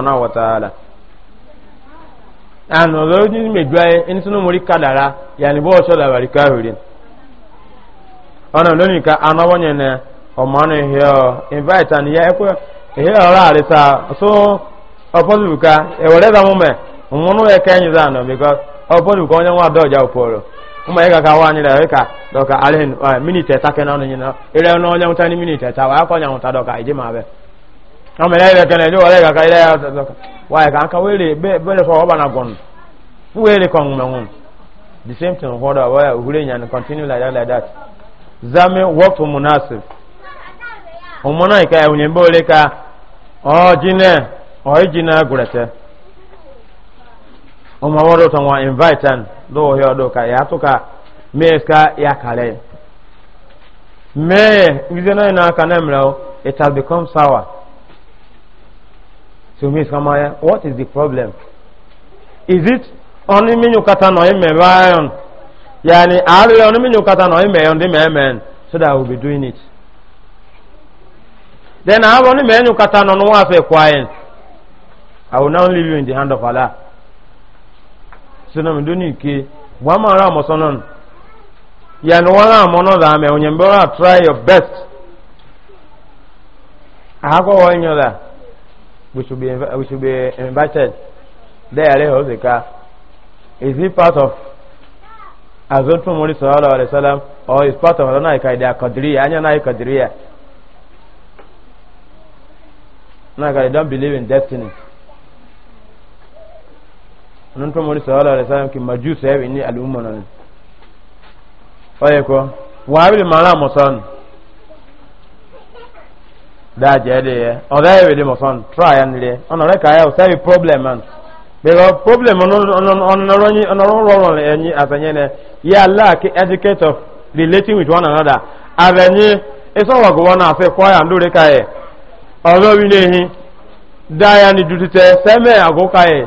dry omori kadara yani bo so da bari kahuri ona oh, lo ni ka na o man here invite and ya ekwe ihe ora ale so opposite ka e wore da mo me nwono e anọ because opposite onye nwa kuma ya gaga wani da yaka doka alhin eh, minute ta kana no nyina ire no nya mutani minute ta wa ko nya muta doka ije mabe ama ya yaka ne jo ya gaga ire ya doka wa ya ka wele be be so ba na gon wele kon mo ngun the same thing what about wa hure nya continue like that like that zame waqtu munasib umona ika ya unyembo leka o jine o jina gurete ọmọ wọn lọ tọwọn invite an lọwọ yọ ọdọ ka yàtọ ka mẹẹ ka yà kàlẹ mẹẹ wíṣẹ náà náà kan náà mìíràn it has become sour so miss kamaya what is the problem is it ọni mímu kata náà ẹmẹ báyọn yàni àárẹ ọni mímu kata náà ẹmẹ ẹyọn dí mẹẹmẹ so that i will be doing it then àwọn ọni mẹẹnu kata náà wọn afẹ kwáyẹn i will now leave you in the hand of allah sunan duni ke wa ma mo sonon ya no ra mo no da me onye mbora try your best ago wa nyo da we should be invited there le ho zika is it part of azotu muri sallallahu alaihi or is part of another kaida kadriya anya na kadriya na kaida don't believe in destiny nun to mori sallallahu alaihi wasallam ki majus ya ni al umma nan faye ko wa bil mala musan da je de ye o da bil musan try and le on re ka ya o sai problem an be go problem on on on ro ni on ro ro le ni afanye ne ya lack educate of relating with one another avenye eso wa go na afi ko ya ndure ka ye o do wi ne hi da ya ni dutite seme agoka ye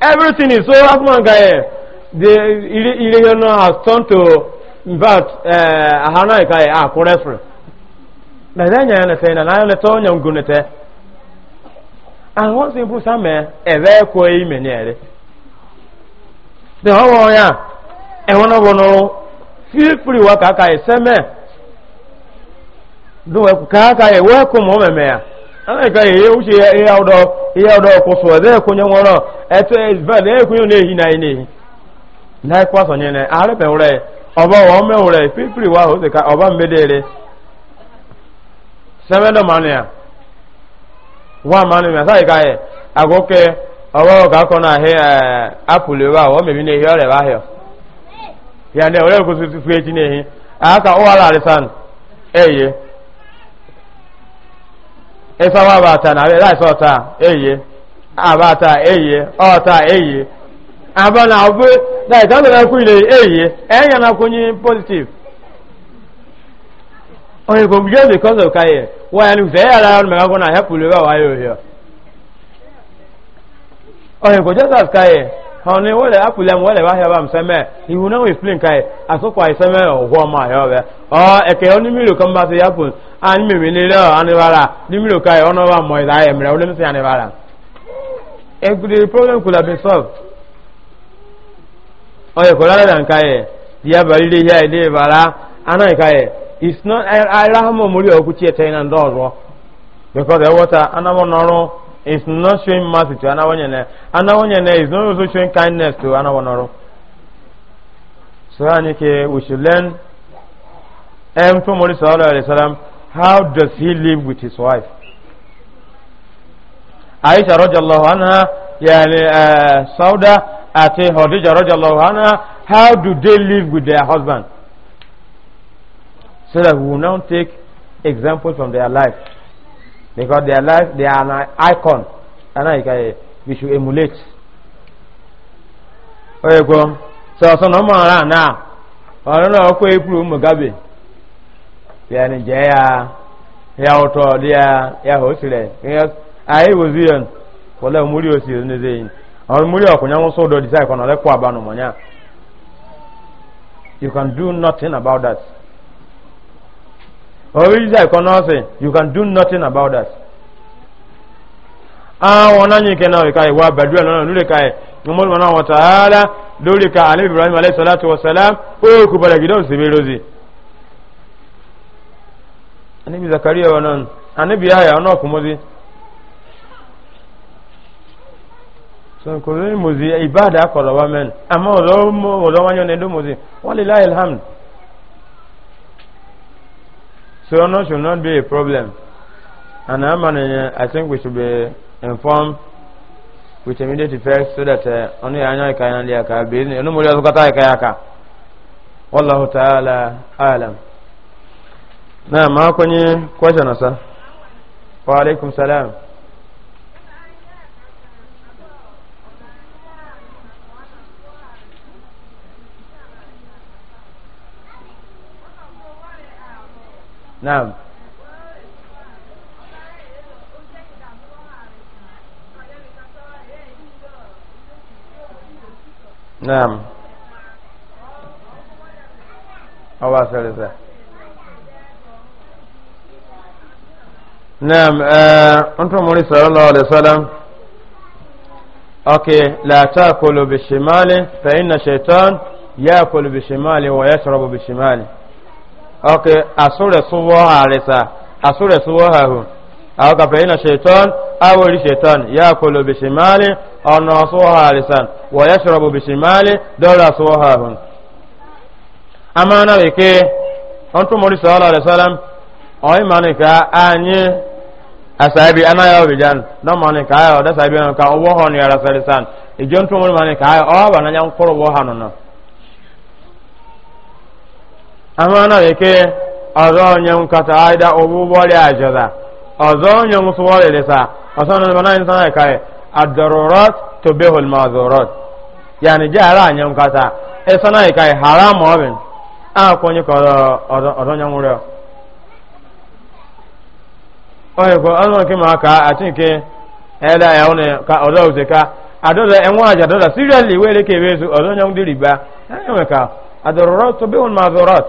everything is so as man the ile has turned to but eh ahana kai ah ko refer na zanya na na na le and once you put some eh e ko yi the how eh, oh, feel free wa ka kai seme do ka welcome oh, me ya anaghịkwa ihe uche ya ihe ọdọ ihe ọdọ kwụsụ eze ekwonye nwụrọ etu ezvel ekwonye na-ehi na ehi na ekwa sonye na arịpewure ọba wa omewure pipiri wa ose ka wa ka ọba ka akọ na he apụl ewe ahụ o na ehi ọrịa ya na ewere aka eye efa wa bata na ra e isa ota eye abata eye ota eye abana obu da ita lo na ku ile eye eya na ku ni positive oye go bi le cause of kai wa ya ni ze ya la me ga na help le wa wa yo yo oye go just as kai ọ̀nà wọ́n lè ápùlẹ̀ wọ́n lè wáhẹ́ bá m sẹ́mẹ́ ìhù náà wọ́n explain káyẹ̀ àsopọ̀ àìsẹ́mẹ́ ọ̀họ́ ọmọ àyọ́ rẹ̀ ọ ẹ̀kẹ́ onímìlò kan bá ti yàpùn àní mèmí nílẹ̀ àníbàrà nímìlò káyẹ̀ ọ̀nà wà mọ̀ ìlà ẹ̀mìrẹ̀ the oh, oh, problem could have been solved. ọ̀yẹ̀ kò rárá dàn káyẹ̀ diaba ilé yá ilé ìbàrà aná ìkáyẹ̀ it's not is not showing mercy to another one another one is not also showing kindness to another one so anike we should learn and um, from Muhammad sallallahu alaihi wasallam how does he live with his wife Aisha radhiyallahu anha yani uh, Sauda ati Khadija radhiyallahu anha how do they live with their husband so that we will now take examples from their life because their life they are an icon and I can we should emulate. Oye go so so no more around now. Ọ̀rọ̀ náà kó Mugabe. ya jẹ́ ya ya ọ̀tọ̀ ya ya hó sílẹ̀. Ayé wo sí yẹn wọlé omúrí òsì ní ṣe yìí. Àwọn omúrí ọ̀kùnrin You can do nothing about that. or which they cannot you can do nothing about that àwọn ah, náà yìí kẹ́nà ìka ìwà bẹ̀rù ẹ̀ lọ́nà lórí ka ẹ̀ mọ́mọ́lùmọ́ náà wọ́n tààlà lórí ka alẹ́ ibrahim aláìsọ́láàtì wọ́sálàm ó kú bọ̀dẹ̀ gidọ́ sí bí rozi anibi zakari ẹ̀wọ̀n náà anibi ayà ọ̀nà ọ̀kùnmọ́sí sọ̀kọ̀rọ̀ mọ̀sí ìbáàdà kọ̀lọ̀wọ́ mẹ́rin àmọ́ ọ̀dọ́ wáyọ̀ nẹ́dọ́ mọ̀sí wọ́n lè láyé alhamdu Sono should not be a problem. And uh, I think we should be informed with immediate effect so that uh, only I know I can only I can be. No more than I can. Wallahu ta'ala alam. Na ma kwenye question sasa. Wa alaikum salam. نعم نعم الله ثالثة نعم آه، أنتم مولي صلى الله عليه وسلم أوكي لا تأكل بالشمال فإن الشيطان يأكل بالشمال ويشرب بالشمال ok asure suwo harisa asure suwo hahu awo ka fẹ́yìn na ṣetán awori ṣetán ya kolo bishimali ọ̀nà suwo harisa wa ya ṣọrọ̀bù bishimali dọ́ra suwo hahu amma na wike on tún mori sọ́ọ́lá da sọ́lám ọ̀yìn manika anyi asabi ana yawo bijan don ka ayo da sabi ka ọwọ́ hàn yara sarisan ijon tún mori manika ayo ọwọ́ ba na yan kúrò wọ́ hàn náà amana leke ọzọ onye nkata aida ọrịa ajọza ọzọ onye ọrịa lisa ọsọ na nabana yin na kai adarurot to behol mazurot yani jẹ ara anyi nkata e sana kai haram ọbin a kwanye ka ọzọ onye nwụrọ oye ko ọzọ nke ma aka ati nke ẹda ya wune ka ọzọ ka adoda enwe aja adoda seriously wele ka ewezu ọzọ onye nwụdị riba enwe ka adarurot to behol mazurot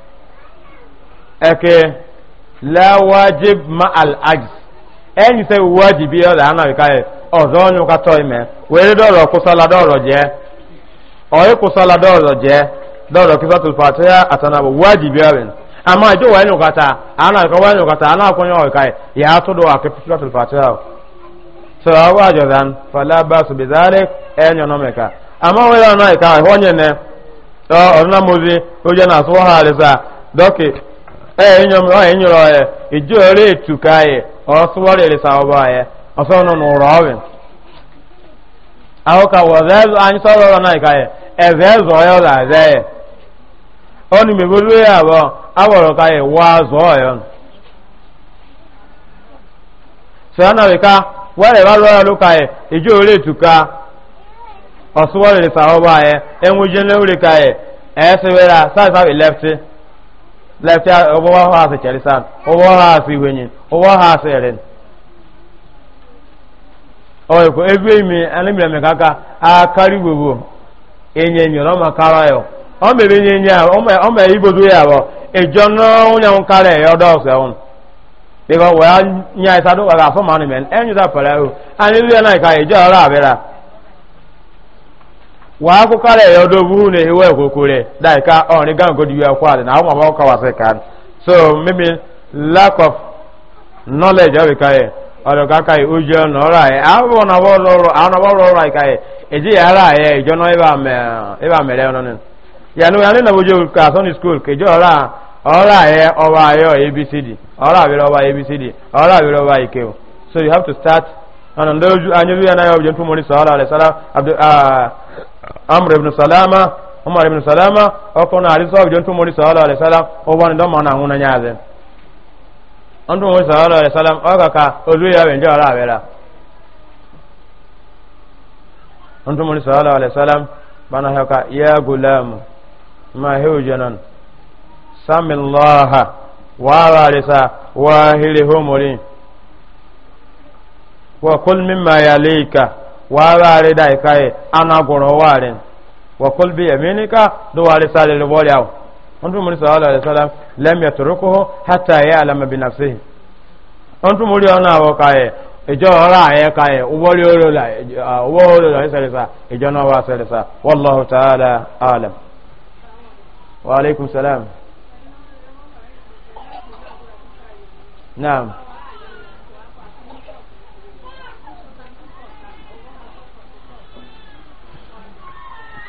eke la ma al ajz ẹni sẹ wajibi ọdọ na yẹ ọzọ ọnyụ ime were dọrọ kụsala dọrọ jẹ jẹ dọrọ kisatul fatiha atanabo wajibi ọbịn ama ịjọ wee nyụkata anabika wee nyụkata anakwụnye ọyịka yẹ ya atụdụ aka kisatul fatiha so ọgba ajọdan enyom na enyi eh, eh, ro ye ijo re tuka ye o ka wo ze an so ro na ka ye e ze zo yo la ze ye oni me ya eh, bo aworo ka ye waa zo yo so na we ka were ba ro ka ye ijo re tuka o suwore le sa ka ye e se wera sa sa we lefta obo ha ha se charisan obo ha si wenyin obo ha se ren oye ko ebe mi ani mi me kaka akari gbogbo enye enyo makara yo o me enye ya o me o me ya bo ejo no nya un kare yo do se un isa o lu na ka wa akụkara oh, ya ọdọ buru na ehiwe ekwokore daika ọrin gango di akwa dị na ahụ mama ọka wasị ka so maybe lack of knowledge ọ bịka ya ọdọ ka aka ya ojú ọrụ anyị ahụ na ọrụ ọrụ ahụ na ọrụ ọrụ anyị ka e ya eji ya ara ya ijọ nọ ebe a mere ọnụ ya nụ ya nị na ojú ka sọnị skuul ka ijọ ọrụ a ọrụ anyị ọwa ayọ abcd ọrụ abịrị ọwa ọrụ abịrị ọwa ike so you have to start ọnụ ndị ojú anya ya na ya ojú amr ibn salama umar ibn salama ọkọ na àdìsọ́ ọ̀bìjọ́ tó mọ́rí sọ́ọ́lọ́ àlẹ́sálá ó wọ́n dán mọ́nà àwọn ọ̀nà yáàzẹ́ ọ̀n tó mọ́rí sọ́ọ́lọ́ àlẹ́sálá ọ̀kàkà olúyà ya njẹ́ ọ̀rọ̀ àwẹ̀rà ọ̀n tó mọ́rí sọ́ọ́lọ́ àlẹ́sálá bana haka ya gulamu ma hewu janan samillaha wàhálà àdìsá wàhálà hìlì wa kul mimma yalika waare da kai ana goro waare wa kul bi yaminika do waare sale le bole aw onto muri sallallahu alaihi wasallam lam yatrukuhu hatta ya'lam bi nafsihi onto muri ona wo kai ijo ora aye kai ubori oro la uh, wo oro la sale sa ijo no wa sale sa wallahu ta'ala alam wa alaikum salam na'am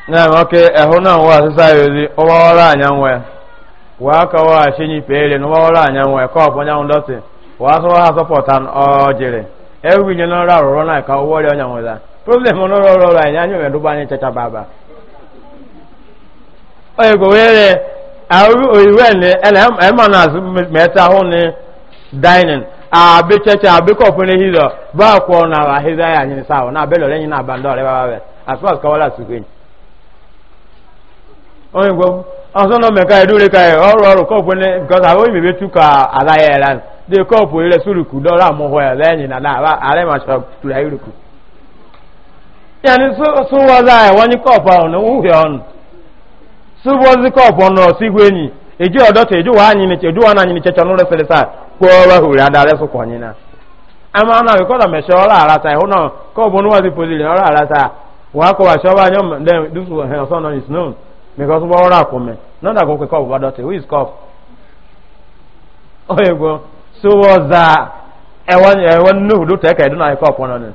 na nwoke ehuna nwa asịsa yozi ụgbọghọrọ anya nwe wee na ụgbọghọrọ anya kọpụ anyanwụ ndọsị wee asụwa ha sọpọta ọjịrị ewinye n'ọrụ arụrụ na ka ụgbọ ọrịa ọnya problem n'ụlọ ọrụ ọrụ anyị anyị anyị chacha baba onye oyiwe ne ema na azụ ahụ dainin abe chacha abe kọpụ bụ akwọ na ahịzọ anyị nsa ahụ na abelọ enyi na asụwa onye ngwom ọsọ nọ mẹka edure ka e, ọrụ ọrụ kọpụ ne imebe ka ala ya kọpụ ile suruku dọrọ amụhụ ya na na ala ma sọ tura iruku ya wọnyi kọpụ ahụ na ọnụ kọpụ ọnụ ọsị enyi eji ọdọta eji anyị eji e anyị saa ọrụ na ama na ọrụ taa ịhụ na kọpụ ọnụ pozili taa because wọ́n rà kò mẹ́ náà we pé cup bá who is cup ó yẹ kó so wọ́n za ẹ̀wọ́n ẹ̀wọ́n nínú ìdó tẹ́kẹ̀ ẹ̀dún náà cup náà ni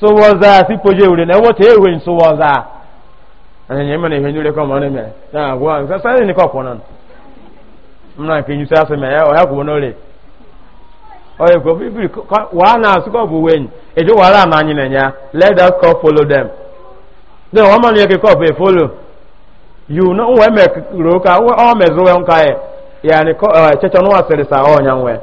so wọ́n za sí pojé ìwé ní ẹ̀wọ́ tí èwe ń so wọ́n za on mẹ́rin ìwé nílé kọ́ mọ́ ní mẹ́ náà wọ́n sẹ́yìn ní cup náà ni náà kì í sẹ́ ẹ̀sìn mẹ́ ẹ̀ kò wọ́n rè ó yẹ kó bíbí wàhánà àsìkò bù wẹ̀yìn èdè wàhálà máa nyin ẹ̀yà let that cup follow them then e follow. yu na nwe me kuro ka o me zo we nka e yani ko eh, checho no asere sa o nya nwe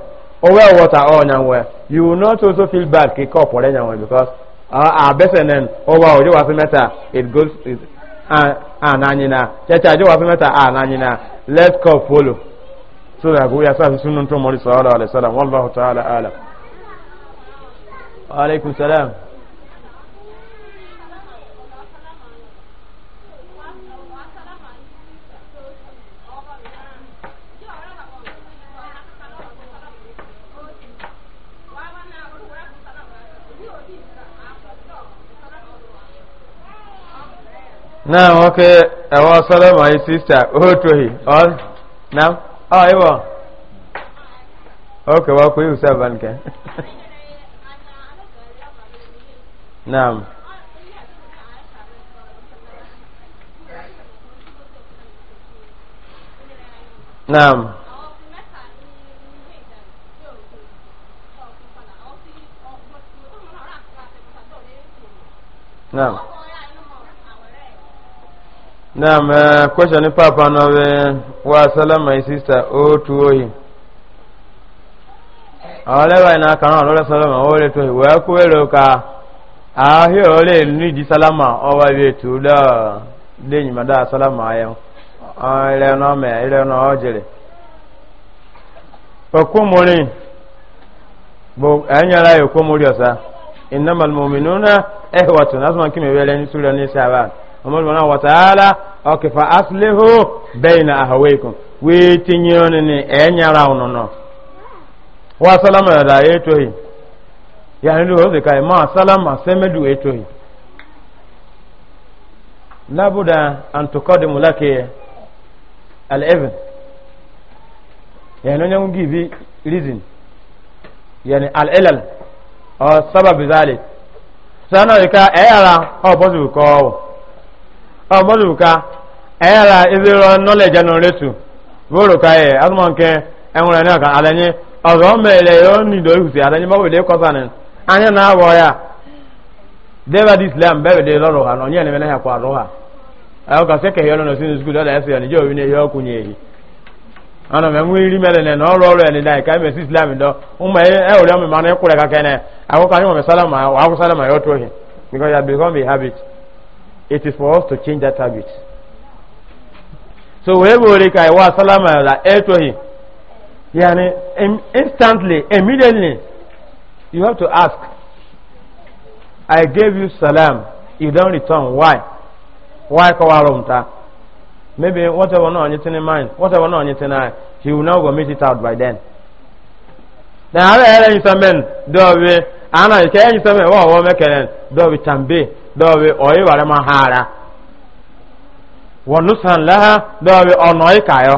o we water o nya nwe you not also feel bad ki ko pore nya nwe because a ah, ah, besenen o oh, wa o je meta it goes it ananyi ah, na checha je wa meta ananyi na let ko follow so that go ya sa sunun to mori sallallahu alaihi wasallam wallahu ta'ala alam alaikum salam na nwoke ewe ọsọrọ ma ị sista otuhi ọ na ọ ịwọ oke wakwa ihu saba nke na na na Naam, kwesịa eh, ni papa n'obe wa salama isista otu ohi. Ọlẹ́wà iná kanáà lọ́lẹ́ salama ó lè tóhi wẹ́ kú ka ààhí ó lè nídi salama ọwọ́ ilé tù lọ́ lẹ́yìn salama ayẹ́ ilẹ̀ ọ̀nà mẹ́ ilẹ̀ ọ̀nà ọ̀jẹ̀rẹ̀. Okúmúrin bò ẹ̀yẹ́ra ìkúmúrin ọmọdé wọn wọ tààlà ọkẹ fà áṣìlẹ́hó bẹ́ẹ̀ na àhàwé ikùn wíì tí yíyan ni ni ẹ̀ nyara ọ̀nà náà wọ́n sálámù ẹ̀dá ètò yìí yàrá ìlú ọ̀sẹ̀ káyìí máa sálámù àṣẹ́mẹ́dù ètò yìí lábúdà àǹtọ̀kọ́dé mùlákẹ́ yàrá ìlú ọ̀nyẹ́wò gíbi reason yàrá alẹ́lẹ́l ọ̀ sábàbí zálẹ̀ sanni ọ̀yẹ́ká ẹ̀yàrá ọ̀ pọ́sibú kọ́ ọ̀. ọ ọmọdụ ka ẹyara ezero nọleji nọretu bụrụ ka ẹ azụmọ nke enwere na ka adanye ọzọ mere ya onido ihusi adanye mọbụ dị kọsanị anya na ya deba dị islam bebe dị ha onye na-emene ya kwa arụ ha ọ ka sị ka ihe ọnụ n'osi n'osikwu dọla ya sị ya n'ije obi n'ihe ọkwụ nye ehi ana mɛ ŋun yiri si silamu dɔ ŋun mɛ ɛ ɔlɔ mɛ ma ne kura ka kɛnɛ a ko k'an salama a ko salama ya become a habit. it is for us to change that habit so wherever we kai wa salama la etohi yani instantly immediately you have to ask i gave you salam you don't return why why ko kawarumta maybe whatever no anything in mind whatever no anything i he will now go meet it out by then Now, na ara ere nsamen do we you ana ke enyi samen wa make mekelen do we tambe dɔɔbi ɔyi wari ma haara wɔnu san laha dɔɔbi ɔnɔyi kaayɔ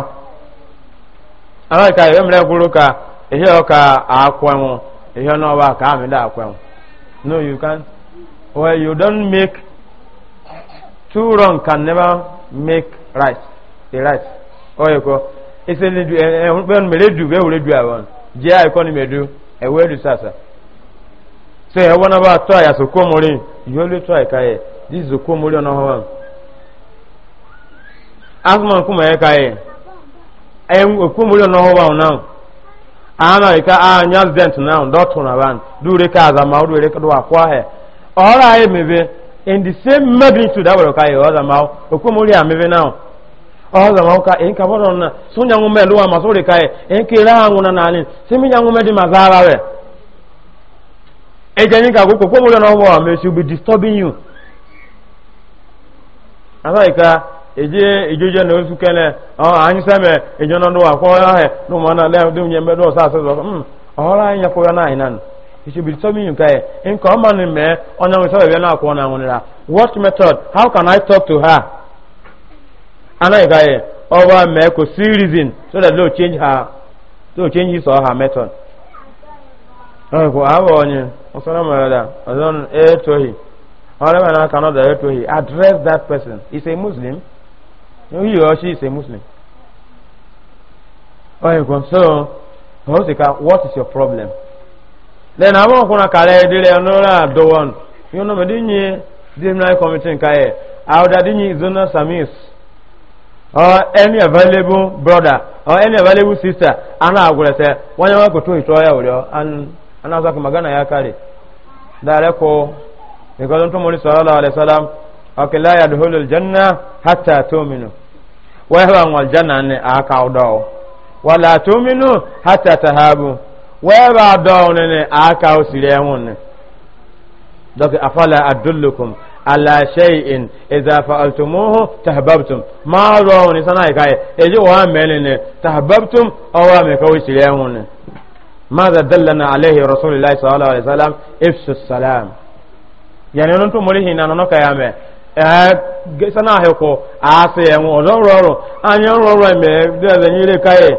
ɔnɔyi kaayɔ yɛmɛrɛ kuru ka ehe yɔ ka a kɔɛmu ehe nɔ ba kaa mi da a kɔɛmu no you can well you don make too wrong can never make right a right ɔyɛ kɔ ese ne du ɛ ɛ bɛn mɛrɛ du bɛ wuli du awɔ jɛ ayi kɔni mɛ du ɛwɛ du se ya wana ba to ya soko muri yole to ka ye di soko muri ona hawa asman kuma ya ka ye en ko muri ona hawa ona ana ka a nyal dent na on do to na ban dure ka za ma dure ka do akwa he ora e mebe in the same magnitude that we ka ye ora ma ko muri a mebe na so ma ụka ịnka bọrọ na sụnyanwụ melu a masori ka ye ịnka ire ha nwụna n'anị si mi nyanwụ medi ma zara wee ejenyi ka akwụkwọ kwọ mụrụ n'ọgbọ a mechi disturbing you asaika eje ijuje na osu kene ọ anyị seme eje nọ ndụ akwọ ọhịa ahụ na ụmụ anọ lem dum nye ọsọ asọ ọhụrụ anyị ya n'ahị be disturbing you kai nke ọma na mmee onye nwe sọrọ ebe na-akwọ na anwụnira what method how can i talk to her anaghị ka ya ọwa mee reason so that they will change her they will change her method ọkụ abụ onye ọsọrọ mọlada ọzọ etohi ọrịa na aka nọda etohi address that person is a muslim ohi ọchị is a muslim ọhịkwa so ọ sị ka what is your problem then abụ ọkụ na kara edere ọnụrụ adọwọn ihe ọnụ mmadụ inye disciplinary committee nka ya nye zona samis ọ any available brother ọ any available sister ana agwụrịsị wanye nwa kotu ito ya ụrịọ and ana zaka magana ya kare dare ko daga don to muni sallallahu alaihi wasallam aka la yadhulul janna hatta tu'minu wa yawa wal janna ne aka odo wala tu'minu hatta tahabu wa yawa do ne aka osire won ne doka afala adullukum ala shay'in idza fa'altumuhu tahbabtum ma rawni sanai kai eji wa melene tahbabtum awa me kawshi lewon ne ماذا دلنا عليه رسول الله صلى الله عليه وسلم افشوا السلام يعني نتو مريه ya نوكا يامي sana ahiko ase enwo odo roro anya roro me de de nyire kai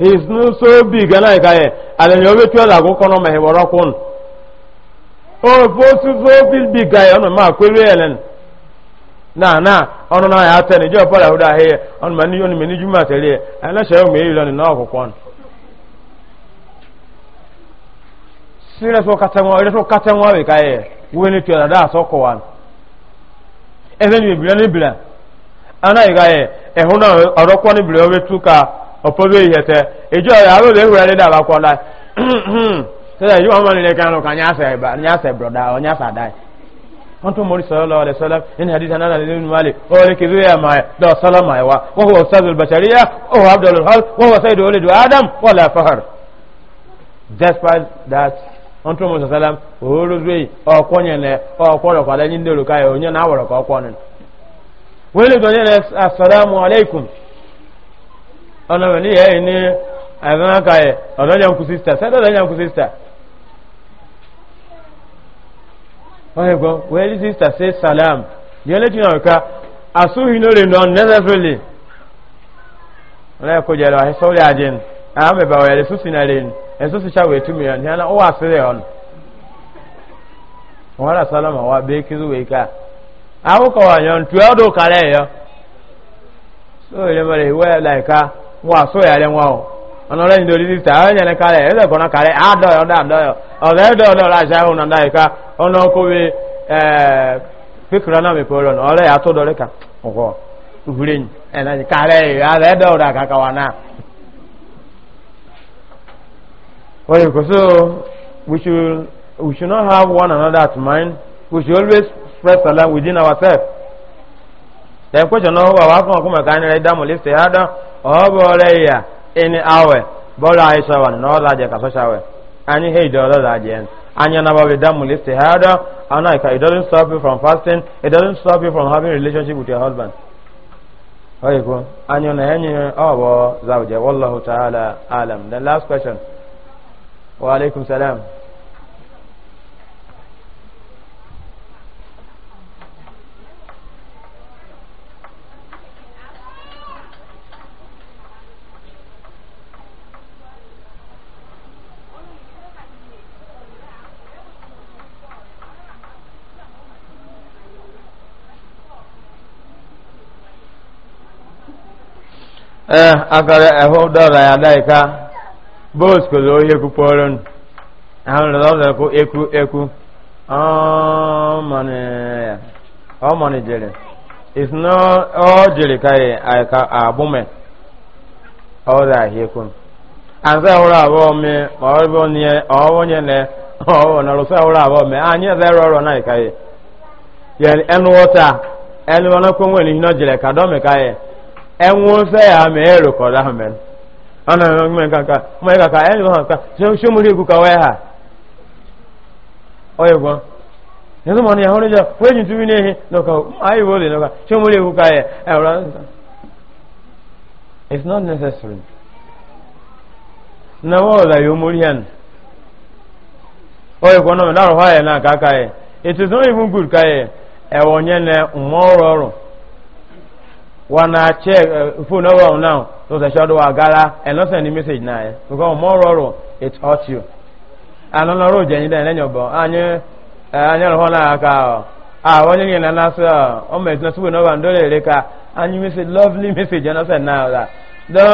his no so big na kai ale nyo be twa go o so big ma na na na ya tene jo pala huda he ono mani yo ni meni juma na sire so katanwa ire so katanwa we kaye woni to da so ko wan even we bila ni bila ana igaye e hono oro ko ni bila we tuka opo we yete ejo ya we le wure da ba ko na so da yo ni le kan kan ya se ba ya se broda o ya sa dai wọ́n tún mọ̀rí sọ́lọ́lọ́ alẹ́sọ́lá ní hadith anára lè nínú wálé ọ̀rẹ́ kìí ríyà máa dọ̀ sọ́lọ́mà ẹ̀wà wọ́n wọ́n sáàdùl bàtàríyà wọ́n wọ́n abdul hall wọ́n wọ́n sáàdùl olèdù adam wọ́n làfahar despite that ntụ mụ sasala orozue ọkwọnyele ọkwọrọkwala nye ndị oroka ya onye na-awọrọ ka ọkwọnụ wele onye na asalamu alaikum ọnọdụ ni ya ni azanaka ya ọdọnya nkwu sista sẹta ọdọnya nkwu sista ọyẹ gbọ wele sista say salam the only thing ọka asuhi n'ore nọ necessarily ọlọyẹ kojara ọhịa sọrọ ajin ahụ mebawere susi na renu ɛnso so hyɛ wɔatumi yɛ nyɛ no wowɔ asere hɔ ọ wɔra salama wa beeki so wei ka awokɔ wɔ so yɛ mɛrɛ hiwa yɛ lai ka wɔ aso yɛ yɛ wɔ ɔnɔ lɛ nyɛ olidi ta ɔyɛ nyɛ kare yɛ ya kɔnɔ kare adɔ yɛ ɔdɔ adɔ yɛ ɔdɔ yɛ dɔ yɛ ɔdɔ ahyɛ ahụ na ndai ka na ka na Well, so uh, we should we should not have one another at mind. We should always spread salam within ourselves. The question of our come come can I damn list the other or boleya uh, any hour I isha one no la je kaso shawe any hate, the other again and you never damn list the other and like it doesn't stop you from fasting it doesn't stop you from having a relationship with your husband Oye ko anyo na enyi ọ bụ zauje wallahu ta'ala alam the last question وعليكم alaikum salam eh, agara ehu dọrọ ya daika bos kolo ohi ekwupọrọ nụ ahụ ọzọ ekwu ekwu ekwu ọ mọnị jere isno ọ jere ka ka abụme ọ oh, dị ahịa ekwu ansa hụrụ abụọ me ma ọ bụ onye ọ onye na ọ bụ ah, na rụsa hụrụ abụọ me anyị eze ọrụ ọrụ na ịka ya yel enu wọta enu wọn kwenwe n'ihi na ọ jere ka dọmị ka ya enwu nsa ya ma erukọrọ ahụ mere ana na mai kaka mai kaka ya ne haka sai shi mu rigu ka ha oye gwa yanzu mana ya hore ja wajin tumi ne ka ya it's not necessary na na na it is not even good ka wana check phone over now so the shadow wa gala and not send message na eh because more roro it hurt you and on road je nda na nyobo anye anye ro na aka ah wonye ni na na na ka message lovely message and send now that na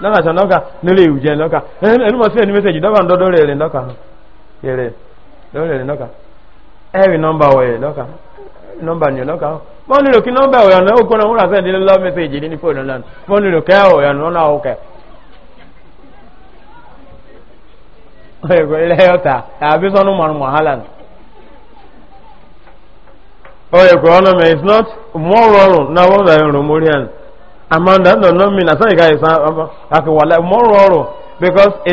na so message do ba ndodo le mọ́nì rò kí nọ́mbà ọ̀yàn náà ó kó náà wúrà sẹ́ndí lọ́wọ́ mẹ́sẹ̀jì ní fóònù náà mọ́nì rò kẹ́ ọ̀yàn náà ọ̀kẹ́ ọ̀yẹ̀kọ̀ àbí sọ́nù mọ̀rún wàhálà nù mẹ́ it's not more rọrùn náà wọ́n rẹ̀ rùn mórí amanda ndọ̀ náà mi nàṣẹ́ ìka ìsan àkèwàlẹ̀ more because e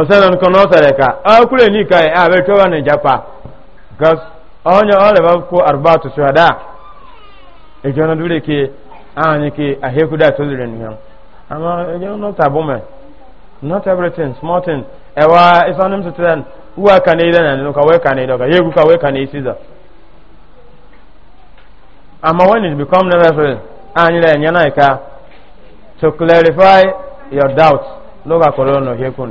ọsẹ́nà kan náà sọ̀rọ̀ ẹ̀ka ọkùnrin ní ìka ẹ̀ ààbẹ̀ tó wà ní ìjàpá gọ́s ọ̀nyọ́ ọ̀lẹ̀ bá kó àrùbá tó ṣe àdá ìjọna dúró ke àwọn ke àhékúdà tó lè rẹ̀ nìyẹn àmọ́ ìjọna náà tàbó mẹ́ not everything small thing ẹ̀wà e ìsọ́nìm e tó tẹ̀lé wúwa kan ní ìdẹ́nà nínú kàwé kan ní ìdọ́ka yéegu kàwé kan ní ìsìzà àmọ́ when it become necessary àyìn rẹ̀ ẹ̀yẹn náà to clarify your doubt lókà kọ̀ọ̀lọ́ nà òhèkùn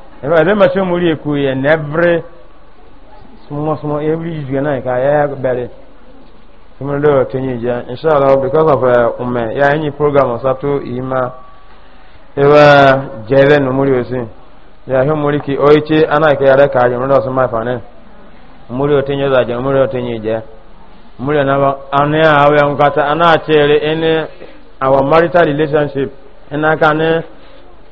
ebe ade ma sho muri eku ye nebre small small every is gonna ka ya bere kuma do tenye ja inshallah because of uh, eh, umme ya any program sato ima ewa jere no muri osi ya he muri ki oiche ana ka ya ka ya no so ma fane muri otenye za ja muri otenye ja muri na ba ane awe ngata ana chere ene our marital relationship ina n'i. ne